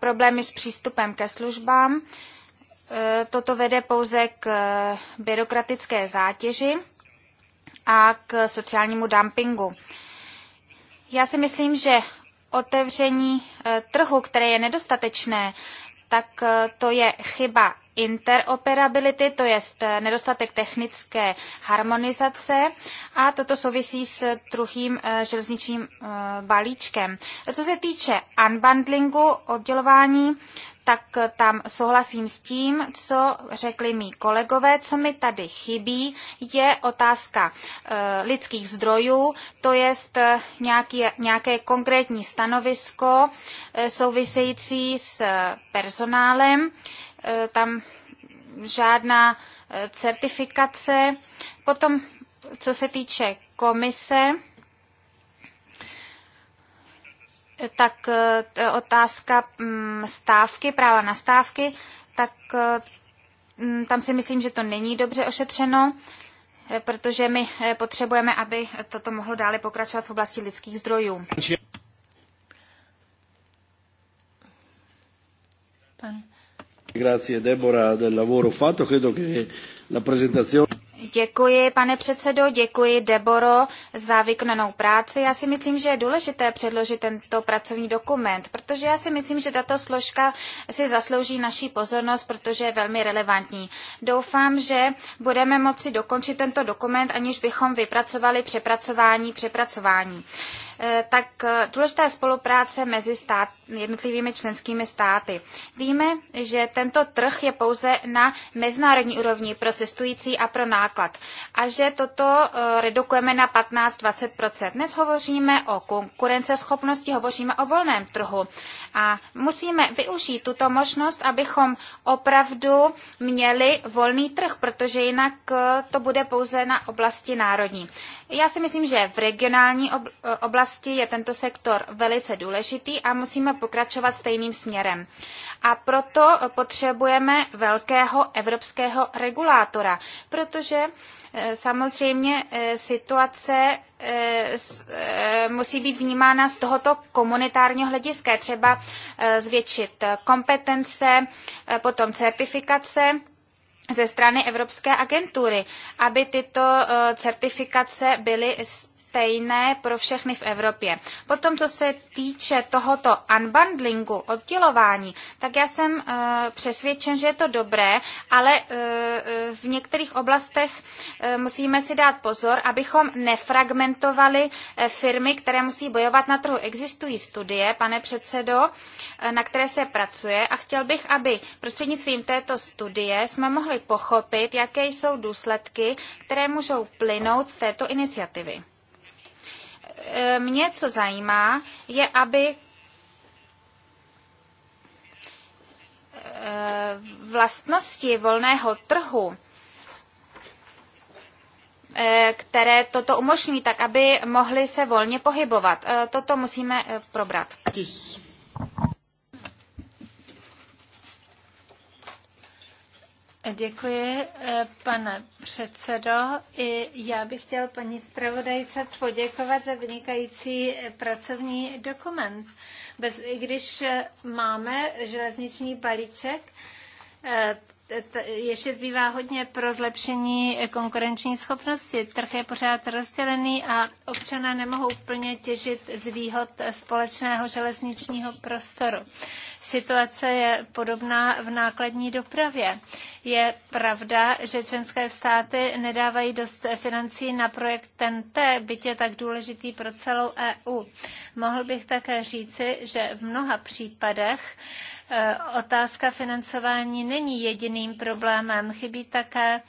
problémy s přístupem ke službám. Toto vede pouze k byrokratické zátěži a k sociálnímu dumpingu. Já si myslím, že otevření trhu, které je nedostatečné, tak to je chyba interoperability, to je eh, nedostatek technické harmonizace a toto souvisí s druhým eh, železničním eh, balíčkem. Co se týče unbundlingu, oddělování, tak tam souhlasím s tím, co řekli mý kolegové. Co mi tady chybí, je otázka e, lidských zdrojů, to je nějaký, nějaké konkrétní stanovisko e, související s personálem. E, Eh, tam žádná eh, certifikace. Potom, co se týče komise, eh, tak otázka mm, stávky, práva na stávky, tak mm, tam si myslím, že to není dobře ošetřeno, protože my potřebujeme, aby toto mohlo dále pokračovat v oblasti lidských zdrojů. Pan Děkuji, pane předsedo, děkuji Deboro za vykonanou práci. Já si myslím, že je důležité předložit tento pracovní dokument, protože já si myslím, že tato složka si zaslouží naší pozornost, protože je velmi relevantní. Doufám, že budeme moci dokončit tento dokument, aniž bychom vypracovali přepracování, přepracování. Eh, tak eh, důležitá je spolupráce mezi stát, jednotlivými členskými státy. Víme, že tento trh je pouze na mezinárodní úrovni pro cestující a pro náklad a že toto eh, redukujeme na 15-20 Dnes hovoříme o konkurenceschopnosti, hovoříme o volném trhu a musíme využít tuto možnost, abychom opravdu měli volný trh, protože jinak to bude pouze na oblasti národní. Já si myslím, že v regionální oblasti oblasti je tento sektor velice důležitý a musíme pokračovat stejným směrem. A proto potřebujeme velkého evropského regulátora, protože eh, samozřejmě eh, situace eh, musí být vnímána z tohoto komunitárního hlediska. Třeba zvětšit kompetence, potom certifikace ze strany Evropské agentury, aby tyto certifikace byly stejné pro všechny v Evropě. Potom, co se týče tohoto unbundlingu, oddělování, tak já jsem uh, přesvědčen, že je to dobré, ale uh, v některých oblastech uh, musíme si dát pozor, abychom nefragmentovali uh, firmy, které musí bojovat na trhu. Existují studie, pane předsedo, uh, na které se pracuje a chtěl bych, aby prostřednictvím této studie jsme mohli pochopit, jaké jsou důsledky, které můžou plynout z této iniciativy. E, mě co zajímá, je, aby e, vlastnosti volného trhu, e, které toto umožní, tak aby mohly se volně pohybovat. Toto musíme probrat. Děkuji, eh, pane předsedo. I já bych chtěl paní zpravodajce poděkovat za vynikající eh, pracovní dokument. Bez, I když eh, máme železniční balíček, ještě zbývá hodně pro zlepšení konkurenční schopnosti. Trh je pořád rozdělený a občané nemohou plně těžit z výhod společného železničního prostoru. Situace je podobná v nákladní dopravě. Je pravda, že členské státy nedávají dost financí na projekt TNT, byť je tak důležitý pro celou EU. Mohl bych také říci, že v mnoha případech Eh, otázka financování není jediným problémem. Chybí také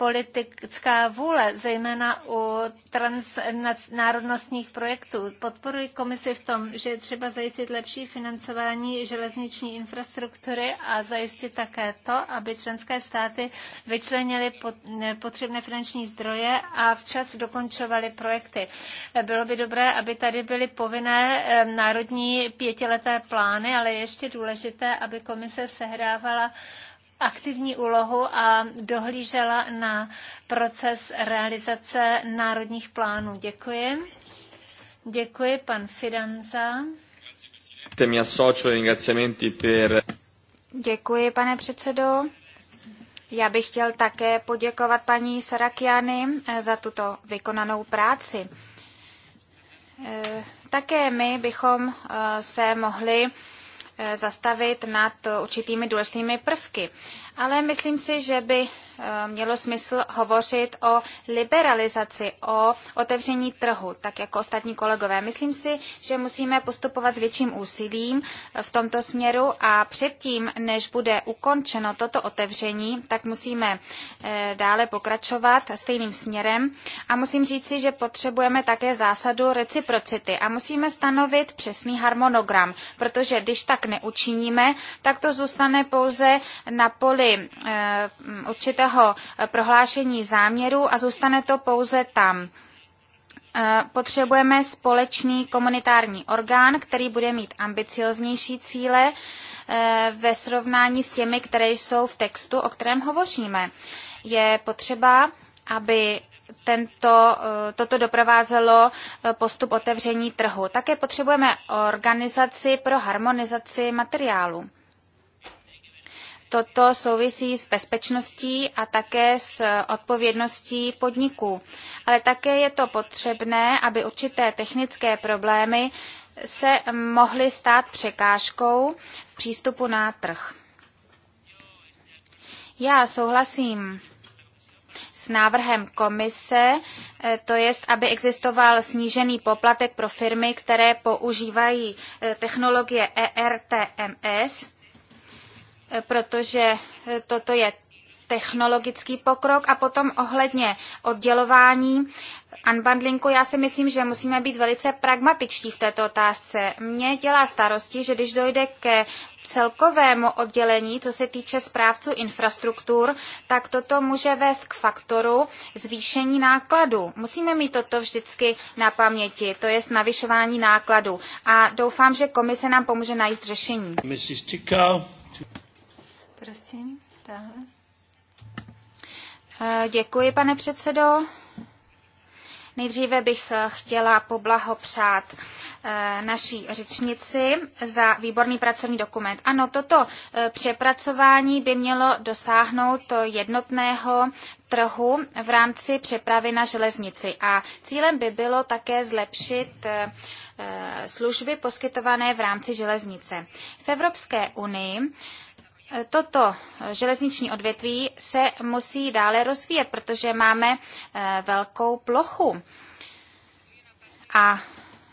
politická vůle, zejména u transnárodnostních projektů. Podporuji komisi v tom, že je třeba zajistit lepší financování železniční infrastruktury a zajistit také to, aby členské státy vyčlenily potřebné finanční zdroje a včas dokončovaly projekty. Bylo by dobré, aby tady byly povinné národní pětileté plány, ale ještě důležité, aby komise sehrávala aktivní úlohu a dohlížela na proces realizace národních plánů. Děkuji. Děkuji, pan Fidanza. Děkuji, pane předsedo. Já bych chtěl také poděkovat paní Sarakiany eh, za tuto vykonanou práci. Eh, také my bychom eh, se mohli zastavit nad určitými důležitými prvky. Ale myslím si, že by eh, mělo smysl hovořit o liberalizaci, o otevření trhu, tak jako ostatní kolegové. Myslím si, že musíme postupovat s větším úsilím eh, v tomto směru a předtím, než bude ukončeno toto otevření, tak musíme eh, dále pokračovat stejným směrem. A musím říci, že potřebujeme také zásadu reciprocity a musíme stanovit přesný harmonogram, protože když tak neučiníme, tak to zůstane pouze na poli Eh, určitého eh, prohlášení záměru a zůstane to pouze tam. Eh, potřebujeme společný komunitární orgán, který bude mít ambicioznější cíle ve srovnání s těmi, které jsou v textu, o kterém hovoříme. Je potřeba, aby tento, toto doprovázelo postup otevření trhu. Také potřebujeme organizaci pro harmonizaci materiálu. Toto souvisí s bezpečností a také s eh, odpovědností podniků. Ale také je to potřebné, aby určité technické problémy se mohly stát překážkou v přístupu na trh. Já souhlasím s návrhem komise, eh, to jest, aby existoval snížený poplatek pro firmy, které používají eh, technologie ERTMS protože eh, toto je technologický pokrok a potom ohledně oddělování unbundlingu, já si myslím, že musíme být velice pragmatičtí v této otázce. Mně dělá starosti, že když dojde ke celkovému oddělení, co se týče správců infrastruktur, tak toto může vést k faktoru zvýšení nákladů. Musíme mít toto vždycky na paměti, to je navyšování nákladů. A doufám, že komise nám pomůže najít řešení. Prosím, tahle. Eh, děkuji, pane předsedo. Nejdříve bych eh, chtěla poblahopřát eh, naší řečnici za výborný pracovní dokument. Ano, toto přepracování by mělo dosáhnout jednotného trhu v rámci přepravy na železnici a cílem by bylo také zlepšit služby poskytované v rámci železnice. V Evropské unii Toto eh, železniční odvětví se musí dále rozvíjet, protože máme eh, velkou plochu. A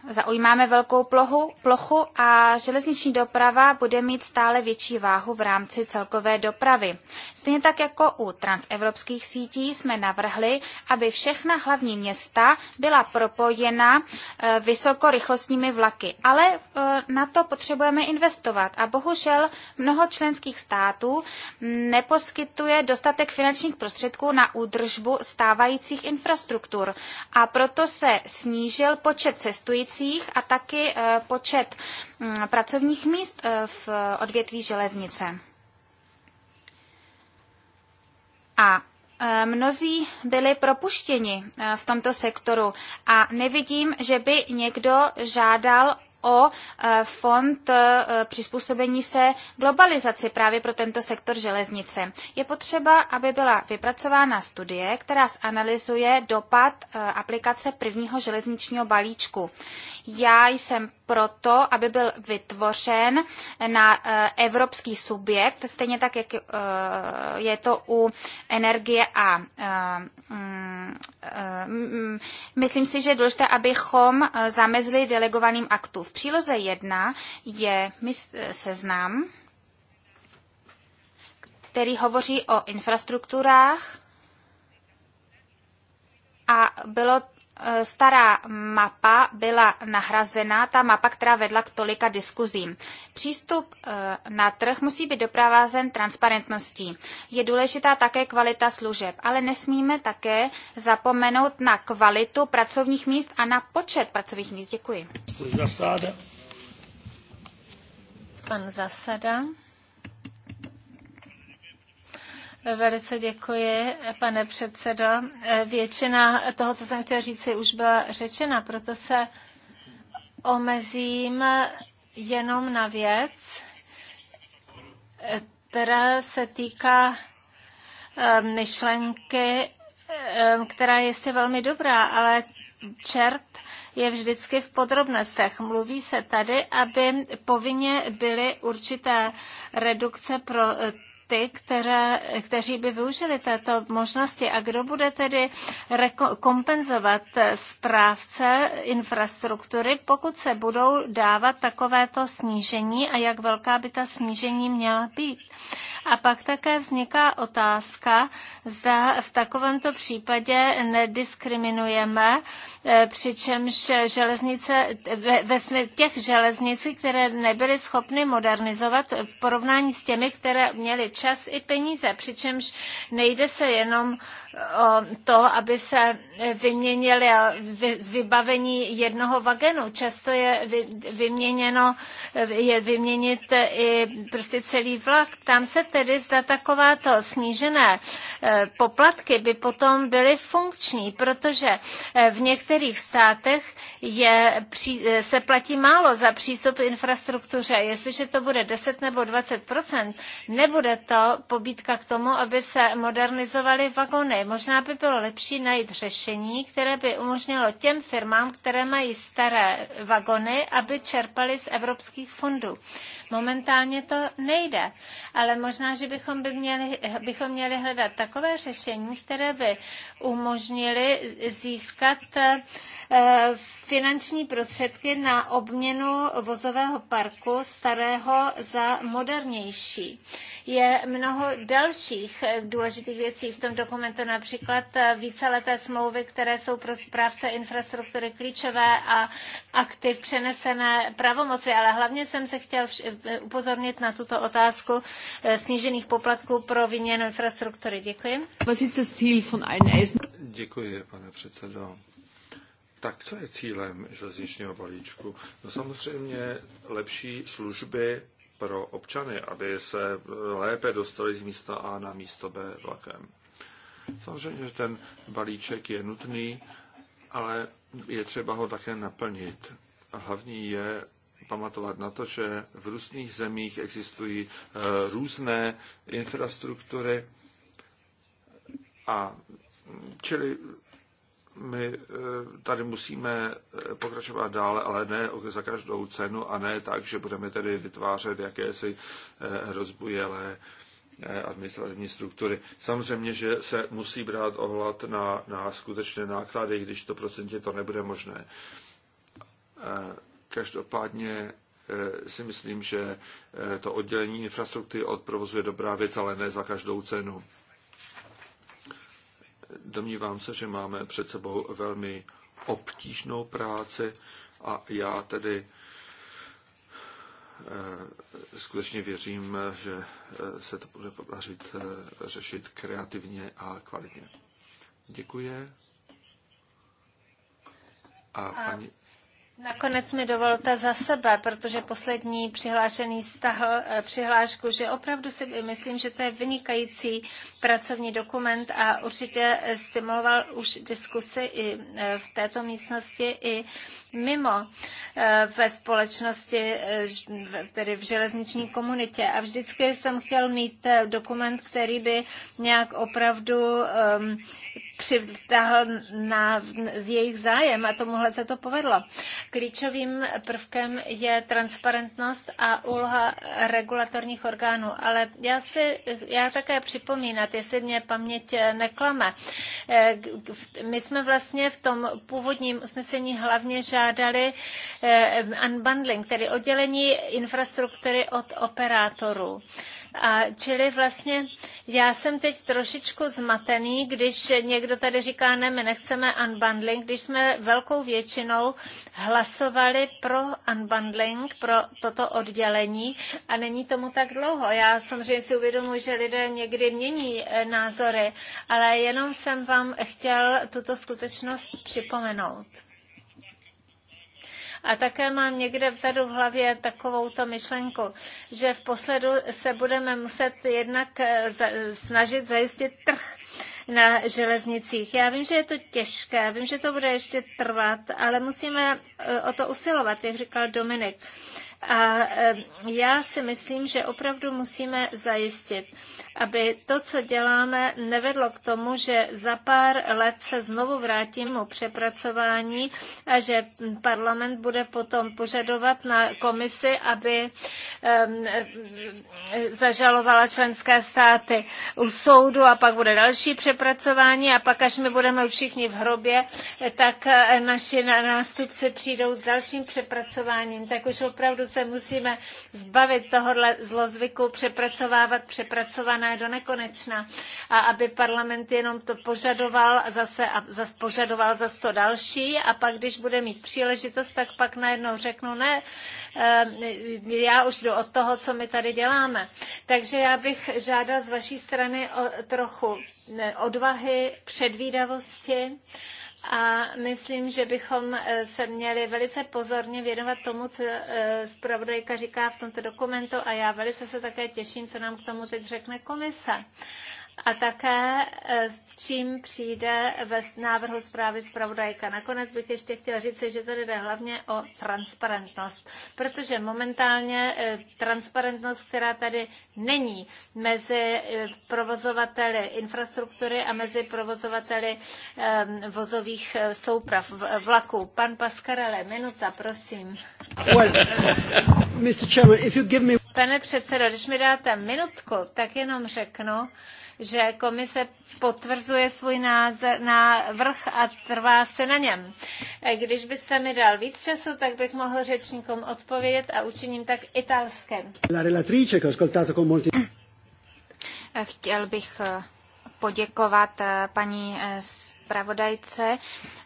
zaujímáme velkou plochu, plochu a železniční doprava bude mít stále větší váhu v rámci celkové dopravy. Stejně tak jako u transevropských sítí jsme navrhli, aby všechna hlavní města byla propojena eh, vysokorychlostními vlaky. Ale eh, na to potřebujeme investovat a bohužel mnoho členských států neposkytuje dostatek finančních prostředků na údržbu stávajících infrastruktur a proto se snížil počet cestujících silnicích a taky eh, počet mm, pracovních míst eh, v odvětví železnice. A eh, Mnozí byli propuštěni v tomto sektoru a nevidím, že by někdo žádal o e, fond e, přizpůsobení se globalizaci právě pro tento sektor železnice. Je potřeba, aby byla vypracována studie, která zanalizuje dopad e, aplikace prvního železničního balíčku. Já jsem proto, aby byl vytvořen na e, evropský subjekt, stejně tak, jak e, je to u energie a e, mm, mm, myslím si, že je důležité, abychom zamezli delegovaným aktům. V příloze 1 je seznam, který hovoří o infrastrukturách a bylo Eh, stará mapa byla nahrazena, ta mapa, která vedla k tolika diskuzím. Přístup eh, na trh musí být doprovázen transparentností. Je důležitá také kvalita služeb, ale nesmíme také zapomenout na kvalitu pracovních míst a na počet pracovních míst. Děkuji. Zasada. Pan Zasada. Velice děkuji, pane předsedo. Většina toho, co jsem chtěla říct, už byla řečena, proto se omezím jenom na věc, která se týká eh, myšlenky, eh, která je jistě velmi dobrá, ale čert je vždycky v podrobnostech. Mluví se tady, aby povinně byly určité redukce pro eh, ty, které, kteří by využili této možnosti a kdo bude tedy kompenzovat správce infrastruktury, pokud se budou dávat takovéto snížení a jak velká by ta snížení měla být. A pak také vzniká otázka, zda v takovémto případě nediskriminujeme, eh, přičemž železnice, ve, těch železnici, které nebyly schopny modernizovat v porovnání s těmi, které měly čas i peníze, přičemž nejde se jenom eh, o to, aby se vyměnili z vybavení jednoho vagenu. Často je vyměněno, je vyměnit i prostě celý vlak. Tam se tedy zda takováto snížené eh, poplatky by potom byly funkční, protože eh, v některých státech je, se platí málo za přístup infrastruktuře. Jestliže to bude 10 nebo 20 nebude to pobídka k tomu, aby se modernizovaly vagony. Možná by bylo lepší najít řešení, které by umožnilo těm firmám, které mají staré vagony, aby čerpali z evropských fondů. Momentálně to nejde, ale možná, že bychom, by měli, bychom měli hledat takové řešení, které by umožnili získat Eh, finanční prostředky na obměnu vozového parku starého za modernější. Je mnoho dalších eh, důležitých věcí v tom dokumentu, například eh, víceleté smlouvy, které jsou pro správce infrastruktury klíčové a aktiv přenesené pravomoci, ale hlavně jsem se chtěl upozornit na tuto otázku snížených poplatků pro výměnu infrastruktury. Děkuji. Děkuji, pane předsedo. Tak co je cílem železničního balíčku? No samozřejmě lepší služby pro občany, aby se lépe dostali z místa A na místo B vlakem. Samozřejmě, že ten balíček je nutný, ale je třeba ho také naplnit. hlavní je pamatovat na to, že v různých zemích existují eh, různé infrastruktury a čili my eh, tady musíme eh, pokračovat dále, ale ne za každou cenu a ne tak, že budeme tedy vytvářet jakési eh, rozbujelé administrativní struktury. Samozřejmě, že se musí brát ohlad na, na skutečné náklady, když to procentě to nebude možné. Každopádně si myslím, že to oddělení infrastruktury od provozu je dobrá věc, ale ne za každou cenu. Domnívám se, že máme před sebou velmi obtížnou práci a já tedy eh, skutečně věřím, že eh, se to bude podařit eh, řešit kreativně a kvalitně. Děkuji. A paní Nakonec mi dovolte za sebe, protože poslední přihlášený stahl eh, přihlášku, že opravdu si myslím, že to je vynikající pracovní dokument a určitě stimuloval už diskusy i eh, v této místnosti, i mimo eh, ve společnosti, eh, tedy v železniční komunitě. A vždycky jsem chtěl mít eh, dokument, který by nějak opravdu um, přivtáhl na, z jejich zájem a tomuhle se to povedlo. Klíčovým prvkem je transparentnost a úloha regulatorních orgánů, ale já si, já také připomínat, jestli mě paměť neklame. My jsme vlastně v tom původním usnesení hlavně žádali požádali eh, unbundling, tedy oddělení infrastruktury od operátorů. A čili vlastně já jsem teď trošičku zmatený, když někdo tady říká, ne, my nechceme unbundling, když jsme velkou většinou hlasovali pro unbundling, pro toto oddělení a není tomu tak dlouho. Já samozřejmě si uvědomuji, že lidé někdy mění eh, názory, ale jenom jsem vám chtěl tuto skutečnost připomenout. A také mám někde vzadu v hlavě takovou to myšlenku, že v posledu se budeme muset jednak eh, snažit zajistit trh na železnicích. Já vím, že je to těžké, vím, že to bude ještě trvat, ale musíme eh, o to usilovat, jak říkal Dominik. A já si myslím, že opravdu musíme zajistit, aby to, co děláme, nevedlo k tomu, že za pár let se znovu vrátím o přepracování a že parlament bude potom požadovat na komisi, aby zažalovala členské státy u soudu a pak bude další přepracování a pak, až my budeme všichni v hrobě, tak eh, naši nástupci přijdou s dalším přepracováním. Tak už opravdu se musíme zbavit tohohle zlozvyku, přepracovávat přepracované do nekonečna a aby parlament jenom to požadoval a zase a zas požadoval za to další a pak, když bude mít příležitost, tak pak najednou řeknu ne, eh, já už jdu od toho, co my tady děláme. Takže já bych žádal z vaší strany o trochu odvahy, předvídavosti, a myslím, že bychom eh, se měli velice pozorně věnovat tomu, co eh, zpravodajka říká v tomto dokumentu a já velice se také těším, co nám k tomu teď řekne komise a také e, s čím přijde ve návrhu zprávy zpravodajka. Nakonec bych ještě chtěla říct, že tady jde hlavně o transparentnost, protože momentálně e, transparentnost, která tady není mezi e, provozovateli infrastruktury a mezi provozovateli vozových souprav vlaků. Pan Pascarele, minuta, prosím. Well, Mr. Chairman, if you give me... Pane předsedo, když mi dáte minutku, tak jenom řeknu, že komise potvrzuje svůj názor na vrch a trvá se na něm. E, když byste mi dal víc času, tak bych mohl řečníkům odpovědět a učiním tak italském. La relatrice, che ascoltato con Chtěl bych eh, poděkovat eh, paní eh, zpravodajce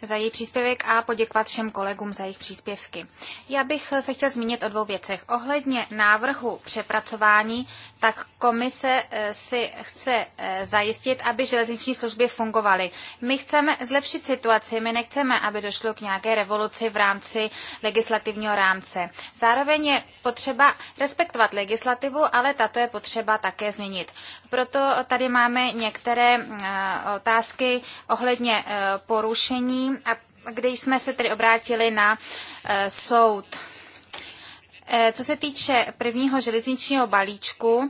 za její příspěvek a poděkovat všem kolegům za jejich příspěvky. Já bych se chtěl zmínit o dvou věcech. Ohledně návrhu přepracování, tak komise eh, si chce eh, zajistit, aby železniční služby fungovaly. My chceme zlepšit situaci, my nechceme, aby došlo k nějaké revoluci v rámci legislativního rámce. Zároveň je potřeba respektovat legislativu, ale tato je potřeba také změnit. Proto tady máme některé eh, otázky ohledně vlastně porušení, a kde jsme se tedy obrátili na eh, soud. Eh, co se týče prvního železničního balíčku,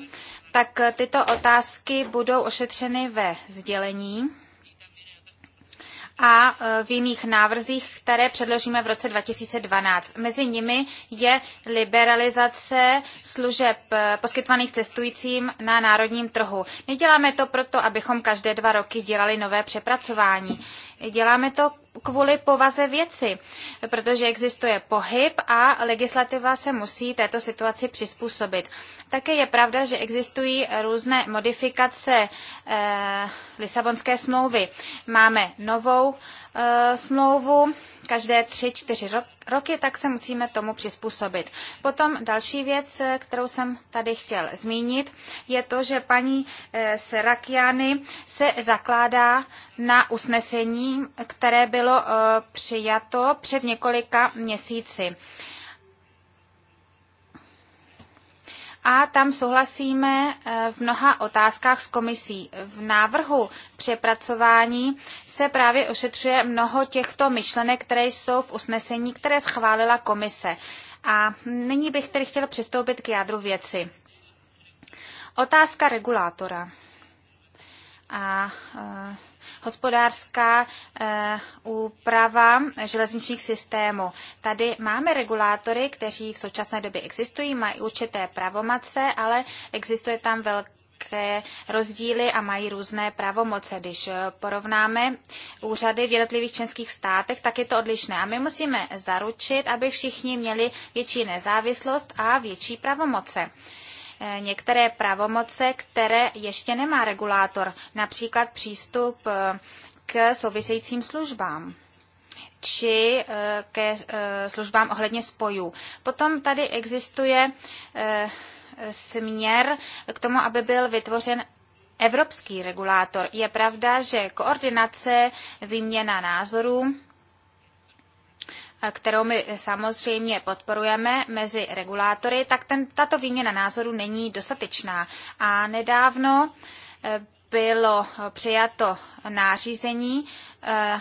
tak tyto otázky budou ošetřeny ve sdělení a e, v jiných návrzích, které předložíme v roce 2012. Mezi nimi je liberalizace služeb e, poskytovaných cestujícím na národním trhu. Neděláme to proto, abychom každé dva roky dělali nové přepracování. Děláme to kvůli povaze věci, protože existuje pohyb a legislativa se musí této situaci přizpůsobit. Také je pravda, že existují různé modifikace eh, Lisabonské smlouvy. Máme novou eh, smlouvu každé tři, čtyři roky, tak se musíme tomu přizpůsobit. Potom další věc, eh, kterou jsem tady chtěl zmínit, je to, že paní eh, Serakiany se zakládá na usnesení, které bylo eh, přijato před několika měsíci. a tam souhlasíme eh, v mnoha otázkách s komisí. V návrhu přepracování se právě ošetřuje mnoho těchto myšlenek, které jsou v usnesení, které schválila komise. A nyní bych tedy chtěl přistoupit k jádru věci. Otázka regulátora. A, a eh, hospodářská eh, úprava železničních systémů. Tady máme regulátory, kteří v současné době existují, mají určité pravomace, ale existuje tam velké rozdíly a mají různé pravomoce. Když eh, porovnáme úřady v jednotlivých českých státech, tak je to odlišné. A my musíme zaručit, aby všichni měli větší nezávislost a větší pravomoce některé pravomoce, které ještě nemá regulátor, například přístup eh, k souvisejícím službám či eh, ke eh, službám ohledně spojů. Potom tady existuje směr k tomu, aby byl vytvořen evropský regulátor. Je pravda, že koordinace, výměna názorů kterou my samozřejmě podporujeme mezi regulátory, tak ten, tato výměna názoru není dostatečná. A nedávno eh, bylo přijato nářízení eh,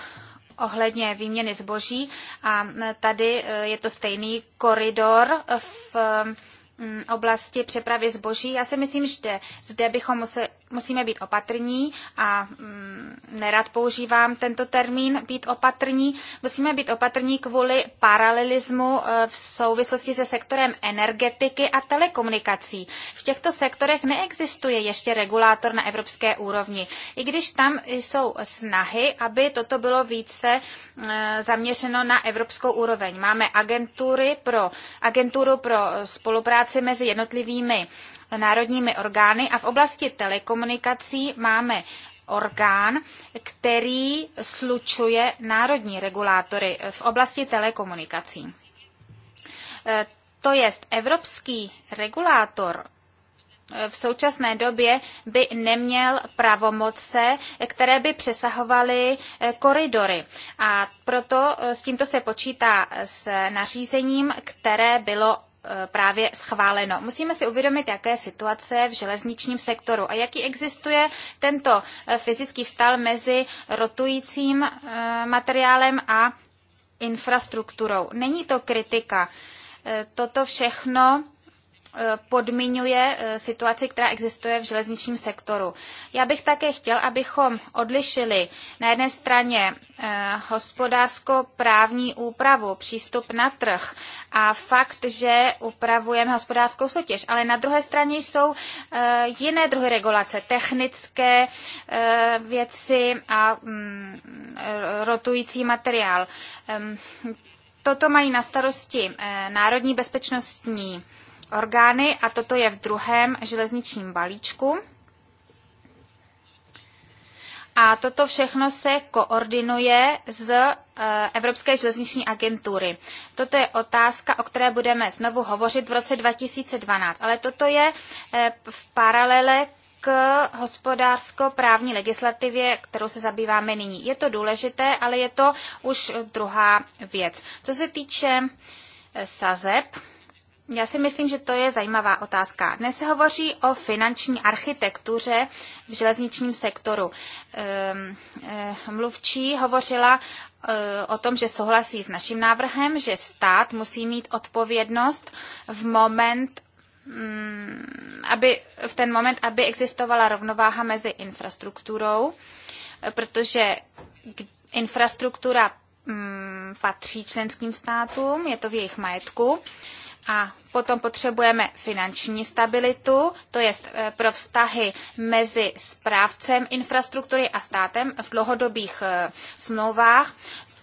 ohledně výměny zboží a tady eh, je to stejný koridor v mm, oblasti přepravy zboží. Já si myslím, že zde bychom museli musíme být opatrní a mm, nerad používám tento termín být opatrní. Musíme být opatrní kvůli paralelismu e, v souvislosti se sektorem energetiky a telekomunikací. V těchto sektorech neexistuje ještě regulátor na evropské úrovni, i když tam jsou snahy, aby toto bylo více e, zaměřeno na evropskou úroveň. Máme agentury pro, agenturu pro spolupráci mezi jednotlivými národními orgány a v oblasti telekomunikací máme orgán, který slučuje národní regulátory v oblasti telekomunikací. E, to jest evropský regulátor e, v současné době by neměl pravomoce, které by přesahovaly e, koridory. A proto s tímto se počítá s nařízením, které bylo Eh, právě schváleno. Musíme si uvědomit, jaké je situace v železničním sektoru a jaký existuje tento eh, fyzický vztah mezi rotujícím eh, materiálem a infrastrukturou. Není to kritika. Toto všechno Eh, podmiňuje eh, situaci, která existuje v železničním sektoru. Já bych také chtěl, abychom odlišili na jedné straně eh, hospodářsko-právní úpravu, přístup na trh a fakt, že upravujeme hospodářskou soutěž, ale na druhé straně jsou jiné druhy regulace, technické věci a mm, rotující materiál. Toto mají na starosti národní bezpečnostní orgány a toto je v druhém železničním balíčku. A toto všechno se koordinuje z e, Evropské železniční agentury. Toto je otázka, o které budeme znovu hovořit v roce 2012, ale toto je e, v paralele k hospodářsko-právní legislativě, kterou se zabýváme nyní. Je to důležité, ale je to už druhá věc. Co se týče e, sazeb, já si myslím, že to je zajímavá otázka. Dnes se hovoří o finanční architektuře v železničním sektoru. Ehm, eh, mluvčí hovořila eh, o tom, že souhlasí s naším návrhem, že stát musí mít odpovědnost v moment, mm, aby, v ten moment, aby existovala rovnováha mezi infrastrukturou, protože infrastruktura mm, patří členským státům, je to v jejich majetku a potom potřebujeme finanční stabilitu, to je eh, pro vztahy mezi správcem infrastruktury a státem v dlouhodobých eh, smlouvách.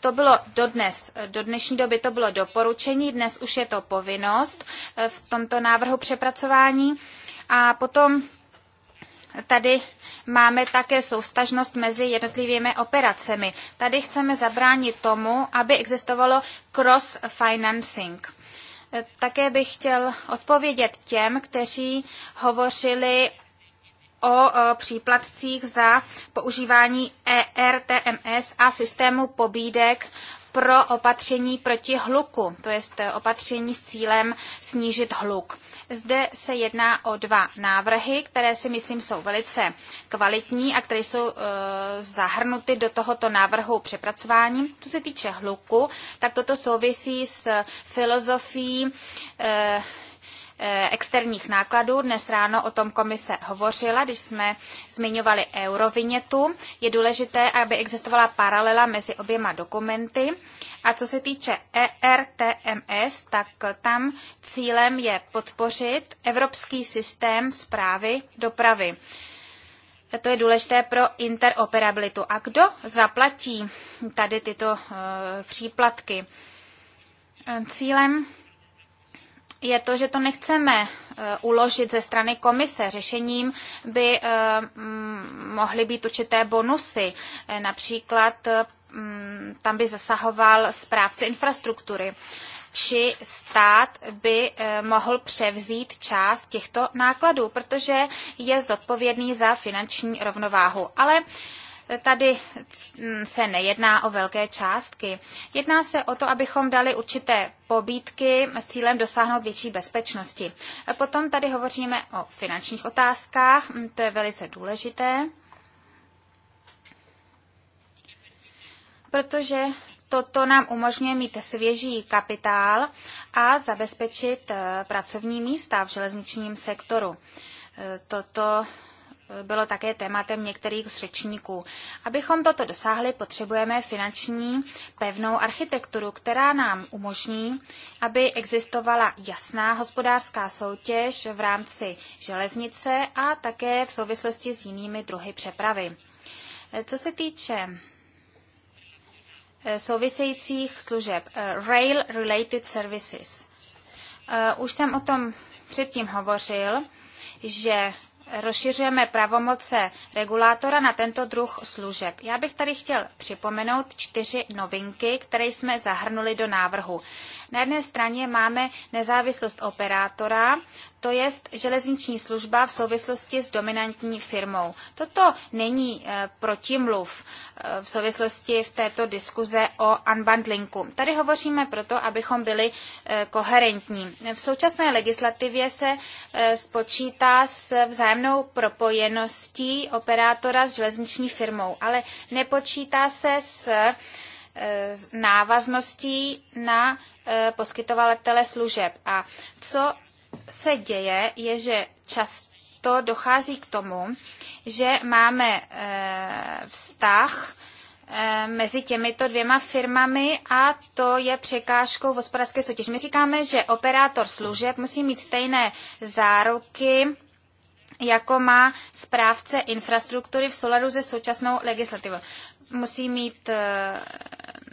To bylo do dnes, eh, do dnešní doby to bylo doporučení, dnes už je to povinnost v tomto návrhu přepracování. A potom tady máme také soustažnost mezi jednotlivými operacemi. Tady chceme zabránit tomu, aby existovalo cross-financing. Eh, také bych chtěl odpovědět těm, kteří hovořili o příplatcích za používání ERTMS a systému pobídek pro opatření proti hluku, to je eh, opatření s cílem snížit hluk. Zde se jedná o dva návrhy, které si myslím jsou velice kvalitní a které jsou e, zahrnuty do tohoto návrhu přepracování. Co se týče hluku, tak toto souvisí s eh, filozofií e, Eh, externích nákladů. Dnes ráno o tom komise hovořila, když jsme zmiňovali eurovinětu. Je důležité, aby existovala paralela mezi oběma dokumenty. A co se týče ERTMS, tak tam cílem je podpořit evropský systém zprávy dopravy. To je důležité pro interoperabilitu. A kdo zaplatí tady tyto eh, příplatky? Cílem je to, že to nechceme eh, uložit ze strany komise. Řešením by eh, mohly být určité bonusy, eh, například tam by zasahoval správce infrastruktury či stát by mohl převzít část těchto nákladů, protože je zodpovědný za finanční rovnováhu. Ale tady mm, se nejedná o velké částky. Jedná se o to, abychom dali určité pobídky s cílem dosáhnout větší bezpečnosti. Potom tady hovoříme o finančních otázkách, mm, to je velice důležité, protože toto nám umožňuje mít svěží kapitál a zabezpečit eh, pracovní místa v železničním sektoru. Eh, toto bylo také tématem některých z řečníků. Abychom toto dosáhli, potřebujeme finanční pevnou architekturu, která nám umožní, aby existovala jasná hospodářská soutěž v rámci železnice a také v souvislosti s jinými druhy přepravy. Co se týče eh, souvisejících služeb, eh, Rail Related Services. Eh, už jsem o tom předtím hovořil, že rozšiřujeme pravomoce regulátora na tento druh služeb. Já bych tady chtěl připomenout čtyři novinky, které jsme zahrnuli do návrhu. Na jedné straně máme nezávislost operátora, to je železniční služba v souvislosti s dominantní firmou. Toto není eh, protimluv eh, v souvislosti v této diskuze o unbundlingu. Tady hovoříme proto, abychom byli eh, koherentní. V současné legislativě se spočítá s vzájemnou propojeností operátora s železniční firmou, ale nepočítá se s návazností na poskytovatele služeb. A co se děje, je, že často dochází k tomu, že máme eh, vztah eh, mezi těmito dvěma firmami a to je překážkou v hospodářské soutěži. My říkáme, že operátor služeb musí mít stejné záruky, jako má správce infrastruktury v souladu se současnou legislativou. Musí mít eh,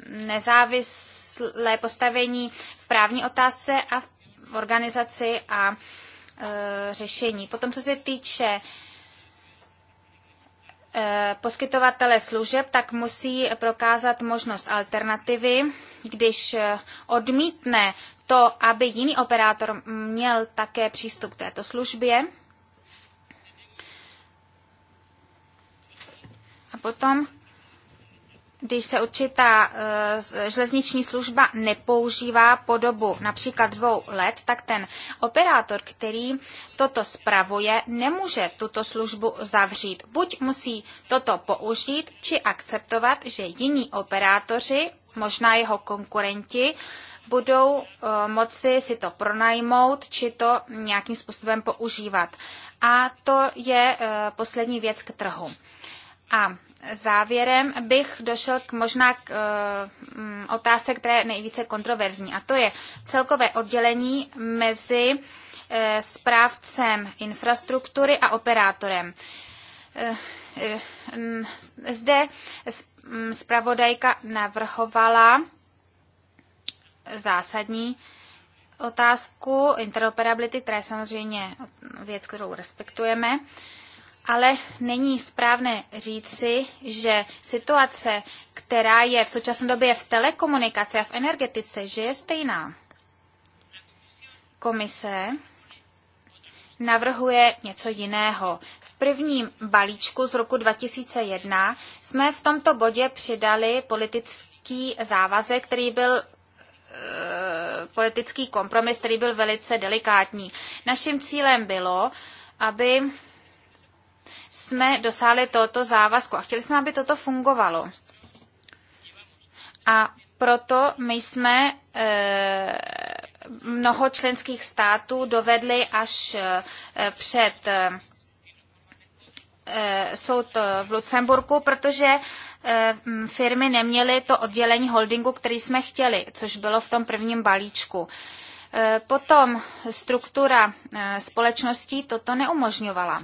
nezávislé postavení v právní otázce a v organizaci a e, řešení. Potom, co se týče e, poskytovatele služeb, tak musí prokázat možnost alternativy. Když e, odmítne to, aby jiný operátor měl také přístup k této službě, a potom když se určitá eh, železniční služba nepoužívá po dobu například dvou let, tak ten operátor, který toto spravuje, nemůže tuto službu zavřít. Buď musí toto použít, či akceptovat, že jiní operátoři, možná jeho konkurenti, budou e, moci si to pronajmout či to nějakým způsobem používat. A to je e, poslední věc k trhu. A závěrem bych došel k možná k eh, mm, otázce, která je nejvíce kontroverzní, a to je celkové oddělení mezi eh, správcem infrastruktury a operátorem. Eh, zde mm, zpravodajka navrhovala zásadní otázku interoperability, která je samozřejmě věc, kterou respektujeme ale není správné říci, že situace, která je v současné době v telekomunikaci a v energetice, že je stejná. Komise navrhuje něco jiného. V prvním balíčku z roku 2001 jsme v tomto bodě přidali politický závazek, který byl eh, politický kompromis, který byl velice delikátní. Naším cílem bylo, aby jsme dosáhli tohoto závazku a chtěli jsme, aby toto fungovalo. A proto my jsme e, mnoho členských států dovedli až e, před e, soud v Lucemburku, protože firmy neměly to oddělení holdingu, který jsme chtěli, což bylo v tom prvním balíčku. Potom struktura společností toto neumožňovala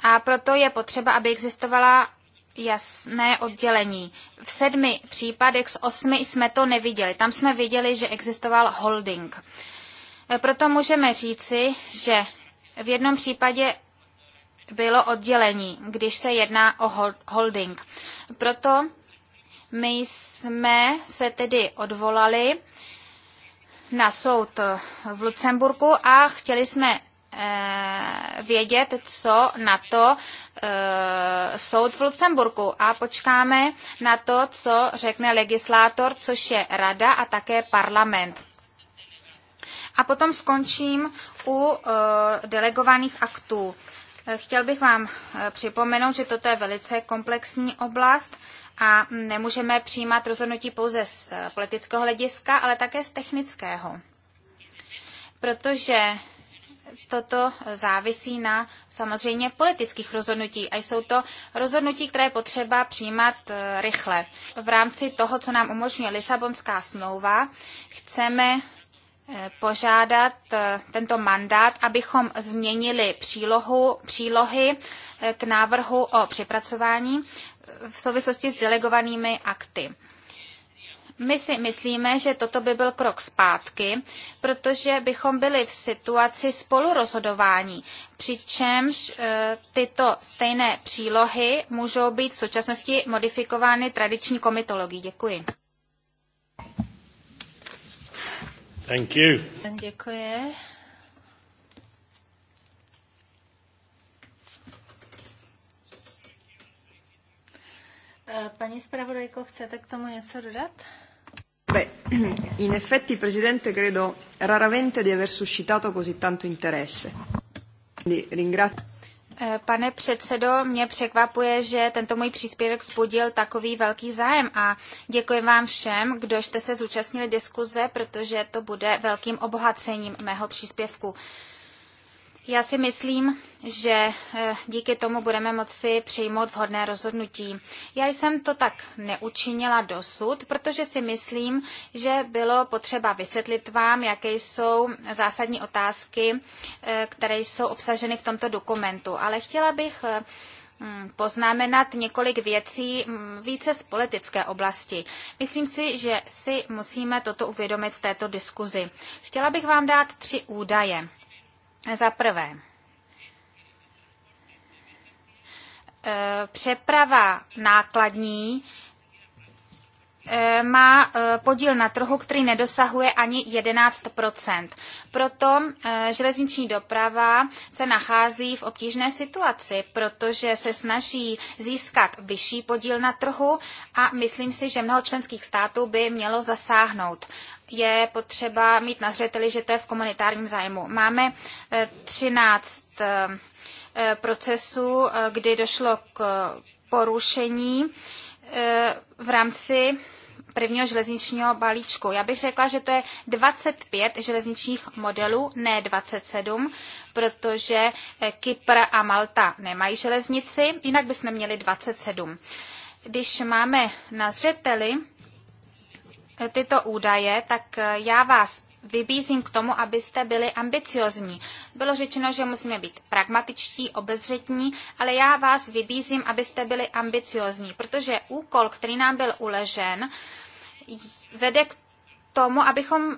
a proto je potřeba, aby existovala jasné oddělení. V sedmi případech z osmi jsme to neviděli. Tam jsme viděli, že existoval holding. E, proto můžeme říci, že v jednom případě bylo oddělení, když se jedná o holding. Proto my jsme se tedy odvolali na soud v Lucemburku a chtěli jsme Eh, vědět, co na to eh, soud v Lucemburku a počkáme na to, co řekne legislátor, což je rada a také parlament. A potom skončím u eh, delegovaných aktů. Chtěl bych vám připomenout, že toto je velice komplexní oblast a nemůžeme přijímat rozhodnutí pouze z politického hlediska, ale také z technického. Protože toto závisí na samozřejmě politických rozhodnutí a jsou to rozhodnutí, které je potřeba přijímat e, rychle. V rámci toho, co nám umožňuje Lisabonská smlouva, chceme e, požádat e, tento mandát, abychom změnili přílohu, přílohy k návrhu o přepracování v souvislosti s delegovanými akty. My si myslíme, že toto by byl krok zpátky, protože bychom byli v situaci spolurozhodování, přičemž eh, tyto stejné přílohy můžou být v současnosti modifikovány tradiční komitologií. Děkuji. Thank you. Děkuji. Eh, paní zpravodajko, chcete k tomu něco dodat? Beh, in effetti, Presidente, credo raramente di aver suscitato così tanto interesse. Quindi ringrazio. Eh, pane předsedo, mě překvapuje, že tento můj příspěvek vzbudil takový velký zájem a děkuji vám všem, kdo jste se zúčastnili diskuze, protože to bude velkým obohacením mého příspěvku. Já si myslím, že eh, díky tomu budeme moci přijmout vhodné rozhodnutí. Já jsem to tak neučinila dosud, protože si myslím, že bylo potřeba vysvětlit vám, jaké jsou zásadní otázky, eh, které jsou obsaženy v tomto dokumentu. Ale chtěla bych eh, mm, poznamenat několik věcí mm, více z politické oblasti. Myslím si, že si musíme toto uvědomit v této diskuzi. Chtěla bych vám dát tři údaje. Za prvé, Eh, přeprava nákladní eh, má eh, podíl na trhu, který nedosahuje ani 11 Proto železniční doprava se nachází v obtížné situaci, protože se snaží získat vyšší podíl na trhu a myslím si, že mnoho členských států by mělo zasáhnout. Je potřeba mít na zřeteli, že to je v komunitárním zájmu. Máme 13 Eh, procesu, eh, kdy došlo k porušení eh, v rámci prvního železničního balíčku. Já bych řekla, že to je 25 železničních modelů, ne 27, protože Kypr a Malta nemají železnici, jinak bychom měli 27. Když máme na zřeteli tyto údaje, tak já vás vybízím k tomu, abyste byli ambiciozní. Bylo řečeno, že musíme být pragmatičtí, obezřetní, ale já vás vybízím, abyste byli ambiciozní, protože úkol, který nám byl uležen, vede k tomu, abychom uh,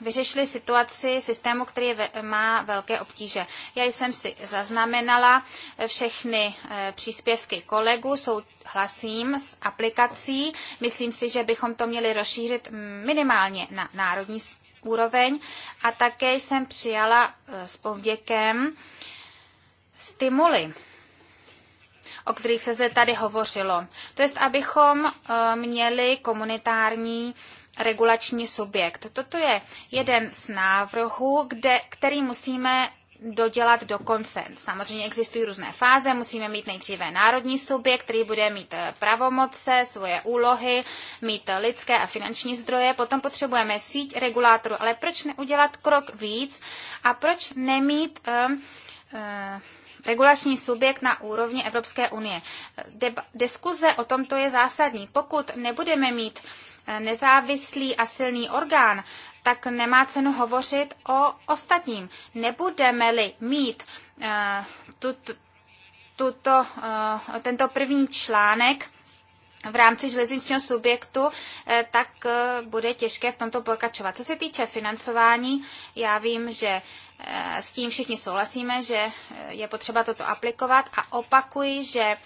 vyřešili situaci systému, který ve, má velké obtíže. Já jsem si zaznamenala eh, všechny uh, příspěvky kolegů, souhlasím s aplikací. Myslím si, že bychom to měli rozšířit minimálně na národní úroveň a také jsem přijala eh, s povděkem stimuly o kterých se zde tady hovořilo. To je, abychom eh, měli komunitární regulační subjekt. Toto je jeden z návrhů, kde, který musíme dodělat do konce. Samozřejmě existují různé fáze, musíme mít nejdříve národní subjekt, který bude mít eh, pravomoce, svoje úlohy, mít eh, lidské a finanční zdroje, potom potřebujeme síť regulátorů, ale proč neudělat krok víc a proč nemít uh, uh, regulační subjekt na úrovni Evropské unie. Deba, diskuze o tomto je zásadní. Pokud nebudeme mít nezávislý a silný orgán, tak nemá cenu hovořit o ostatním. Nebudeme-li mít uh, tut, tuto, uh, tento první článek, v rámci železničního subjektu, eh, tak bude těžké v tomto pokračovat. Co se týče financování, já vím, že s tím všichni souhlasíme, že je potřeba toto aplikovat a opakuji, že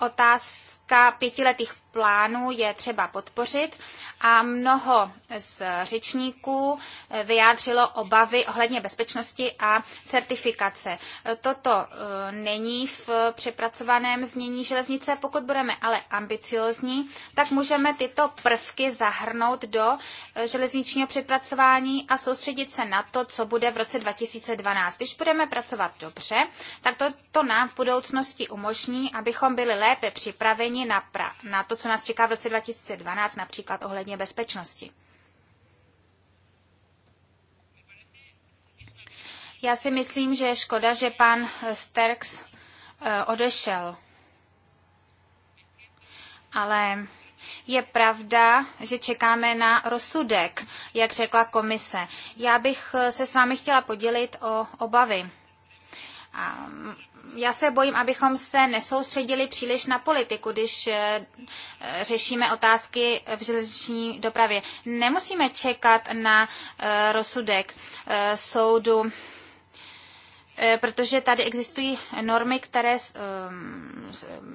otázka hlediska pětiletých plánů je třeba podpořit a mnoho z řečníků eh, vyjádřilo obavy ohledně bezpečnosti a certifikace. Toto eh, není v přepracovaném znění železnice. Pokud budeme ale ambiciozní, tak můžeme tyto prvky zahrnout do eh, železničního přepracování a soustředit se na to, co bude v roce 2012. Když budeme pracovat dobře, tak to, to nám v budoucnosti umožní, abychom byli lépe připraveni ani na, pra, na to, co nás čeká v roce 2012, například ohledně bezpečnosti. Já si myslím, že je škoda, že pan Sterks eh, odešel. Ale je pravda, že čekáme na rozsudek, jak řekla komise. Já bych eh, se s vámi chtěla podělit o obavy já se bojím, abychom se nesoustředili příliš na politiku, když eh, eh, řešíme otázky v železniční dopravě. Nemusíme čekat na eh, rozsudek soudu, protože tady existují normy, které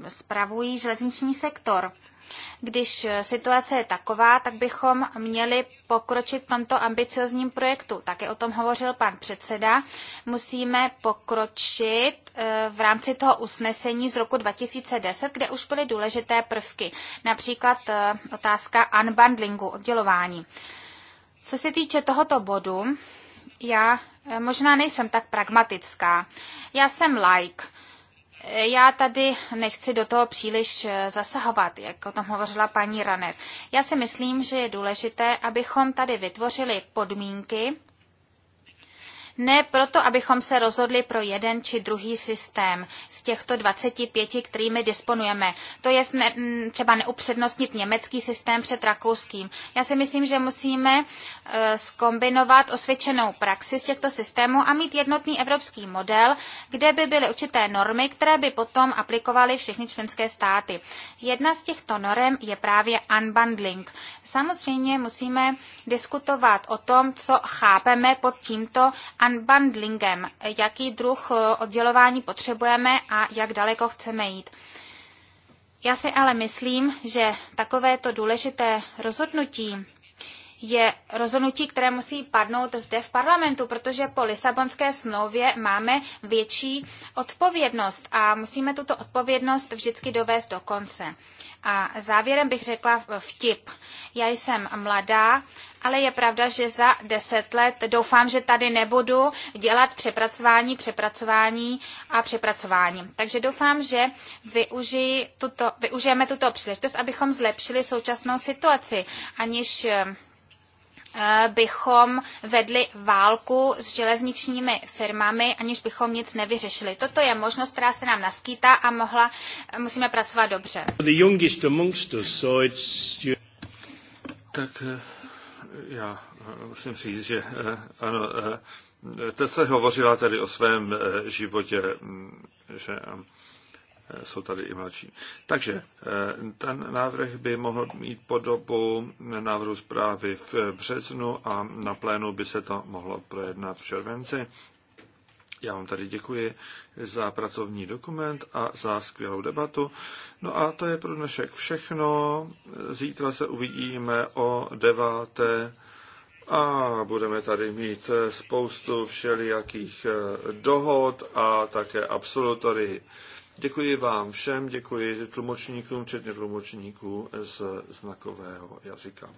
spravují železniční sektor. Když situace je taková, tak bychom měli pokročit v tomto ambiciozním projektu. Také o tom hovořil pan předseda. Musíme pokročit eh, v rámci toho usnesení z roku 2010, kde už byly důležité prvky, například eh, otázka unbundlingu, oddělování. Co se týče tohoto bodu, já eh, možná nejsem tak pragmatická. Já jsem like já tady nechci do toho příliš eh, zasahovat, jak o tom hovořila paní Raner. Já si myslím, že je důležité, abychom tady vytvořili podmínky, ne proto, abychom se rozhodli pro jeden či druhý systém z těchto 25, kterými disponujeme. To je ne, třeba neupřednostnit německý systém před rakouským. Já si myslím, že musíme e, skombinovat osvědčenou praxi z těchto systémů a mít jednotný evropský model, kde by byly určité normy, které by potom aplikovaly všechny členské státy. Jedna z těchto norm je právě unbundling. Samozřejmě musíme diskutovat o tom, co chápeme pod tímto unbundlingem, jaký druh eh, oddělování potřebujeme a jak daleko chceme jít. Já si ale myslím, že takovéto důležité rozhodnutí je rozhodnutí, které musí padnout zde v parlamentu, protože po Lisabonské smlouvě máme větší odpovědnost a musíme tuto odpovědnost vždycky dovést do konce. A závěrem bych řekla vtip. Já jsem mladá, ale je pravda, že za deset let doufám, že tady nebudu dělat přepracování, přepracování a přepracování. Takže doufám, že tuto, využijeme tuto příležitost, abychom zlepšili současnou situaci, aniž Eh, bychom vedli válku s železničními firmami, aniž bychom nic nevyřešili. Toto je možnost, která se nám naskýtá a mohla, eh, musíme pracovat dobře. Tak eh, já musím říct, že ano, teď se hovořila tady o svém životě, mm, že jsou tady i mladší. Takže eh, ten návrh by mohl mít podobu návrhu zprávy v březnu a na plénu by se to mohlo projednat v červenci. Já vám tady děkuji za pracovní dokument a za skvělou debatu. No a to je pro dnešek všechno. Zítra se uvidíme o deváté a budeme tady mít spoustu všelijakých eh, dohod a také absolutory. Děkuji vám všem, děkuji tlumočníkům, včetně tlumočníků z znakového jazyka.